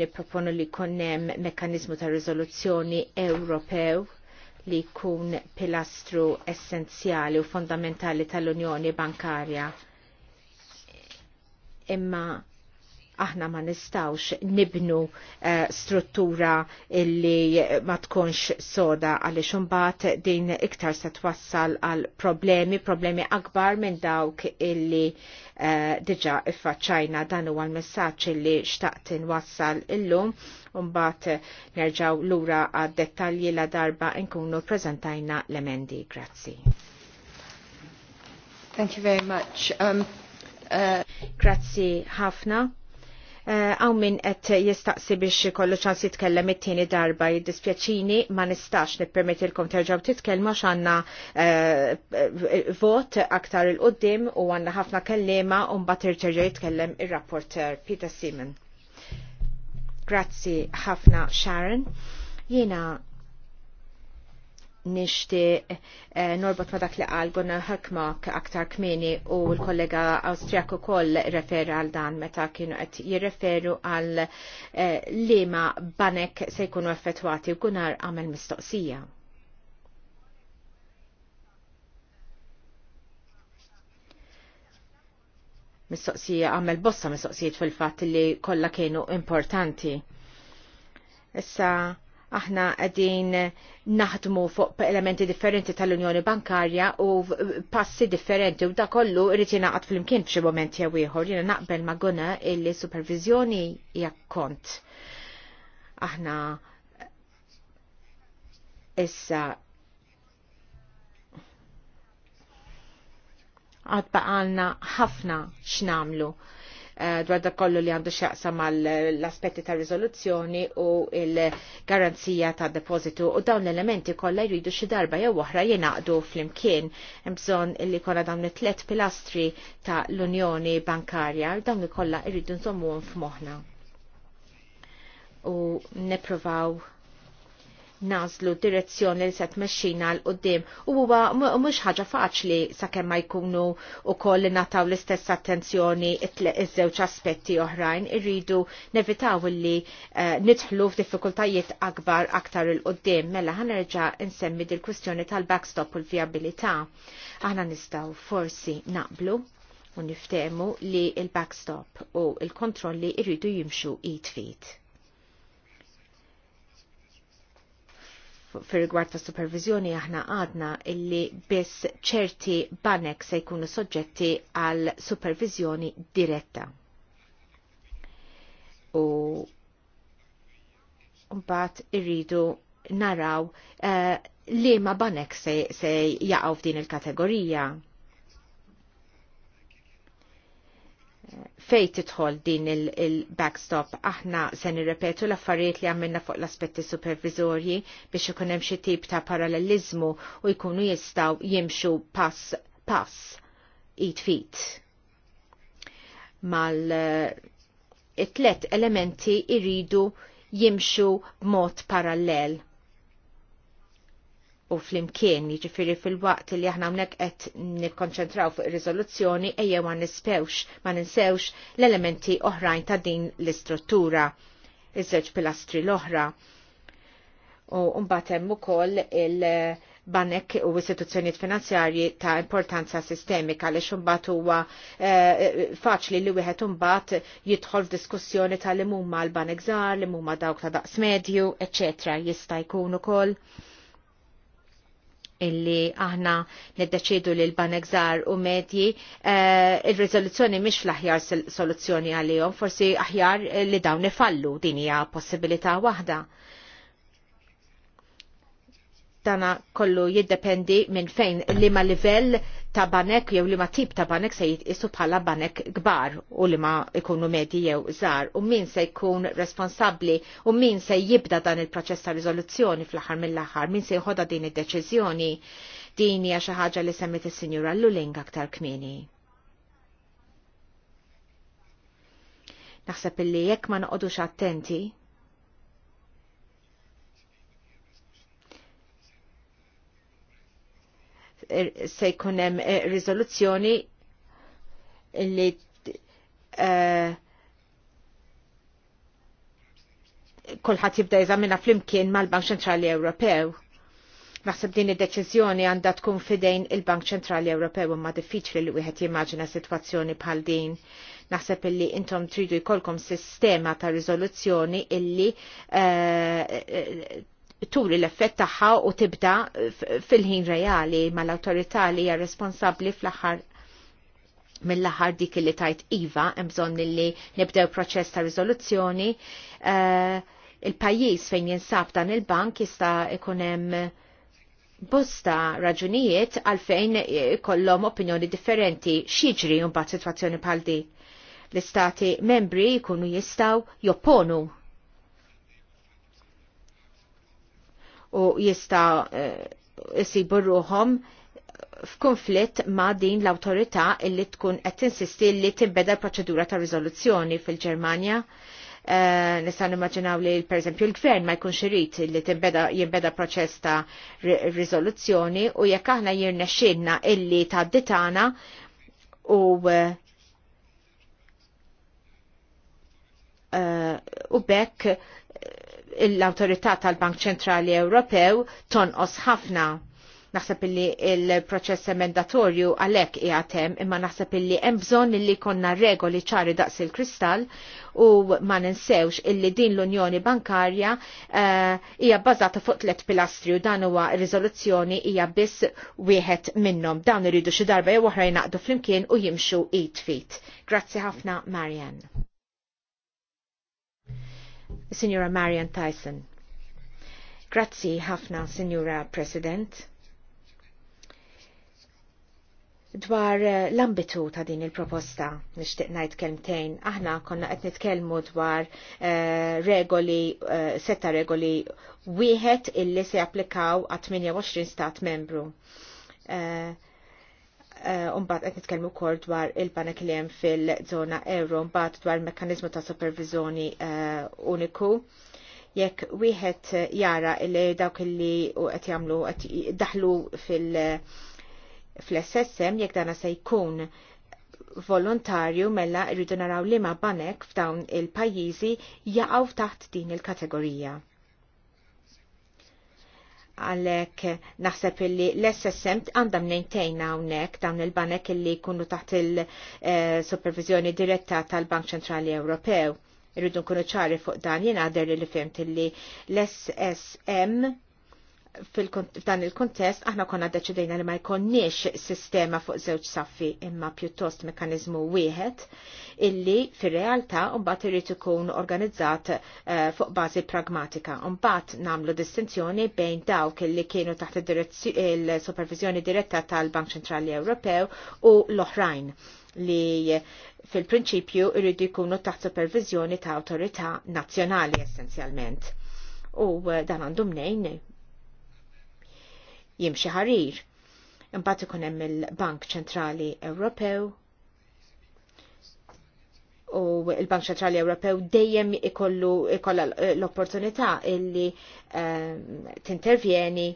niproponu li konnem mekkaniżmu ta' rizoluzzjoni Ewropew li kun pilastru essenzjali u fondamentali tal-Unjoni Bankarja. Imma Aħna ma nistawx nibnu uh, struttura illi ma tkunx soda għaliex imbagħad din iktar se twassal għal problemi, problemi akbar minn dawk illi uh, eh, diġa iffaċċajna dan huwa l-messaġġ illi xtaqt inwassal illum umbat nerġaw lura għad dettalji la darba nkunu prezentajna l-emendi. Grazzi. Thank you very much. Um, uh... Grazzi ħafna. Eh, għaw min qed jistaqsi biex kollu ċans jitkellem it-tieni darba jiddispjaċini ma nistax l-kom terġgħu titkellmu xanna eh, vot aktar il qoddim u għandna ħafna kellima u mbagħad terġaw jitkellem ir-rapporter Peter Simon. Grazzi ħafna Sharon. Jena nishti eh, norbot ma dak li qal Gunnar Hökmark aktar kmini u l-kollega Austriaku koll referi għal dan meta kienu qed jirreferu għal eh, lima banek se jkunu effettwati u Gunnar għamel mistoqsija. Mistoqsija għamel bossa mistoqsijiet fil-fatt li kollha kienu importanti. Issa aħna għedin naħdmu fuq elementi differenti tal-Unjoni Bankarja u passi differenti u dakollu kollu irrid jingħaqad flimkien f'xi moment jew ieħor jiena naqbel ma' għuna illi supervizjoni hija kont. Aħna issa għad baqalna ħafna x'namlu Eh, dwar da kollu li għandu xaqsa mal-aspetti ta' rizoluzzjoni u il-garanzija ta' depositu u dawn l-elementi kollha jridu xi darba jew oħra jingħaqdu flimkien. Hemm bżonn illi kollha dawn it-tlet pilastri ta' l-Unjoni Bankarja dawn ikollha jridu nżommuhom f'moħħna. U nippruvaw nażlu direzzjoni li se tmexxina l qudiem u huwa mhux ħaġa faċli sakemm ma jkunu wkoll li nataw l-istess attenzjoni iż-żewġ aspetti oħrajn irridu nevitaw li eh, nidħlu f'diffikultajiet akbar aktar il qudiem mela ħanerġa' insemmi dil-kwistjoni tal-backstop u l-vjabilità. Aħna nistgħu forsi naqblu u niftemu li il-backstop u il-kontrolli irridu jimxu it fir rigward ta' supervizjoni aħna għadna illi biss ċerti banek se jkunu soġġetti għal supervizjoni diretta. U mbagħad irridu naraw uh, eh, li ma banek se, se jaqgħu f'din il-kategorija fej titħol din il-backstop. Il Aħna se nirrepetu l-affarijiet li għamilna fuq l-aspetti supervizorji biex ikun hemm xi tip ta' parallelizmu u jkunu jistgħu jimxu pass pass it fit mal eh, it-tlet elementi iridu jimxu b'mod parallel u fl-imkien, jiġifieri fil-waqt li aħna hawnhekk qed nikkonċentraw fuq ir-riżoluzzjoni ejjew ma nispewx, ma ninsewx l-elementi oħrajn ta' din l-istruttura, iż-żewġ pilastri l-oħra. U mbagħad hemm ukoll il-banek u istituzzjoniet finanzjarji ta' importanza sistemika li xumbat huwa eh, faċli li wieħed imbagħad jidħol f'diskussjoni ta' li huma l-banek żgħar, li huma dawk ta' daqs medju, eccetera, jista' jkun ukoll illi aħna neddeċidu li l-banek u medji uh, eh, il-rezoluzzjoni mish fl-aħjar soluzzjoni għalihom, forsi aħjar li dawn ifallu din hija possibilità waħda dana kollu jiddependi minn fejn li ma livell ta' banek jew li ma tip ta' banek se jitqisu bħala banek kbar u li ma ikunu medji jew żgħar u min se jkun responsabbli u min se jibda dan il-proċess ta' riżoluzzjoni fl-aħħar mill-aħħar, min se jħodha din id-deċiżjoni din hija xi ħaġa li semmit is-Sinjura Luling aktar kmieni. Naħseb illi jekk ma noqogħdux attenti, Er, se jkun hemm eh, riżoluzzjoni li eh, kulħadd jibda jeżamina flimkien mal-Bank Ċentrali Ewropew. Naħseb din id-deċiżjoni għandha tkun fidejn il-Bank Ċentrali Ewropew imma diffiċli li wieħed jimmaġina sitwazzjoni bħal din. Naħseb illi intom tridu jkollkom sistema ta' riżoluzzjoni illi uh, turi l-effett tagħha u tibda fil-ħin reali mal-awtorità li hija responsabbli fl-aħħar mill-aħħar dik li tajt iva hemm bżonn li nibdew proċess ta' riżoluzzjoni. Eh, il-pajjiż fejn jinsab dan il-bank jista' ikun hemm bosta raġunijiet għalfejn kollom opinjoni differenti x'jiġri mbagħad sitwazzjoni bħal di. L-istati membri jkunu jistgħu jopponu u jista jisibu eh, ruhom f'konflitt ma' din l-autorità illi tkun qed tinsisti li timbeda l-proċedura ta' riżoluzzjoni fil-Ġermanja. Uh, eh, nistan immaġinaw li per esempio l-gvern ma jkunx irid li jimbeda proċess ta' riżoluzzjoni u jekk aħna jirnexxinna illi ta' ditana u uh, u bekk l-autorità tal-Bank Ċentrali Ewropew tonqos ħafna. Naħseb illi il-proċess emendatorju għalek iħatem imma naħseb illi embżon illi konna regoli ċari daqs il-kristall u ma ninsewx illi din l-Unjoni Bankarja eh, hija uh, bbażata fuq tliet pilastri u dan huwa riżoluzzjoni hija biss wieħed minnhom. Dawn iridu xi darba jew oħra jnaqdu flimkien u jimxu it fit. Grazzi ħafna Marianne. Signora Marian Tyson. Grazzi ħafna, Signora President. Dwar eh, l-ambitu ta' din il-proposta, nishtiq najt kelmtejn, aħna konna qed nitkellmu dwar uh, regoli, uh, setta regoli wieħed illi se applikaw għat 28 stat membru. Uh, Eh, Umbat qed nitkellmu wkoll dwar il-banek li hemm fil-żona euro, mbagħad dwar il-mekkaniżmu ta' supervizjoni eh, uniku jekk wieħed jara li dawk li qed jagħmlu qed daħlu fil fl-SSM jekk dana se jkun volontarju mella rridu naraw li ma banek f'dawn il-pajjiżi jaqgħu taħt din il-kategorija għalek naħseb illi l-SSM għandam nejntejna unnek dawn il-banek illi kunu taħt il-supervizjoni diretta tal-Bank Ċentrali Ewropew. Irridu nkunu ċari fuq dan jien għader li fimt l-SSM f'dan il-kontest aħna konna deċidejna li ma jkonniex sistema fuq żewġ saffi imma pjuttost mekanizmu wieħed illi fir-realtà mbagħad irid ikun organizzat eh, fuq bażi pragmatika. Mbagħad nagħmlu distinzjoni bejn dawk illi kienu taħt il-supervizjoni diretta tal-Bank Ċentrali Ewropew u l-oħrajn li fil-prinċipju irridu jkunu taħt supervizjoni ta' awtorità nazzjonali essenzjalment. U eh, dan għandu mnejn jimxi ħarir. Imbagħad ikun hemm il-Bank Ċentrali Ewropew u il-Bank Ċentrali Ewropew dejjem ikollu ikolla l-opportunità illi uh, tintervjeni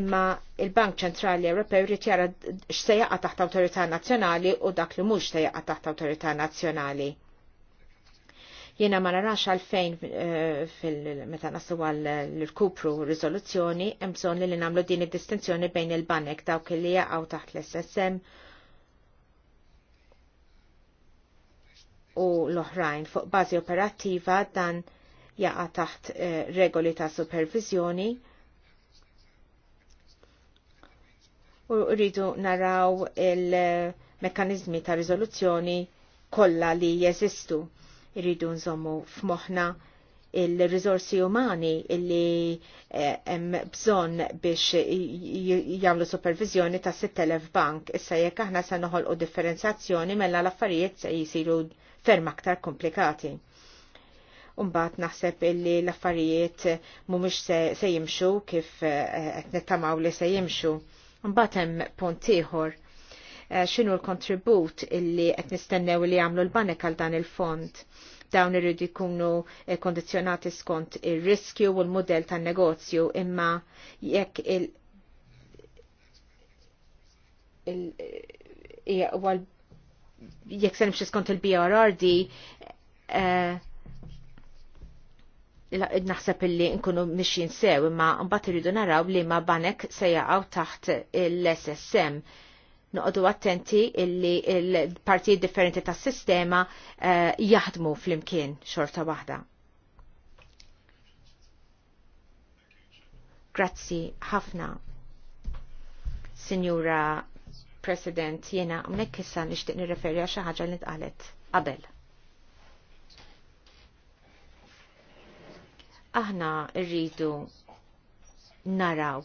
imma il-Bank Ċentrali Ewropew jrid jara x'se jaqa' taħt Awtorità Nazzjonali u dak li mhux se taħt Awtorità Nazzjonali Jena ma narax għalfejn eh, meta nasu għal l-kupru rizoluzzjoni, emson li namlu din id-distinzjoni bejn il-banek dawk li jaqaw taħt l-SSM u l-oħrajn fuq bazi operattiva dan jaqa taħt eh, regoli ta' supervizjoni. u rridu naraw il eh, mekanizmi ta' rizoluzzjoni kollha li jeżistu irridu nżommu f'moħħna il-rizorsi umani illi eh, hemm eh, bżonn biex jagħmlu supervizjoni ta' 6000 bank. Issa jekk aħna se noħolqu differenzjazzjoni mela l-affarijiet se jisiru ferm aktar komplikati. Umbat naħseb illi l-affarijiet mhumiex se, se jimxu kif eh, qed eh, nittamaw li se jimxu. Mbagħad hemm punt ieħor Eh, xinu l-kontribut illi qed nistennew li jagħmlu l-banek għal dan il-fond dawn irridu jkunu eh, kondizjonati skont ir-riskju u l-modell tan-negozju imma jekk il, il, eh, jekk se nimxi skont il-BRRD naħseb illi nkunu mixin sew imma mbagħad irridu naraw li ma banek se jaqgħu taħt l-SSM noqdu attenti illi il-partijiet differenti tas sistema uh, jaħdmu fl-imkien xorta waħda. Grazzi ħafna, Signora President, jena mnek issa nishtiq nirreferi għaxa xi ħaġa li tqalet qabel. Aħna rridu naraw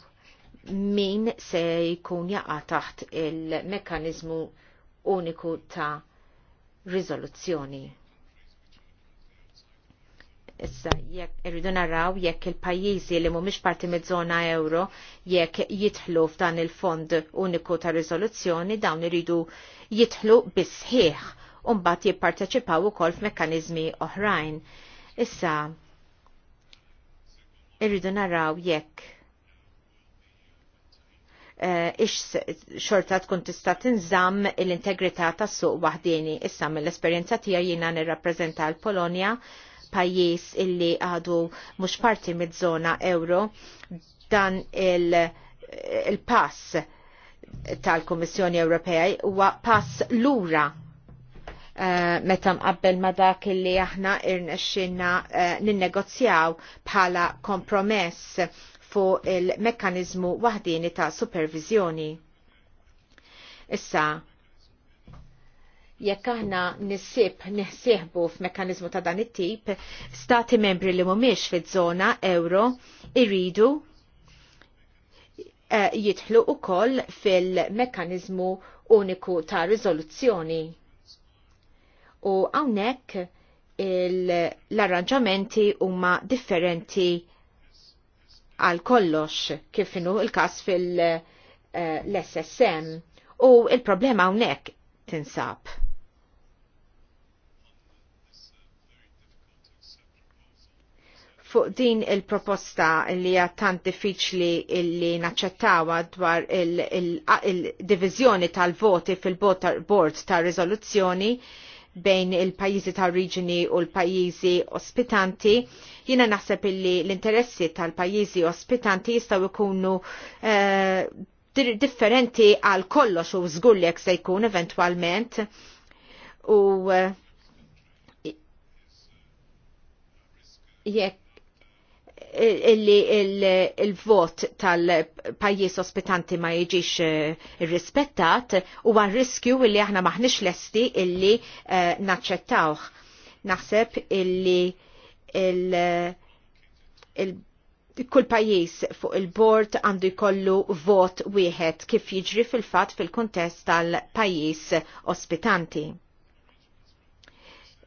min se jkun jaqa taħt il-mekkanizmu uniku ta' rizoluzzjoni. Issa, jekk irridu naraw jekk il-pajjiżi li mhumiex parti mid żona euro jekk jidħlu f'dan il-fond uniku ta' riżoluzzjoni dawn iridu jidħlu bisħieħ u mbagħad jipparteċipaw ukoll f'mekkaniżmi oħrajn. Issa, irridu naraw jekk Eh, ix xorta tkun tista' tinżamm l-integrità tas-suq waħdieni. Issa mill-esperjenza tiegħi jina nirrappreżenta l-Polonja pajjiż illi għadu mhux parti mid-żona euro dan il-pass il pass tal kummissjoni Ewropea huwa pass lura Uh, meta mqabbel ma dak illi aħna irnexxinna uh, ninnegozjaw bħala kompromess fuq il-mekkanizmu waħdini ta' supervizjoni. Issa, jekk aħna nissib neħsieħbu f'mekkanizmu ta' dan it-tip, stati membri li mhumiex fiż-żona euro iridu eh, jitħlu u ukoll fil-mekkanizmu uniku ta' riżoluzzjoni. U hawnhekk l-arranġamenti huma differenti għal kollox kif inu il-każ fil-SSM u il-problema hawnhekk tinsab. Fuq din il-proposta li hija tant diffiċli li naċċettawa dwar il-diviżjoni il il tal-voti fil-bord ta' riżoluzzjoni, bejn il-pajjiżi ta' oriġini u l-pajjiżi ospitanti, jiena naħseb illi l-interessi tal-pajjiżi ospitanti jistgħu jkunu eh, differenti għal kollox u zgullek se jkun eventwalment u eh, jekk illi il-vot il vot tal pajjiż ospitanti ma jiġix eh, irrispettat huwa riskju illi aħna maħniex lesti illi naċċettawħ. Eh, naċċettawh. Naħseb illi il- kull pajjiż fuq il-bord għandu jkollu vot wieħed kif jiġri fil-fatt fil-kuntest tal-pajjiż ospitanti.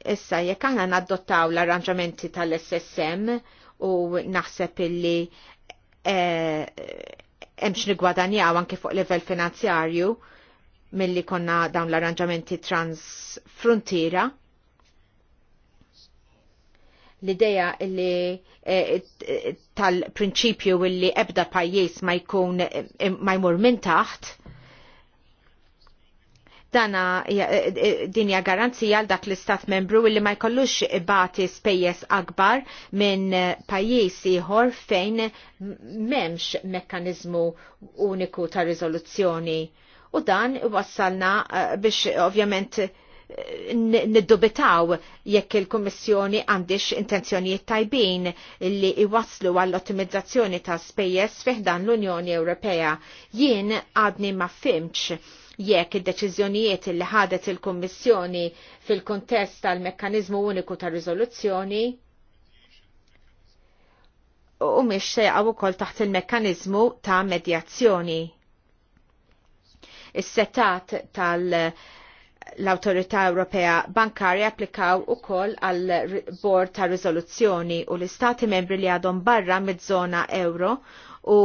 Issa jekk aħna nadottaw l-arranġamenti tal-SSM, u naħseb illi eh, hemmx nigwadanjaw anke fuq livell finanzjarju milli konna dawn l-arranġamenti transfrontiera. L-ideja illi eh, tal-prinċipju illi ebda pajjiż ma jkun eh, ma jmur minn taħt Dana eh, eh, dinja garanzija għal dak l-istat membru li ma jkollux bati spejjes akbar minn eh, pajjiż ieħor fejn memx mekkaniżmu uniku ta' riżoluzzjoni. U dan wassalna biex ovvjament niddubitaw jekk il-Kummissjoni għandix intenzjonijiet tajbin li iwaslu għall-ottimizzazzjoni ta' spejjeż dan l-Unjoni Ewropea. Jien għadni ma fimx jekk id-deċiżjonijiet li ħadet il-Kummissjoni fil-kontest tal-Mekkanizmu Uniku ta' Riżoluzzjoni u mhix jaqgħu wkoll taħt il-mekkaniżmu ta' medjazzjoni. Is-setat tal- l-Autorità Ewropea Bankarja applikaw ukoll għal bord ta' riżoluzzjoni u l-istati membri li għadhom barra mid-żona euro u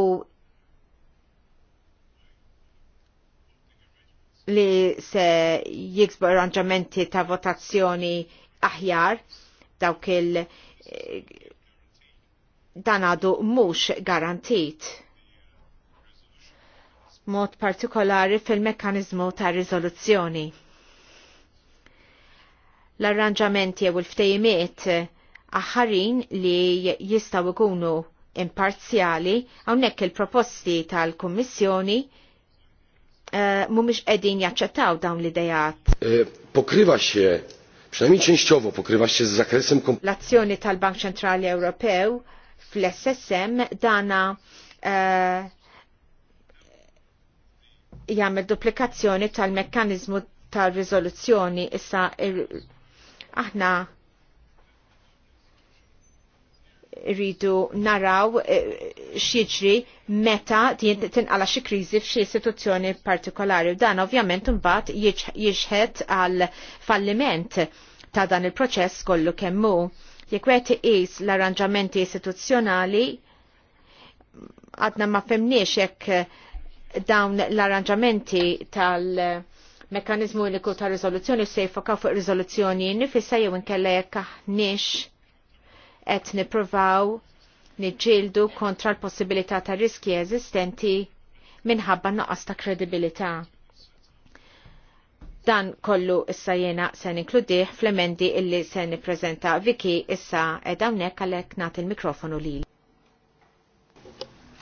li se jiksbu arranġamenti ta' votazzjoni aħjar dawk il dan għadu mhux garantit. Mod partikolari fil-mekkanizmu ta' riżoluzzjoni. L-arranġamenti jew il-ftejimiet aħħarin li jistaw ikunu imparzjali hawnhekk il-proposti tal-Kummissjoni Eh, mumiex edin jaċċettaw dawn l-idejat. E, pokriva się, przynajmniej częściowo pokriva się z zakresem L-azzjoni tal-Bank Ċentrali Ewropew fl-SSM dana e, jagħmel duplikazzjoni tal-mekkanizmu tal-riżoluzzjoni issa aħna rridu naraw eh, xieġri meta tinqala xi kriżi f'xi istituzzjoni partikolari u dan ovvjament imbagħad jiġħed għal falliment ta' dan il-proċess kollu kemm hu. Jekk qed iqis l-arranġamenti istituzzjonali għadna ma femniex jekk eh, dawn l-arranġamenti tal- mekkanizmu uniku ta' rizoluzzjoni jfokaw fuq rizoluzzjoni nifissa jew inkella jekk aħniex qed nippruvaw niġġieldu kontra l-possibilità ta' riski eżistenti minħabba noqqas ta' kredibilità. Dan kollu issa jena se inkludih fl-emendi illi se nippreżenta Viki issa ed hawnhekk għalhekk nagħti il-mikrofonu lili.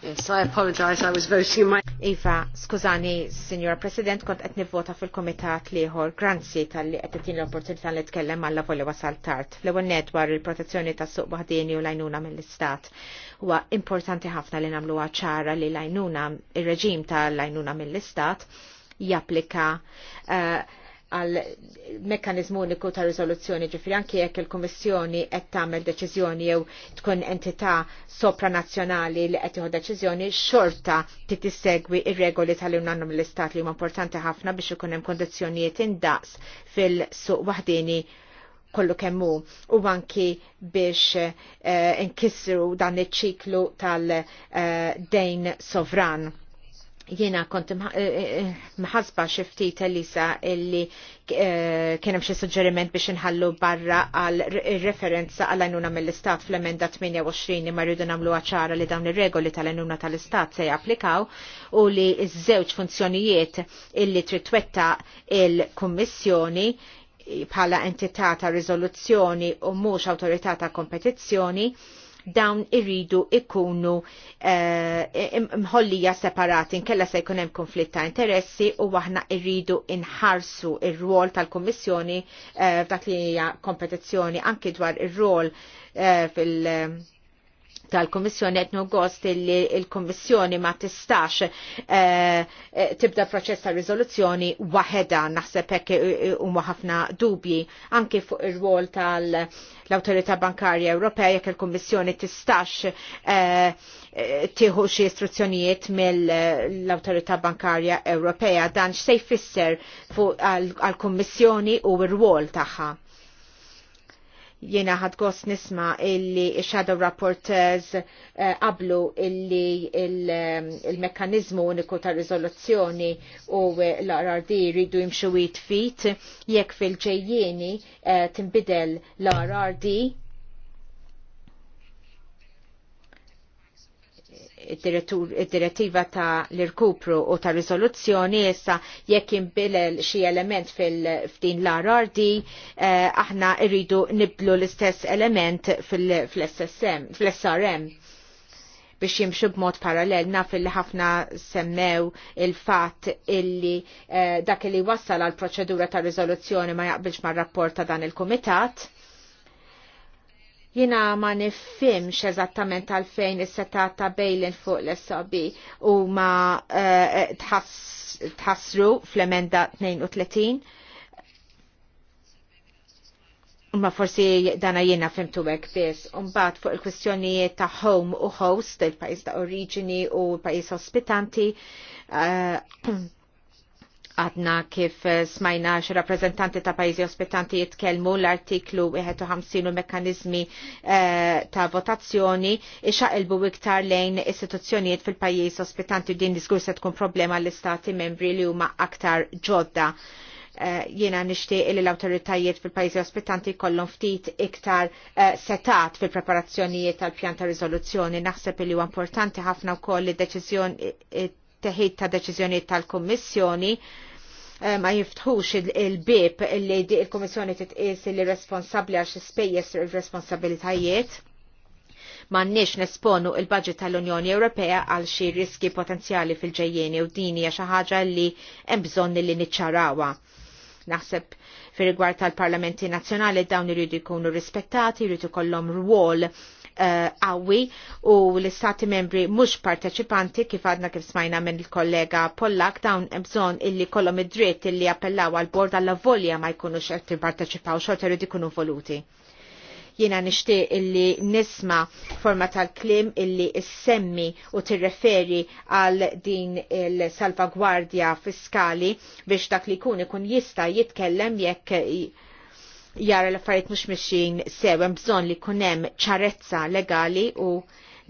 Yes, I apologize, I was voting my... Iva, skużani, Signora President, kont qed nivvota fil-Komitat liħor granzi tal-li qed tin l-opportunità li tkellem għalla volli wasal tard. L-ewwel nedwar il-protezzjoni tas-suq u l-għajnuna mill-Istat. Huwa importanti ħafna li namlu ċara li l-għajnuna, ir-reġim tal-għajnuna mill-Istat japplika uh, għal mekkanizmu uniku ta' rizoluzzjoni ġifri anki jekk il-Kummissjoni qed tagħmel deċiżjoni jew tkun entità sopranazzjonali li qed jieħu deċiżjoni xorta titissegwi ir-regoli tal-Unanum l-Istat li huma importanti ħafna biex ikun hemm kondizzjonijiet indaqs fil-suq waħdini kollu kemmu u anki biex inkissru eh, dan iċ-ċiklu tal-dejn eh, sovran Jiena kont eh, eh, eh, mħasba tal Elisa illi kienem xie suġġeriment biex nħallu barra għal referenza għal għajnuna mill-istat fl-emenda 28 ma rridu namlu għacħara li dawn ir-regoli tal-għajnuna tal-istat se japplikaw u li ż-żewġ funzjonijiet illi tritwetta il-kommissjoni bħala entità ta' rizoluzzjoni u mhux awtorità ta' kompetizzjoni dawn irridu ikunu eh, mħollija separati nkella se jkun hemm konflitt ta' interessi u aħna irridu inħarsu ir-rwol tal-Kummissjoni eh, f'dak li hija kompetizzjoni anki dwar ir-rwol eh, fil- tal-Kommissjoni qed gost li l kommissjoni ma tistax eh, tibda proċess ta' riżoluzzjoni waħedha naħseb hekk huma ħafna dubji anke fuq ir-rwol tal-Awtorità Bankarja Ewropea jekk il-Kommissjoni tistax eh, tieħu xi istruzzjonijiet mill-Awtorità Bankarja Ewropea dan x'se jfisser fuq għall-Kummissjoni u r-rwol tagħha Jiena ħad gost nisma illi shadow rapporteurs eh, qablu illi il eh, mekanizmu uniku ta' rizoluzzjoni u eh, l-RRD ridu jimxu fit jekk fil-ġejjieni timbidel l-RRD id-direttiva ta' l-irkupru u ta' rizoluzzjoni issa jekk imbilel xi element fil-ftin l-RRD eh, aħna irridu niblu l-istess element fil-SRM biex jimxu b'mod parallel naf li ħafna semmew il-fat illi eh, dak li wassal għal proċedura ta' rizoluzzjoni ma jaqbilx ma' rapport ta' dan il-komitat Jina ma nifimx eżattament għalfejn is-seta ta' bejlin fuq l-SOB u ma eh, eh, tħassru fl-emenda 32. Ma forsi dana jiena fimtu għek bis. Umbat fuq il-kwistjonijiet ta' home u host, il-pajis ta' oriġini u il-pajis ospitanti. Uh, għadna kif eh, smajna rappresentanti ta' pajzi ospitanti jitkelmu l-artiklu 51 u mekanizmi eh, ta' votazzjoni ixaqilbu iktar lejn istituzzjonijiet fil-pajjiż ospitanti u din diskur se tkun problema l-istati membri li huma aktar ġodda. jena eh, jiena nixtieq li l-awtoritajiet fil-pajjiżi ospitanti kollon ftit iktar setat fil-preparazzjonijiet tal-pjan ta' riżoluzzjoni. Naħseb li huwa importanti ħafna koll li deċizjoni teħid ta' deċiżjonijiet tal-Kummissjoni eh, ma jiftħux il-bib li il-Komissjoni titqis li responsabli għax spejjes il-responsabilitajiet mannix nesponu il-budget tal-Unjoni Ewropea għal xi riski potenzjali fil-ġejjeni u dini għax ħaġa li hemm bżonn li niċċarawha. Naħseb fir rigward tal-Parlamenti Nazzjonali dawn iridu jkunu rispettati, jridu kollhom rwol qawwi eh, u l-istati membri mhux parteċipanti kif għadna kif smajna minn il-kollega Pollak dawn ebżon illi kollom id-dritt illi appellaw għal bord alla volja ma jkunux qed parteċipaw xorta jrid ikunu voluti. Jiena nishti illi nisma forma tal-klim illi issemmi u tirreferi għal din il-salvagwardja fiskali biex dak li kun ikun jista jitkellem jekk jara l-affarijiet mhux mixin sew hemm bżonn li jkun hemm ċarezza legali u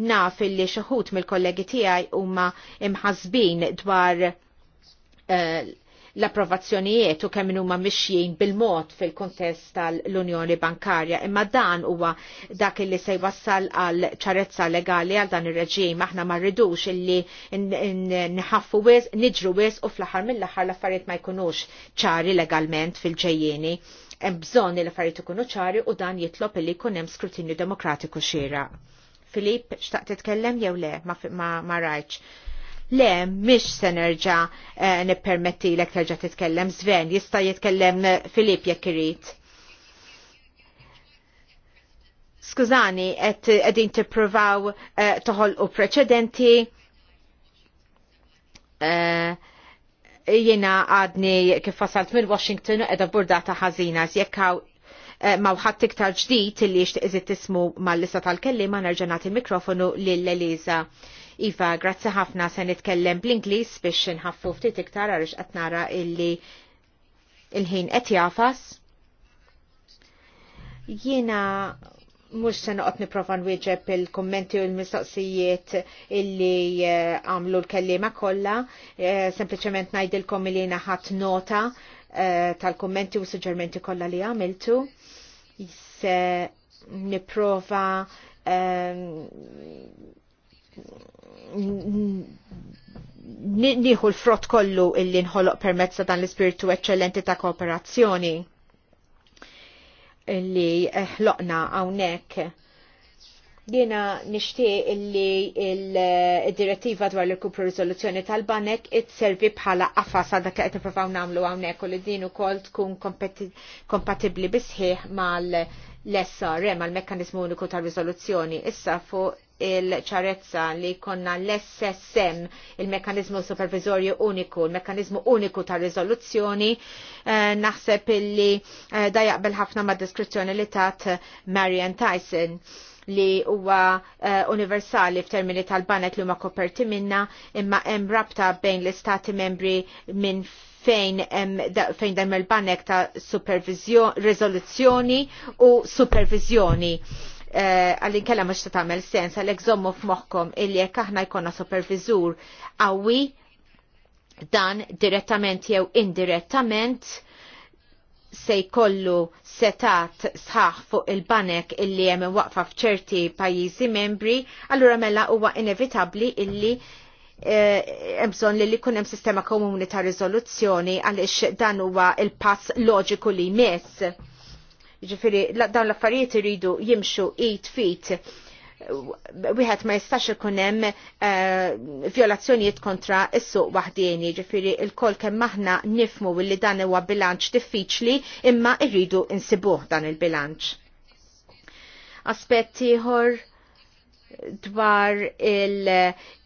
naf li xaħut ħut mill-kollegi tiegħi huma imħasbin dwar eh, l-approvazzjonijiet u kemm huma mixjin bil-mod fil-kontest tal-Unjoni Bankarja. Imma dan huwa dak li se jwassal għal ċarezza legali għal dan ir-reġim aħna ma rridux illi nħaffu wis, niġru wis u fl-aħħar mill-aħħar l-affarijiet ma jkunux ċari legalment fil-ġejjieni hemm bżonn li l-affarijiet ikunu ċari u dan jitlob illi jkun hemm skrutinju demokratiku xira. Filip, xtaqt titkellem jew le, ma, ma, ma rajtx. Le, mish se nerġa eh, nippermetti l terġa titkellem, Sven, jista jitkellem Filip jekk irid. Skużani, et edin tippruvaw eh, toħolqu preċedenti. Eh, Jiena għadni kif wasalt minn Washington u edha burdata ħazina jekkaw eh, mawħat iktar ġdijt li jishtiq tismu mal-lista tal-kelli ma nerġanat il-mikrofonu lil eliza Iva, grazzi ħafna se nitkellem bl-Inglis biex nħaffu ftit iktar għarix qatnara illi il-ħin qed jafas. Jiena mux se noqot niprofa nwieġeb il-kommenti u l-mistoqsijiet illi għamlu l-kellima kolla, sempliciment najdilkom illi naħat nota tal-kommenti u suġġermenti kolla li għamiltu. Se niprofa nieħu l-frott kollu illi nħoloq permezza dan l-ispiritu eccellenti ta' kooperazzjoni li ħloqna hawnhekk. Jiena nixtieq li il-direttiva dwar l-kupru riżoluzzjoni tal-banek it-servi bħala qafas għal dak qed nippruvaw nagħmlu hawnhekk u li din ukoll tkun kompatibbli bisħieħ mal l-SRM għal mekkanizmu uniku ta' rizoluzzjoni issa fuq il-ċarezza li konna l-SSM, il-mekanizmu supervizorju uniku, il-mekanizmu uniku ta' rizoluzzjoni, eh, naħseb illi eh, bil ħafna ma' deskrizzjoni li tat Marian Tyson li huwa uh, universali f'termini tal-banet li huma koperti minna imma hemm rabta bejn l-istati membri minn fejn da, fejn dam il-banek ta' supervizjoni, rezoluzzjoni u supervizjoni Eh, għallin uh, kella mux tagħmel sens għalhekk żommu f'moħħkom illi jekk aħna jkollna supervizur qawwi dan direttament jew indirettament se jkollu setat sħaħ fuq il-banek illi hemm waqfa f'ċerti pajjiżi membri, allura mela huwa inevitabbli illi eh, bżonn li li kunem hemm sistema komuni ta' riżoluzzjoni għaliex dan huwa il-pass loġiku li jmiss Ġifiri, dawn l-affarijiet iridu jimxu it feet wieħed ma jistax ikun hemm eh, violazzjonijiet kontra is suq waħdieni, ġifieri l-kol kemm aħna nifmu li dan huwa bilanċ diffiċli imma rridu insibuh dan il-bilanċ. Aspett ieħor dwar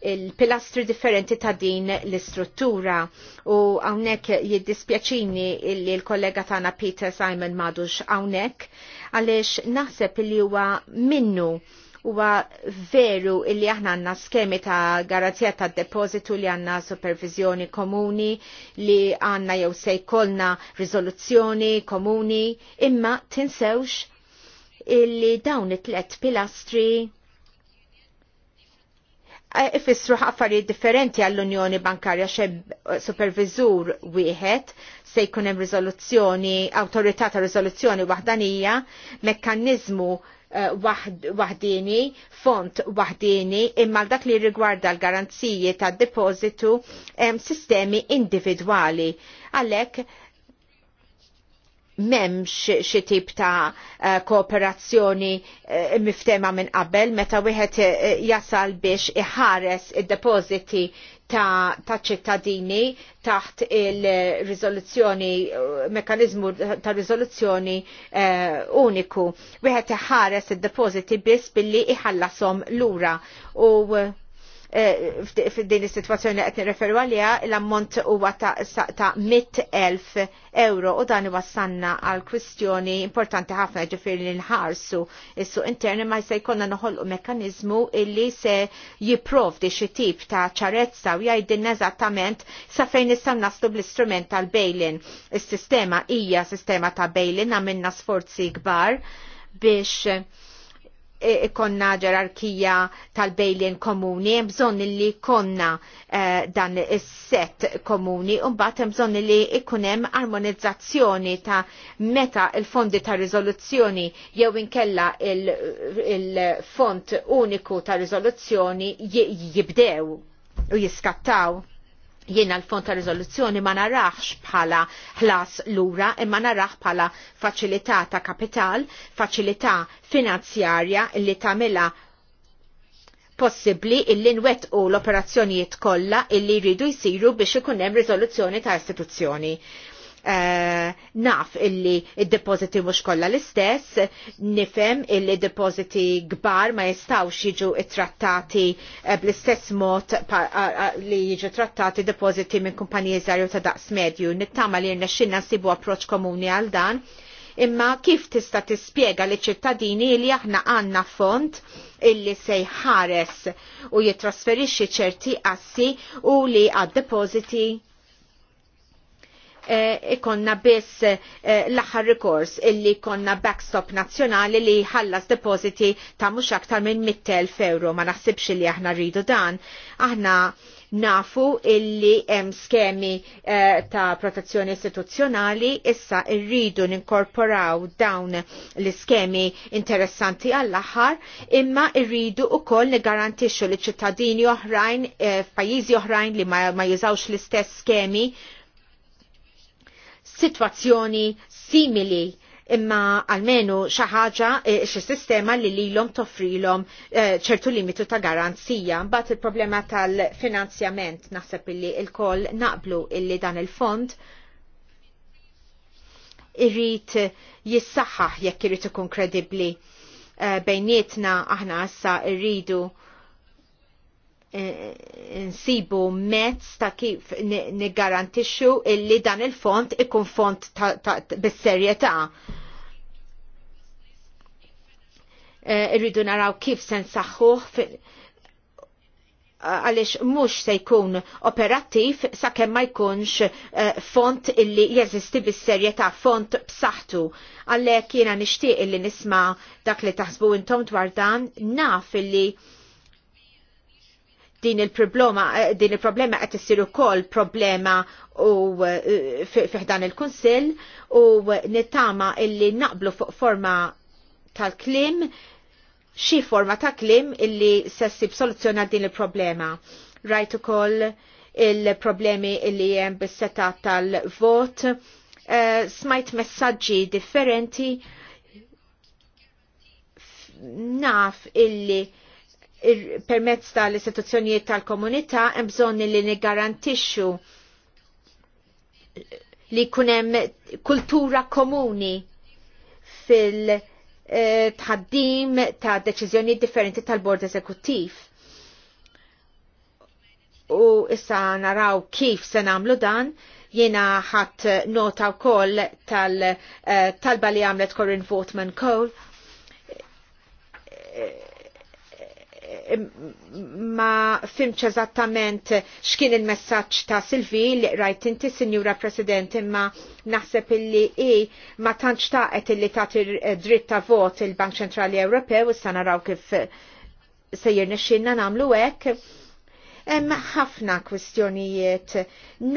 il-pilastri il differenti ta' din l-istruttura u għawnek jiddispjaċini illi l-kollega tana Peter Simon madux għawnek għalix naħseb li huwa minnu huwa veru illi aħna għanna skemi ta' garanzija ta' depozitu li għanna supervizjoni komuni li għanna jew sejkolna rizoluzzjoni komuni imma tinsewx illi dawn it-tlet pilastri ifissru affarijiet differenti għall-Unjoni Bankarja xeb eh, supervizur wieħed se jkun hemm riżoluzzjoni, awtorità ta' riżoluzzjoni waħdanija, mekkaniżmu eh, waħdini, font waħdini, imma dak li rigwarda l-garanziji tad depożitu sistemi individwali. Għalhekk memx xi tip ta' eh, kooperazzjoni eh, miftema minn qabel meta wieħed eh, jasal biex iħares id-depożiti ta', ta ċittadini taħt il-rizoluzzjoni, mekanizmu ta' rizoluzzjoni uh, uniku. Wieħed iħares id-depożiti biss billi iħallasom lura u Eh, f'din is-sitwazzjoni qed nirreferu għaliha l-ammont huwa ta' 100,000 euro u dan iwassanna għal kwistjoni importanti ħafna ġifieri li nħarsu is-suq interni ma se jkollna noħolqu mekkaniżmu illi se jipprovdi xi tip ta' ċarezza u jgħidilna eżattament sa fejn nistgħu naslu bl-istrument tal-bejlin. Is-sistema hija sistema ta' bejlin għamilna sforzi kbar biex ikonna e, e, ġerarkija tal bejlin komuni, bżon li konna eh, dan is-set komuni, un hemm bżon li ikunem armonizzazzjoni ta' meta il-fondi ta' rizoluzzjoni jew inkella il-fond il uniku ta' rizoluzzjoni jibdew u jiskattaw jiena l-fond ta' rizoluzzjoni ma narax bħala ħlas lura imma narax bħala faċilità ta' kapital, faċilità finanzjarja li tagħmilha possibbli illi nwettqu l-operazzjonijiet kollha illi jridu jsiru biex ikun hemm riżoluzzjoni ta' istituzzjoni. Eh, naf illi id-depositi mux kolla l-istess, nifem illi depositi gbar ma jistawx jiġu trattati eh, bl-istess mod li jiġu trattati depositi minn kumpaniji zarju ta' daqs medju. Nittama li xinna sibu approċ komuni għal dan, imma kif tista' tispjega li ċittadini li aħna għanna font illi se ħares u jitrasferixxi ċerti assi u li għad-depositi Eh, ikonna biss eh, l-aħħar rikors illi konna backstop nazzjonali li ħallas depositi ta' mhux aktar minn 100,000 euro ma naħsibx li aħna rridu dan. Aħna nafu illi hemm skemi eh, ta' protezzjoni istituzzjonali issa rridu ninkorporaw dawn l-iskemi interessanti għall-aħħar imma rridu ukoll nigarantixxu li ċittadini oħrajn f'pajjiżi oħrajn li ma jużawx l-istess skemi situazzjoni simili imma almenu xaħġa e, xi sistema li lilhom toffrilhom e, ċertu limitu ta' garanzija. Mbagħad il-problema tal-finanzjament naħseb illi il-kol naqblu illi dan il-fond irrid jissaħħaħ jekk irid ikun kredibbli e, bejnietna aħna issa irridu nsibu mezz ta' kif nigarantixxu illi dan il-font ikun font bis-serjetà. Eh, irridu naraw kif se nsaħħuh għalix mux se jkun operattiv sakemm ma jkunx eh, font illi jeżisti bis-serjetà font b'saħħtu. Għalhekk jiena nixtieq illi nisma' dak li taħsbu intom dwar dan naf illi din il-problema eh, din il-problema qed issir ukoll problema u eh, fiħdan il-Kunsill u nittama illi naqblu fuq forma tal-klim xi forma ta' klim illi se ssib soluzzjoni din il-problema. Rajt ukoll il-problemi illi hemm bis-seta tal-vot, eh, smajt messaġġi differenti naf illi permezz tal-istituzzjonijiet tal-komunità hemm bżonn li niggarantixxu li jkun hemm kultura komuni fil-tħaddim eh, ta' deċiżjoni differenti tal-bord eżekuttiv. U issa naraw kif se nagħmlu dan, jiena ħadd nota wkoll tal-talba eh, li għamlet Corinne Votman Cole eh, ma fimċ eżattament x'kien il-messaġġ ta' Silvi li rajt inti Sinjura President imma naħseb illi i ma tantx taqet illi tagħti eh, dritt ta' vot il-Bank Ċentrali Ewropew issa naraw kif sejjer nixxinna nagħmlu hekk Hemm ħafna kwistjonijiet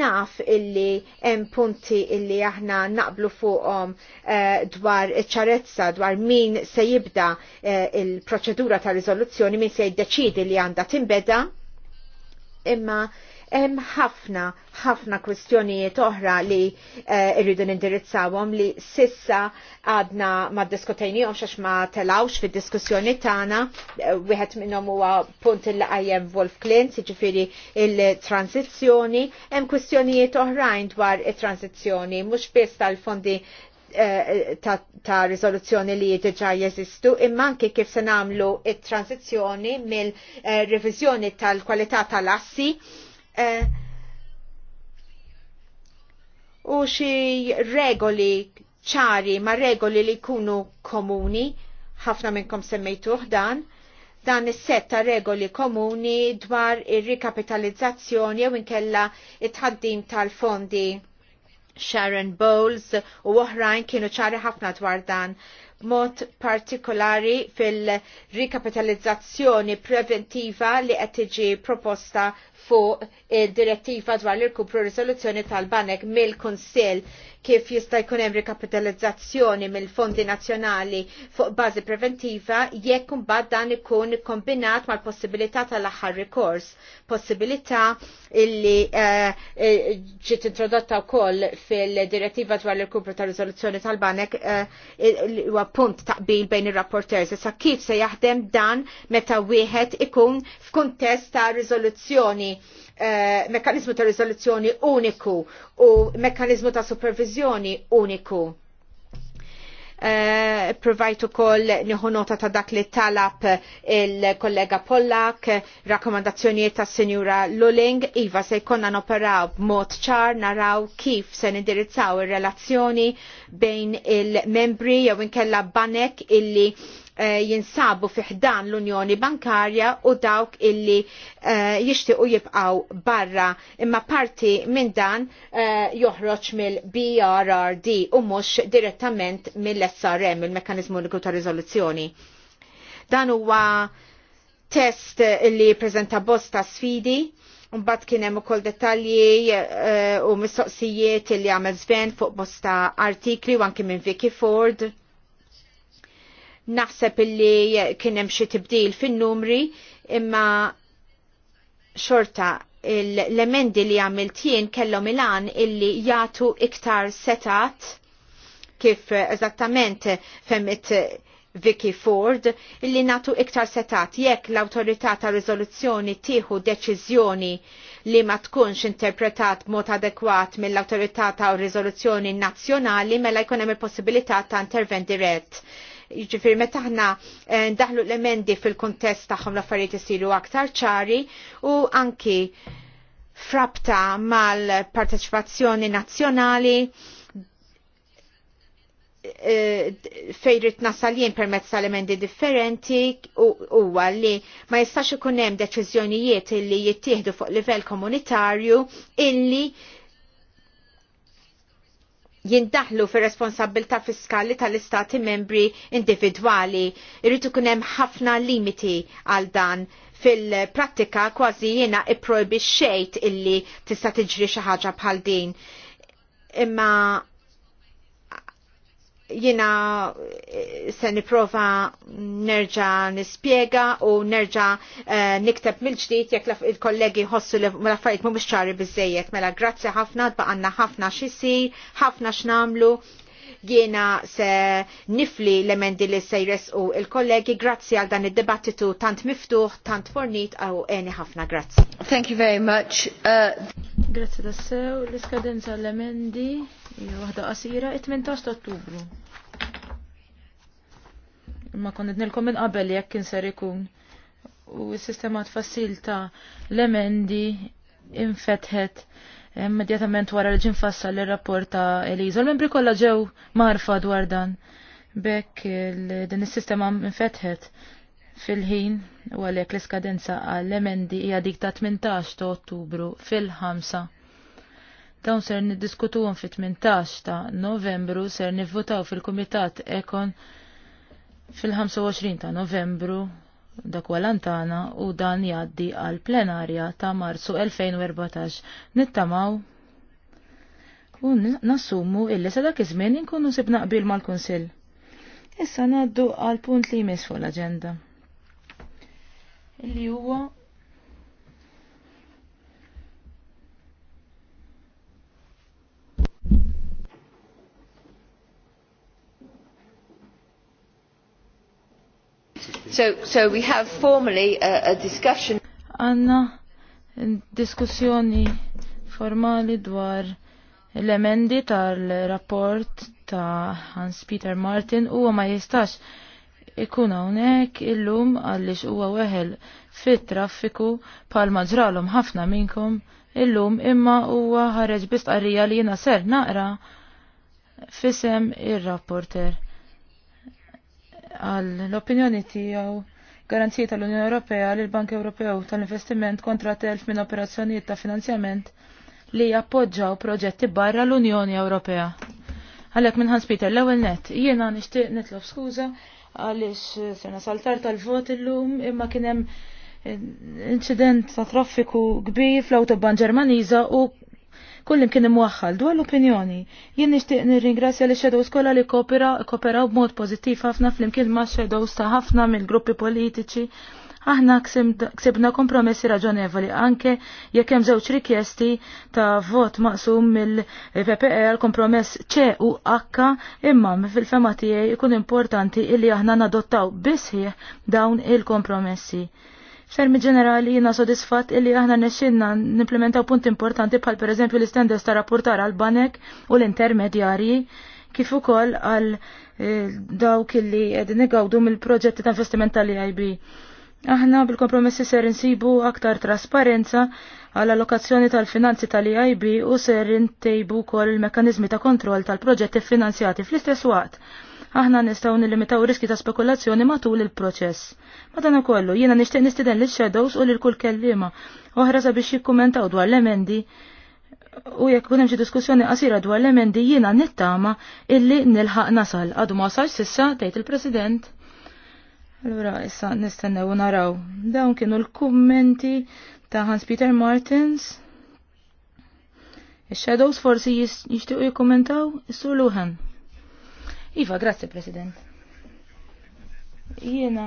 naf illi hemm punti illi aħna naqblu fuqhom eh, dwar ċarezza dwar min se jibda eh, il-proċedura ta' riżoluzzjoni min se jiddeċidi li għandha timbeda imma Hemm ħafna ħafna kwistjonijiet oħra li eh, rridu nindirizzawhom li sissa għadna ma diskutejnihom għax ma telawx fid-diskussjoni tagħna. Eh, wieħed minnhom huwa punt il qajjem Wolf Klintz, jiġifieri il transizzjoni hemm kwestjonijiet oħrajn dwar it transizzjoni mhux biss tal-fondi eh, ta', ta rizoluzzjoni li diġa jeżistu, imma anke kif se nagħmlu it transizzjoni mill-reviżjoni tal-kwalità tal-assi Eh, u xi regoli ċari ma regoli li jkunu komuni, ħafna minnkom semmejtuh dan, dan is setta ta' regoli komuni dwar ir-rikapitalizzazzjoni jew inkella it-ħaddim tal-fondi Sharon Bowles u oħrajn kienu ċari ħafna dwar dan b'mod partikolari fil-rikapitalizzazzjoni preventiva li qed tiġi proposta fuq il-direttiva dwar l-irkupru risoluzzjoni tal-banek mill-Kunsill kif jista' jkun hemm rikapitalizzazzjoni mill-fondi nazzjonali fuq bażi preventiva jekk imbagħad dan ikun kombinat mal-possibilità tal-aħħar rikors, possibilità illi eh, eh, ġiet uh, introdotta wkoll fil-direttiva dwar l-irkupru ta' riżoluzzjoni tal-banek eh, huwa uh, punt taqbil bejn ir-rapporters sa kif se jaħdem dan meta wieħed ikun f'kuntest ta' riżoluzzjoni eh, mekkanizmu ta' riżoluzzjoni uniku u mekkanizmu ta' supervizjoni uniku Uh, eh, provajtu kol nota ta' dak li talab il-kollega Pollak, rakkomandazzjonijiet ta' Sinjura Luling, iva se jkollna noperaw b'mod ċar naraw kif se nindirizzaw ir-relazzjoni bejn il-membri jew inkella banek illi Eh, jinsabu fiħdan l-Unjoni Bankarja u dawk illi eh, jixtiqu jibqaw barra imma parti minn dan eh, joħroġ mill-BRRD u mhux direttament mill-SRM, il-Mekkanizmu Uniku ta' Rizoluzzjoni. Dan huwa test li prezenta bosta sfidi Mbagħad kien hemm ukoll dettalji u mistoqsijiet li għamel Sven fuq bosta artikli u anke minn Vicky Ford Naħseb illi kien hemm xi tibdil fin-numri imma xorta l-emendi li għamilt jien kellhom il-għan illi jagħtu iktar setat kif eżattament femmit Vicky Ford illi natu iktar setat jekk l-autorità ta' rizoluzzjoni tieħu deċiżjoni li ma tkunx interpretat mod adekwat mill-autorità ta' rizoluzzjoni nazzjonali mela jkun hemm il-possibilità ta' intervent dirett Jiġifieri meta aħna eh, ndaħlu l-emendi fil-kuntest tagħhom l-affarijiet isiru aktar ċari u anki frabta mal-parteċipazzjoni nazzjonali eh, fejrit nasaljien permezz tal-emendi differenti huwa li ma jistax ikun hemm deċiżjonijiet illi jittieħdu fuq livell komunitarju illi jindaħlu fir responsabilta fiskali tal-istati membri individwali. Irritu kunem ħafna limiti għal dan fil-prattika kważi jiena iprojbi xejt illi tista' tiġri xi ħaġa bħal din. Imma jina eh, se niprofa nerġa nispiega u nerġa eh, nikteb mill-ġdid jekk il-kollegi ħossu li l-affarijiet mhumiex ċari biżejjed. Mela grazzi ħafna tbaqanna ħafna x'isi, ħafna x'namlu. Jiena se nifli l-emendi li se jresqu il-kollegi grazzi għal dan id-dibattitu tant miftuħ, tant fornit u eni ħafna grazzi. Thank you very much. Uh... Grazzi sew, l-iskadenza l-emendi. Ija, waħda qasira 18 ta' Ottubru. Ma kont nilkom minn qabel jekk kien ser ikun. U s-sistema tfassil ta' l-emendi infetħet immedjatament wara li ġin fassal l rapport ta' Eliza. L-membri kollha ġew marfa dwar dan. Bekk din is-sistema infetħet fil-ħin u għalhekk l-iskadenza għall-emendi hija dik ta' 18 ta' Ottubru fil ħamsa Dawn ser niddiskutuhom fit-18 ta' Novembru ser nivvotaw fil-Kumitat Ekon fil-25 ta' Novembru dak walantana u dan jaddi għal plenarja ta' Marzu 2014. Nittamaw u nassumu illi sa dak iż-żmien inkunu sibna qbil mal-Kunsill. Issa ngħaddu għal punt li jmiss fuq l-aġenda. Li huwa So, so we have formally a, a discussion. Anna, diskussjoni formali dwar l-emendi tal-rapport ta' Hans Peter Martin huwa ma jistax ikun hawnhekk illum għaliex huwa weħel fit-traffiku pal ġralhom ħafna minkom illum imma huwa ħareġ bistqarrija li jiena ser naqra fisem ir-rapporter għall-opinjoni tiegħu garanzija tal-Unjoni Ewropea l bank Ewropew tal-Investiment kontra telf minn operazzjonijiet ta' finanzjament li jappoġġaw proġetti barra l-Unjoni Ewropea. Għalhekk minn Hans Peter l-ewwel net, jiena nixtieq nitlob skuża għaliex sena saltar tal-vot illum imma kien hemm inċident ta' traffiku kbir fl-autobahn Ġermaniża u kullim kien imwaħħal dwar l-opinjoni. Jien nixtieq nirringrazzja li xedow kollha li kopera koperaw b'mod pożittiv ħafna flimkien ma' xedow ta' ħafna mill-gruppi politiċi. Aħna ksibna kompromessi raġonevoli anke jekk hemm żewġ rikjesti ta' vot maqsum mill ppr e kompromess C u H imma fil-fema tiegħi jkun importanti illi aħna nadottaw bisħieħ dawn il-kompromessi. il kompromessi Fermi ġenerali jina sodisfat illi aħna nexxinna nimplementaw punt importanti bħal per eżempju l-istendes ta' rapportar għal banek u l-intermedjarji kif ukoll għal eh, dawk illi qegħdin negawdu mill-proġetti ta' investiment tal ib Aħna bil-kompromessi ser insibu aktar trasparenza għal allokazzjoni tal-finanzi tal ib u ser intejbu kol il-mekanizmi ta' kontroll tal-proġetti finanzjati fl-istess waqt. Aħna nistgħu nilimitaw riski ta' spekulazzjoni matul il-proċess Madana kollu, jiena nixtieq nistiden li shadows u li l-kull kellima oħra sabiex jikkumentaw dwar l-emendi u jekk kunem hemm xi diskussjoni qasira dwar l-emendi jiena nittama illi nilħaq nasal għadu ma sarx sissa tgħid il-President. Allura issa nistennew u naraw. Dawn kienu l-kummenti ta' Hans Peter Martins. Ix-shadows forsi jixtiequ jikkumentaw is-sur Luhan. Iva, grazzi President. Jiena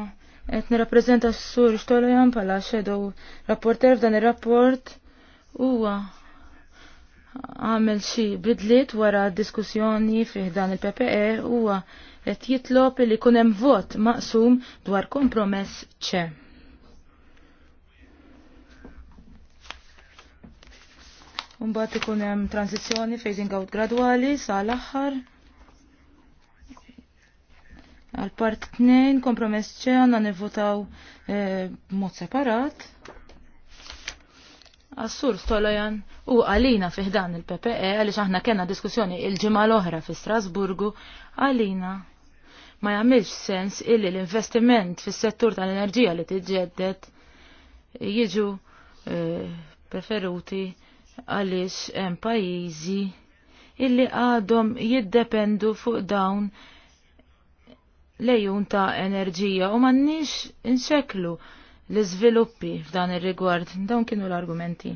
Et nirrapprezenta s-sur xtolojan pala xedow rapporter f'dan il-rapport huwa għamel xi bidliet wara diskussjoni fih dan il-PPE huwa qed jitlob li kunem hemm vot maqsum dwar kompromess ċe. Mbagħad ikun hemm transizzjoni phasing out gradwali sa l-aħħar Għal part 2 kompromess ċe għanna nivvotaw eh, mod separat. Assur Stolojan u għalina fiħdan il-PPE għalix aħna kena diskussjoni il-ġimgħa l-oħra fi Strasburgu għalina ma jagħmilx sens illi l-investiment fis-settur tal-enerġija li tiġġedded jiġu eh, preferuti għaliex hemm pajjiżi illi għadhom jiddependu fuq dawn lejun ta' enerġija u mannix inxeklu l-izviluppi f'dan ir-rigward, dawn kienu l-argumenti.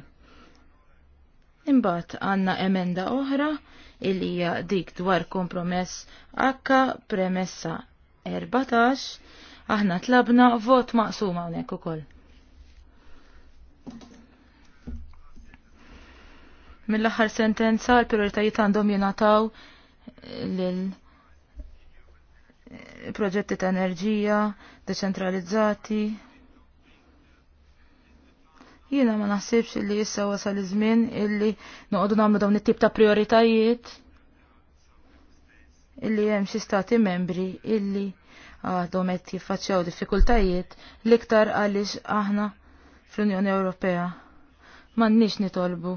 Imbagħad għandna emenda oħra il hija dik dwar kompromess akka premessa 14 aħna tlabna vot maqsum hawnhekk ukoll. Mill-aħħar sentenza l-prioritajiet għandhom jingħataw lil proġetti ta' enerġija deċentralizzati. Jiena ma naħsibx li issa wasal iż-żmien illi noqogħdu nagħmlu dawn it-tip ta' prioritajiet illi hemm xi stati membri illi għadhom qed jiffaċċjaw diffikultajiet l-iktar għaliex aħna fl-Unjoni Ewropea m'għandniex nitolbu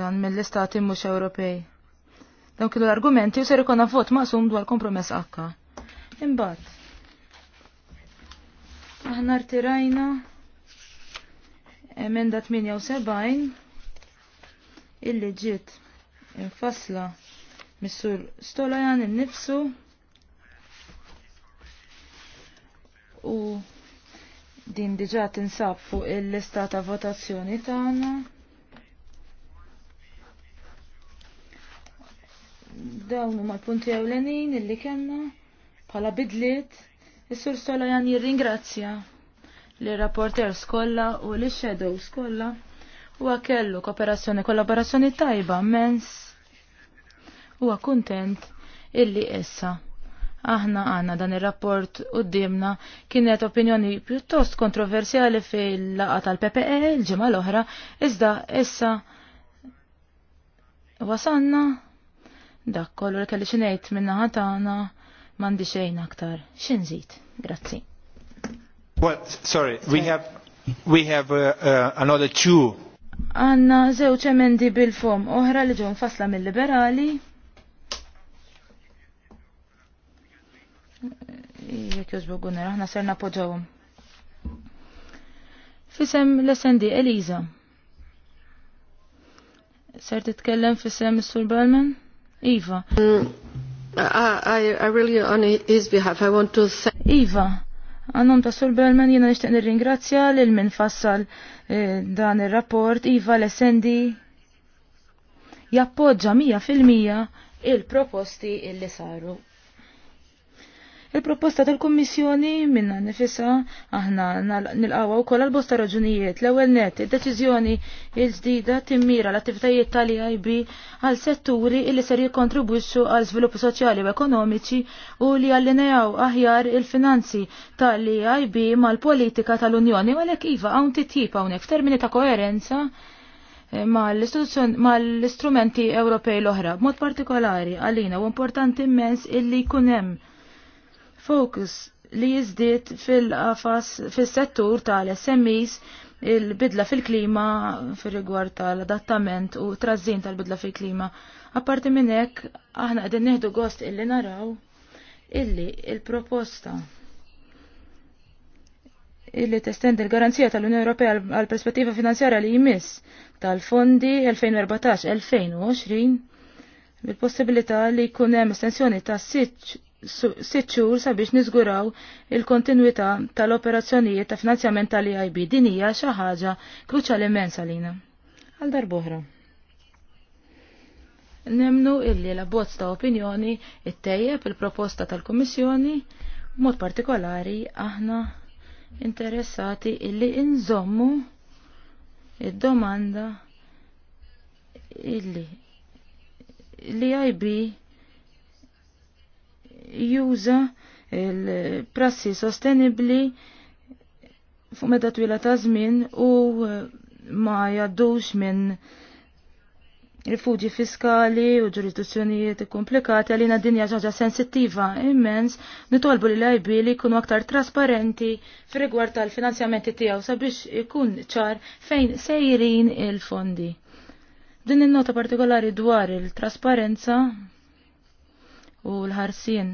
dan mill-istati mhux Ewropej. Dawn kienu l-argumenti u ser ikonna vot maqsum dwar kompromess akka. Imbagħad. Aħna rtirajna emenda 78 illi ġiet infasla Missur Stolajan innifsu u din diġa tinsab fuq il-lista ta' votazzjoni tagħna. dawn huma punti ewlenin illi kellna bħala bidliet. Is-Sur Solajan jirringrazzja li rapporter skolla u li shadow skolla u kellu kooperazzjoni kollaborazzjoni tajba mens huwa kuntent illi issa aħna għanna dan il-rapport u d-dimna kienet opinjoni pjuttost kontroversjali fil-laqa tal-PPE l-ġimma l-oħra, iżda issa wasanna Dak kollu li kelli xinejt minna ħatana mandi xejn aktar. Xinżit. Grazzi. Well, sorry, we have, we have uh, uh, another two. Għanna zewċ emendi bil-fom oħra li ġon fasla mill-liberali. Jek jużbu għunera, aħna serna poġawum. Fisem l-SND Eliza. Ser titkellem fisem Sur Balman? Iva. Mm, I, I really on his behalf I want to thank Iva. Għannom ta' sol Berman jena nishtiq nirringrazzja lil min fassal eh, dan ir-rapport Iva l-SND jappoġġa mija fil-mija il-proposti illi saru Il-proposta tal-Kommissjoni minna nifissa aħna nil-qawa kol koll bosta raġunijiet. L-ewel net, il-deċizjoni il-ġdida timmira l-attivitajiet tal-IB għal setturi illi ser jikontribwixxu għal zviluppu soċjali u ekonomiċi u li għallinejaw aħjar il-finanzi tal-IB mal-politika tal-Unjoni. Għalek iva għawn titjib għawnek f'termini ta' koerenza eh, mal-istrumenti Ewropej l-oħra. B'mod partikolari għalina u importanti immens illi kunem fokus li jizdiet fil-qafas fil-settur tal-SMEs il-bidla fil-klima fil-rigward tal-adattament u trażin tal-bidla fil-klima. Apparti minn hekk aħna qegħdin nieħdu gost illi naraw illi il-proposta illi testendi l-garanzija tal-Unjoni Ewropea għal perspettiva finanzjarja li jmiss tal-fondi 2014-2020 bil-possibilità li jkun hemm estensjoni ta' sitt sitt xhur sabiex niżguraw il-kontinwità tal-operazzjonijiet ta' finanzjament tal ib din hija xi ħaġa kruċjali immensa lina. Għal darbohra. Nemnu illi la bozz ta' opinjoni ittejjeb il-proposta tal-Kummissjoni mod partikolari aħna interessati illi inżommu id-domanda illi li e IB juża il-prassi sostenibli fuq meta twila ta' żmien u eh, ma jaddux minn rifugi fiskali u ġurisdizzjonijiet komplikati għalina dinja ġaġa sensittiva immens nitolbu li lajbi li jkunu aktar trasparenti fi rigward tal-finanzjamenti tiegħu sabiex ikun ċar fejn sejrin il-fondi. Din il-nota partikolari dwar il-trasparenza u l-ħarsien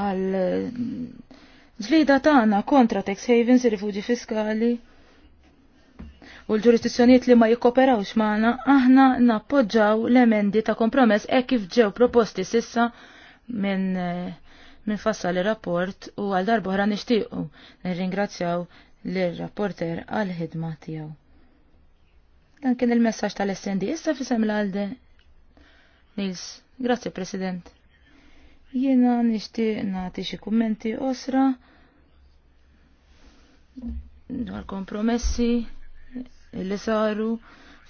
għal ġlida tagħna kontra tax havens, rifugi fiskali u l-ġurisdizzjonijiet li ma jikkoperawx magħna, aħna nappoġġaw l-emendi ta' kompromess hekk kif ġew proposti sissa minn min fassa ir-rapport u għal darbo oħra nixtiequ nirringrazzjaw lir-rapporter għal ħidma tiegħu. Dan kien il-messaġġ tal-SND issa fisem l-għalde. Nils, grazie, President. Jiena nixtieq nagħti xi kummenti osra dwar kompromessi li saru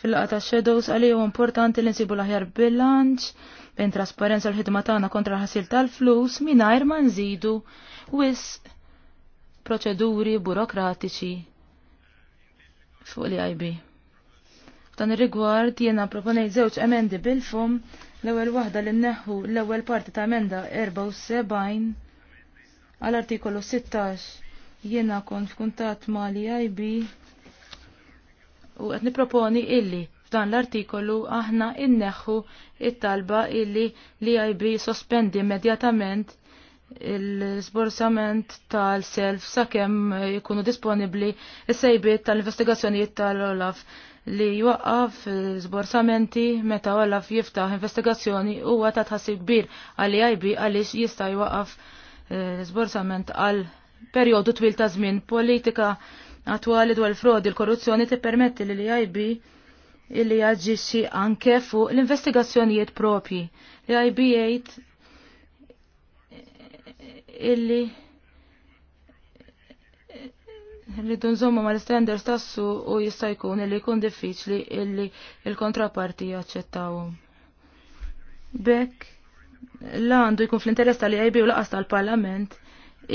fil-laqa ta' shadows għalli u importanti li nsibu l-aħjar bilanċ bejn trasparenza l-ħidma tagħna kontra ħasil tal-flus mingħajr ma nżidu wis proċeduri burokratiċi fuq li IB. Dan ir-rigward jiena proponej żewġ emendi bil-fum l-ewwel waħda li nneħħu l-ewwel parti ta' emenda 74 għal artikolu 16 jiena kont f'kuntatt ma' IB u qed nipproponi illi f'dan l-artikolu aħna inneħħu it-talba illi li IB sospendi immedjatament il-sborsament tal-self sakemm ikunu disponibbli is-sejbiet tal-investigazzjonijiet tal-Olaf. tal investigazzjonijiet tal olaf tal tal olaf li jwaqqaf zborsamenti meta Olaf jiftaħ investigazzjoni huwa ta' tħassib kbir għal e IB għaliex jista' jwaqqaf eh, zborsament għal perjodu twil ta' żmien politika attwali dwar frodi l-korruzzjoni tippermetti li l-IB e illi jaġġixxi anke fuq l-investigazzjonijiet propji. L-IB e jgħid illi Rridu nżommu ma l-standards tassu u jista' jkun li jkun diffiċli illi il-kontraparti jaċċettawhom. Bekk l għandu jkun fl-interess tal u laqas tal-Parlament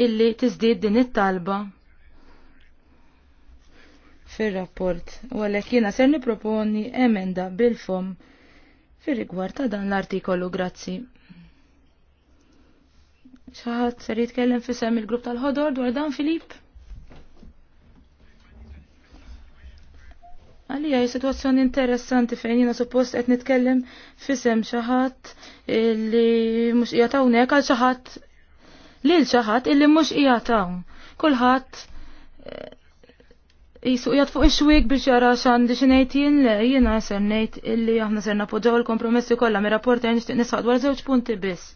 illi tiżdied din it-talba fir-rapport u għalhekk jiena ser niproponi emenda bil-fom fir-rigward ta' dan l-artikolu grazzi. Xaħat ser jitkellem fissem il-grupp tal-ħodor dwar dan Filip? Għalija, situazzjoni interessanti fejn jina suppost qed nitkellem fisem xaħat li mhux qiegħed hawnhekk għal xaħat lil xaħat illi mhux qiegħed hawn. Kulħadd eh, jisu jgħat fuq ix-xwieg biex jara x'għandi xi ngħid jien li jiena ser ngħid illi aħna ser nappoġġaw il-kompromessi kollha mir rapporter nixtieq nisħaq dwar żewġ punti biss.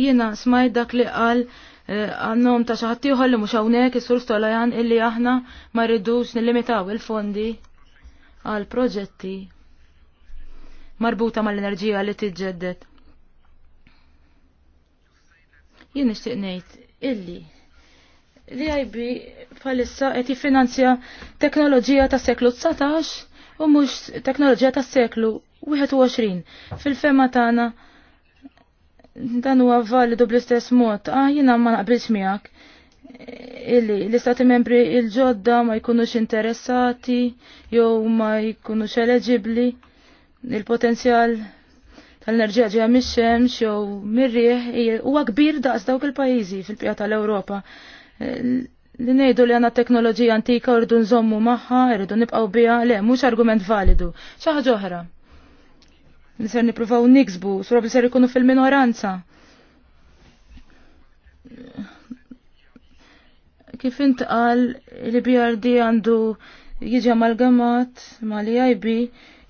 Jiena smajt dak li qal eh, għannom ta' xaħat ieħor li mhux hawnhekk is-sur Stolajan illi aħna ma rridux limitaw il-fondi għal proġetti marbuta mal-enerġija li tiġġedded. Jien nixtieq ngħid illi li IB f'allissa qed jiffinanzja teknoloġija tas seklu 19 u mhux teknoloġija tas seklu 21. Fil-fema tagħna dan huwa validu bl-istess mod, ah jiena ma naqbilx miegħek illi l-istati membri il-ġodda ma jkunux interessati jew ma jkunux eleġibli il-potenzjal tal-enerġija ġeja mix-xemx jew mir-rieħ huwa kbir daqs dawk il-pajjiżi fil-pija tal-Ewropa. Eh, li ngħidu li għandna teknoloġija antika u rridu nżommu magħha, rridu nibqgħu biha, le mhux argument validu. Xi ħaġa oħra. Li ser nippruvaw niksbu, sura li ser ikunu fil-minoranza Kif intqal li BRD għandu jiġi amalgamat ma mal e IB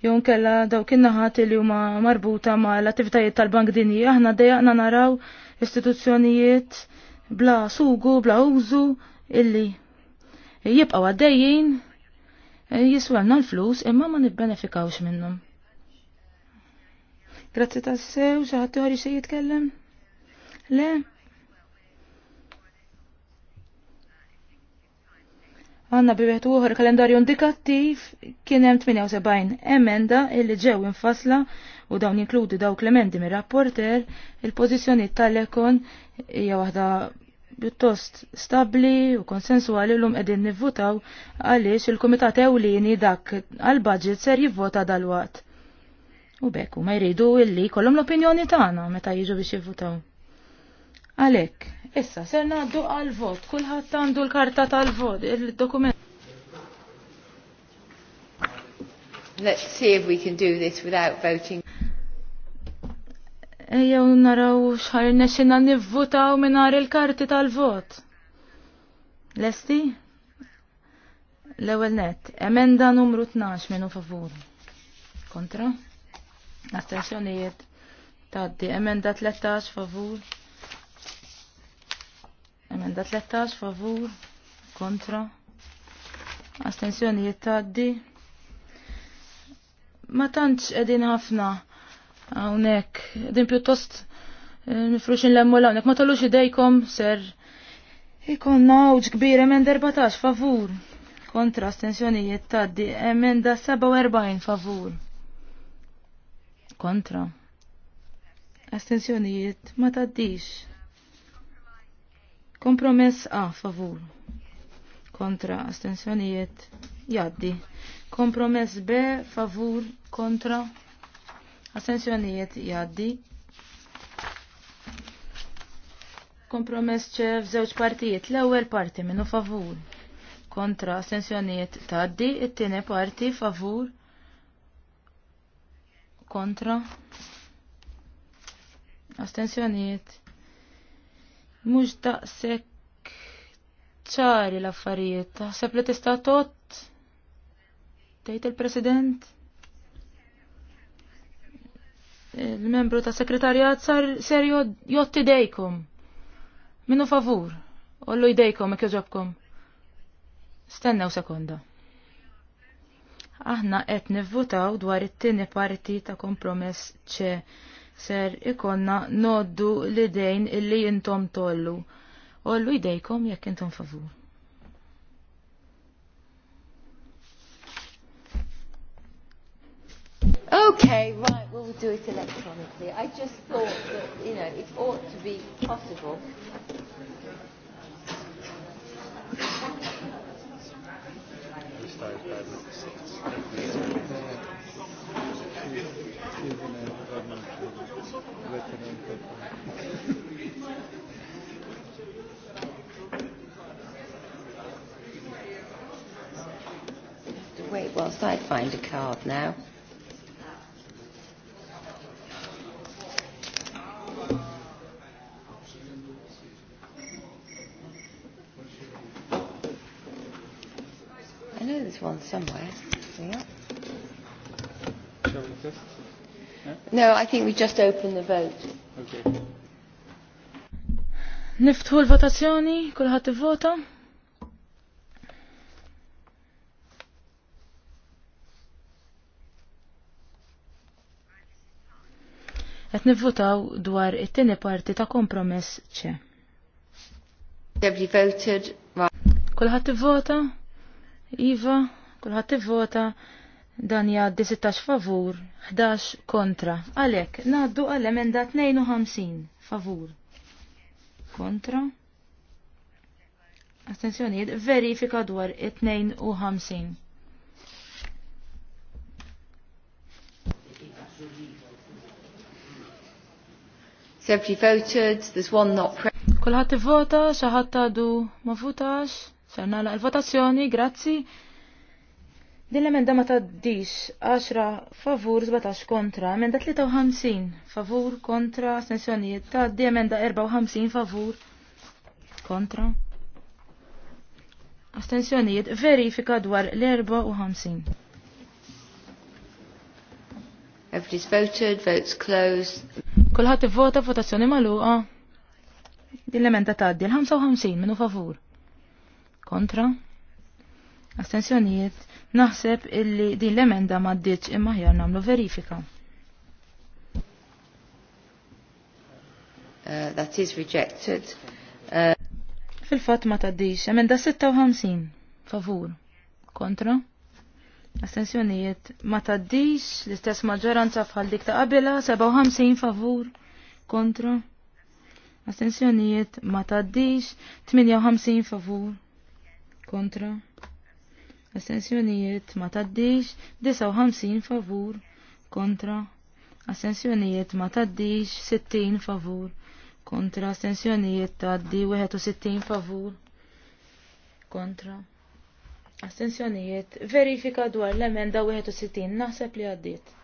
jew kella dawk in-naħat li huma marbuta ma l-attivitajiet tal-Bank Dinji aħna dejjaqna naraw istituzzjonijiet bla sugu, bla użu illi jibqgħu għaddejjin eh, jiswelna l-flus imma ma nibbenefikawx minnhom. Grazzi tassew, xaħat tuħri xie jitkellem? Le? Għanna bibiet uħor kalendarju indikattiv kien hemm 78 emenda illi ġew infasla u dawn inkludi daw Klementi mir rapporter il-pożizzjoni tal-ekon hija waħda pjuttost stabli u konsensuali l-lum edin nivvutaw għaliex il-Komitat Ewlieni dak għal-budget ser jivvota dal wat U bekku ma jridu illi kollhom l-opinjoni tagħna meta jiġu biex jivvutaw. Għalhekk, Issa, ser naddu għal-vot, kullħat għandu l-karta tal-vot, il-dokument. Let's see if we can do this without voting. Ejjew naraw xħar nexina nivvutaw minar il-karti tal-vot. Lesti? L-ewel net, emenda numru 12 minu favur. Kontra? Astensjonijiet. Taddi, emenda 13 favur Emenda 13 favur kontra astensjonijiet jittaddi. Ma tantx edin ħafna hawnhekk, qegħdin pjuttost nifruxin eh, l-emmu l ma tolux idejkom ser ikon nawġ kbir emenda 14 favur kontra astensjonijiet taddi emenda 47 favur kontra astensjonijiet ma taddix Kompromess A favur kontra astensjonijiet jaddi. Kompromess B favur kontra astensjonijiet jaddi. Kompromess C f'żewġ partijiet l-ewwel parti minnu favur kontra astensjonijiet taddi, it-tieni parti favur kontra astensjonijiet mhux daqsek ċari l-affarijiet. Taħseb li tista' tot tgħid il-President? Il-membru ta' sekretarjat sar ser jotti dejkom. Minu favur. Ollu jdejkom ek joġobkom. Stennew sekonda. Aħna qed nivvutaw dwar it-tieni parti ta' kompromess ċe ser ikonna noddu li dejn illi jintom tollu. Ollu idejkom jekk intom favur. Okay, right, well, we'll do it electronically. I just thought that, you know, it ought to be possible. Wait whilst I find a card now. I know there's one somewhere. Yeah. Shall we test? No, I think we just open the vote. Okay. Niftħu l-votazzjoni, kulħadd ivvota. Qed nivvotaw dwar it-tieni parti ta' kompromess c. Every voted. Kulħadd ivvota? Iva, kulħadd ivvota Dan jgħaddi 16 favur, 11 kontra. Għalek, naddu għall-emenda 52 favur. Kontra. Attenzjoni, verifika dwar 52. Every voted, there's one not present. Kulħat vota, xaħat għadu ma votax, xarna l-votazzjoni, grazzi. Din l-emenda ma taddix 10 favur 17 kontra, emenda 53 favur kontra astensjonijiet taddi, emenda 54 favur kontra. Astensjonijiet verifika dwar l-54. Everybody's voted, votes closed. Kulħat vota votazzjoni maluqa. Din l-emenda taddi l-55 minu favur. Kontra. Astensjonijiet, naħseb illi din l-emenda maddiċ imma ħjar namlu verifika. Uh, that is rejected. Uh... Fil-fat ma taddix, emenda 56, favur, kontra. Astensjonijiet, ma taddix l-istess maġġoranza bħal dik ta' qabila, 57 favur, kontra. Astensjonijiet, ma taddix 58 favur, kontra. Assenzjonijiet ma taddix, 59 favur kontra. Assenzjonijiet ma taddix, 60 favur kontra. Assenzjonijiet taddi, 61 favur kontra. asensjonijiet, verifika dwar l-emenda 61, naħseb li għaddit.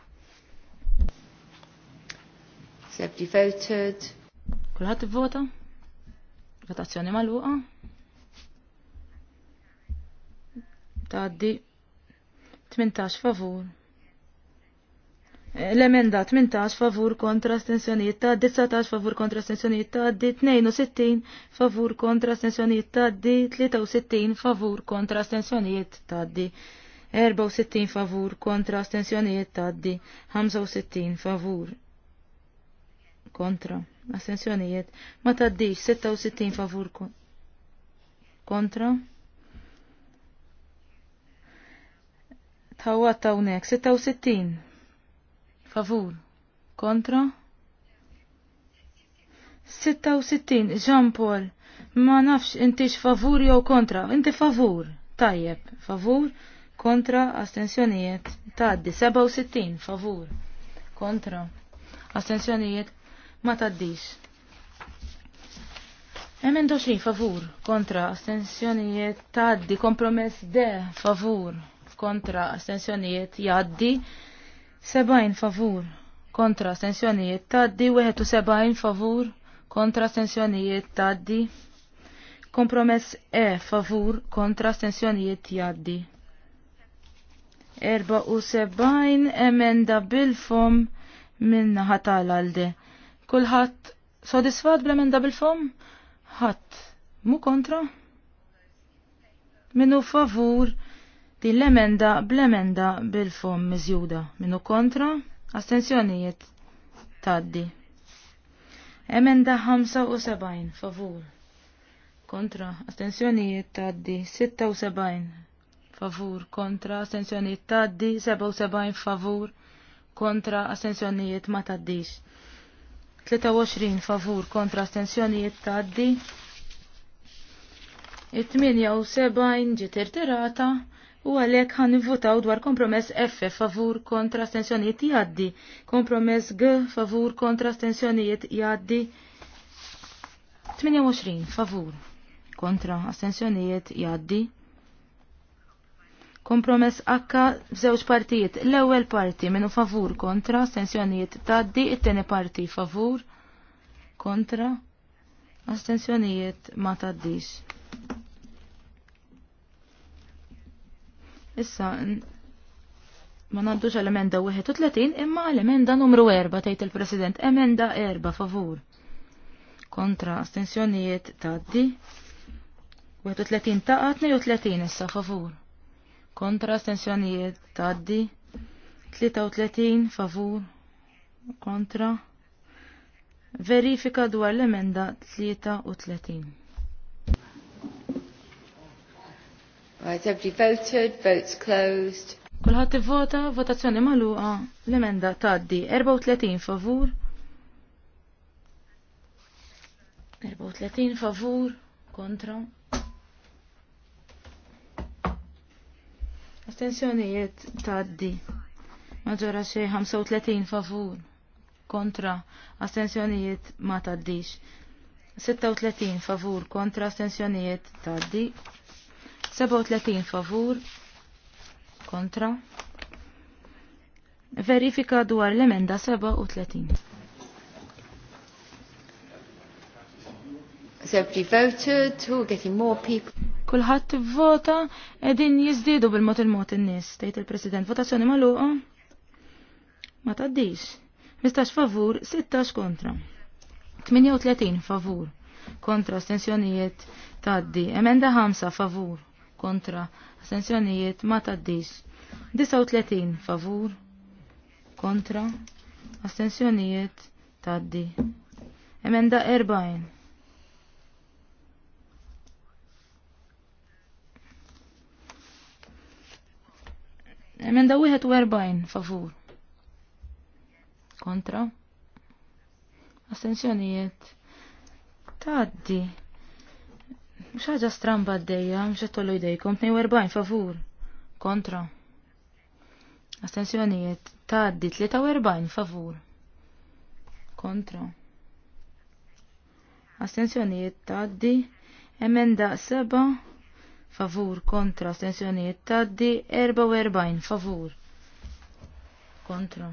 Septi voted. Kulħat vota? Votazzjoni maluqa? Taddi. 18 favur. L-emenda 18 favur kontra astensjonijiet ta' 19 favur kontra astensjonijiet ta' 62 favur kontra astensjonijiet ta' 63 favur kontra astensjonijiet ta' 64 favur kontra astensjonijiet ta' 65 favur kontra astensjonijiet ma ta' 66 favur kontra Tħawat unek. 66. Favur. Kontra. 66. Jean Paul. Ma nafx intix favur jew kontra. Inti favur. Tajjeb. Favur. Kontra. Astensjonijiet. Taddi. 67. Favur. Kontra. Astensjonijiet. Ma taddix. Emendo xi favur. Kontra. Astensjonijiet. Taddi. Kompromess de. Favur kontra astensjonijiet jaddi 70 favur kontra astensjonijiet taddi 71 favur kontra astensjonijiet taddi kompromess E favur kontra astensjonijiet jaddi 74 emenda bil-fom minna ħatal għalde. Kulħadd sodisfat bl-emenda bil-fom? Ħadd, mu kontra? Minu favur Din l-emenda bl-emenda bil-fom mizjuda. Minu kontra astensjonijiet taddi. Emenda 75 favur kontra astensjonijiet taddi 76 favur kontra astensjonijiet taddi 77 favur kontra astensjonijiet ma taddix. 23 favur kontra astensjonijiet taddi. It-78 ġiet irtirata u għalhekk ħan votaw dwar kompromess F favur kontra astensjonijiet jgħaddi, kompromess G favur kontra astensjonijiet jgħaddi 28 favur kontra astensjonijiet jaddi. Kompromess akka f'żewġ partijiet. L-ewwel parti minnu favur kontra astensjonijiet tgħaddi, it-tieni parti favur kontra astensjonijiet ma tgħaddix. Issa, ma naddux għal-emenda 31 imma għal-emenda numru 4 tajt il-President. Emenda 4 favur. Kontra astensjonijiet taddi. 31 taqa 32 issa favur. Kontra astensjonijiet taddi. 33 favur. Kontra. Verifika dwar l-emenda 33. Right, everybody voted, votes closed. Kulħadd ivvota, votazzjoni magħluqa, l-emenda tgħaddi 34 favur. 34 favur kontra. Astensjonijiet tgħaddi. Maġġora xi 35 favur kontra. Astensjonijiet ma taddix. 36 favur kontra astensjonijiet taddi. 37 favur kontra. Verifika dwar l-emenda 37. So if you voted, who getting more people? Kulħadd vota edin jizdidu bil-mod il-mod in-nies, tgħid il-President. Votazzjoni magħluqa? Ma tgħaddix. 15 favur, 16 kontra. 38 favur kontra stensjonijiet tgħaddi. Emenda 5 favur kontra astensjonijiet ma taddis. 39 favur kontra astensjonijiet taddi. Emenda 40. Emenda 41 favur kontra astensjonijiet taddi. Mux ħagġa stramba d-dejja, mux għattollu jdejkom, 42 favur. Kontra. Astensjonijiet, taddi 43 favur. Kontra. Astensjonijiet, taddi. Emenda 7 favur kontra astensjonijiet taddi 44 favur kontra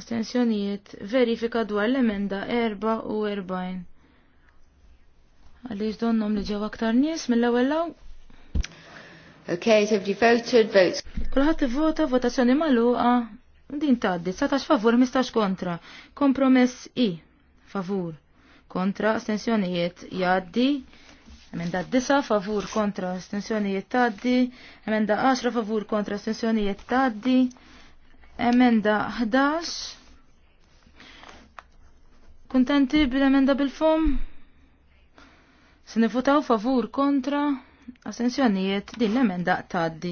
astensjonijiet verifika dwar l-emenda 44 Għaliex donnom li ġew aktar nies mill-ewwel law. Okay, so if you voted, votes. Kulħadd vota, votazzjoni magħluqa din tgħaddi Satax favur mistax kontra. Kompromess i favur kontra astensjonijiet jgħaddi. Emenda 9 favur kontra astensjonijiet tgħaddi. Emenda 10 favur kontra astensjonijiet tgħaddi. Emenda 11 Kuntenti bil-emenda bil-fom? Se nifutaw favur kontra assenzjonijiet din l-emenda taddi.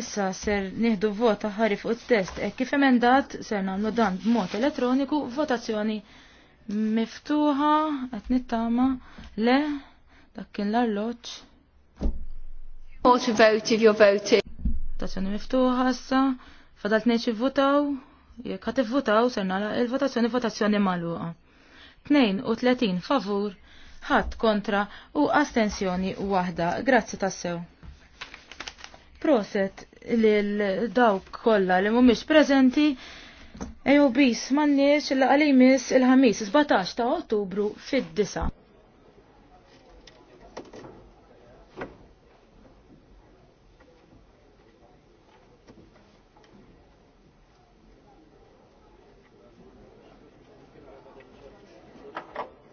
Issa ser nieħdu vota ħari fuq it-test e kif emendat ser nagħmlu dan b'mod elettroniku votazzjoni miftuħa qed nittama le dak kien l-arloġġ. voted, you're voted. Votazzjoni miftuħa issa, fadalt ngħid votaw jekk ħat votaw ser nagħlaq il-votazzjoni votazzjoni magħluqa. 32 favur, ħadd kontra u astensjoni waħda. Grazzi tassew. Proset lil dawk kollha li mhumiex preżenti Ejubis, mannix l-għalimis il-ħamis 17 ta' ottubru fid-disa.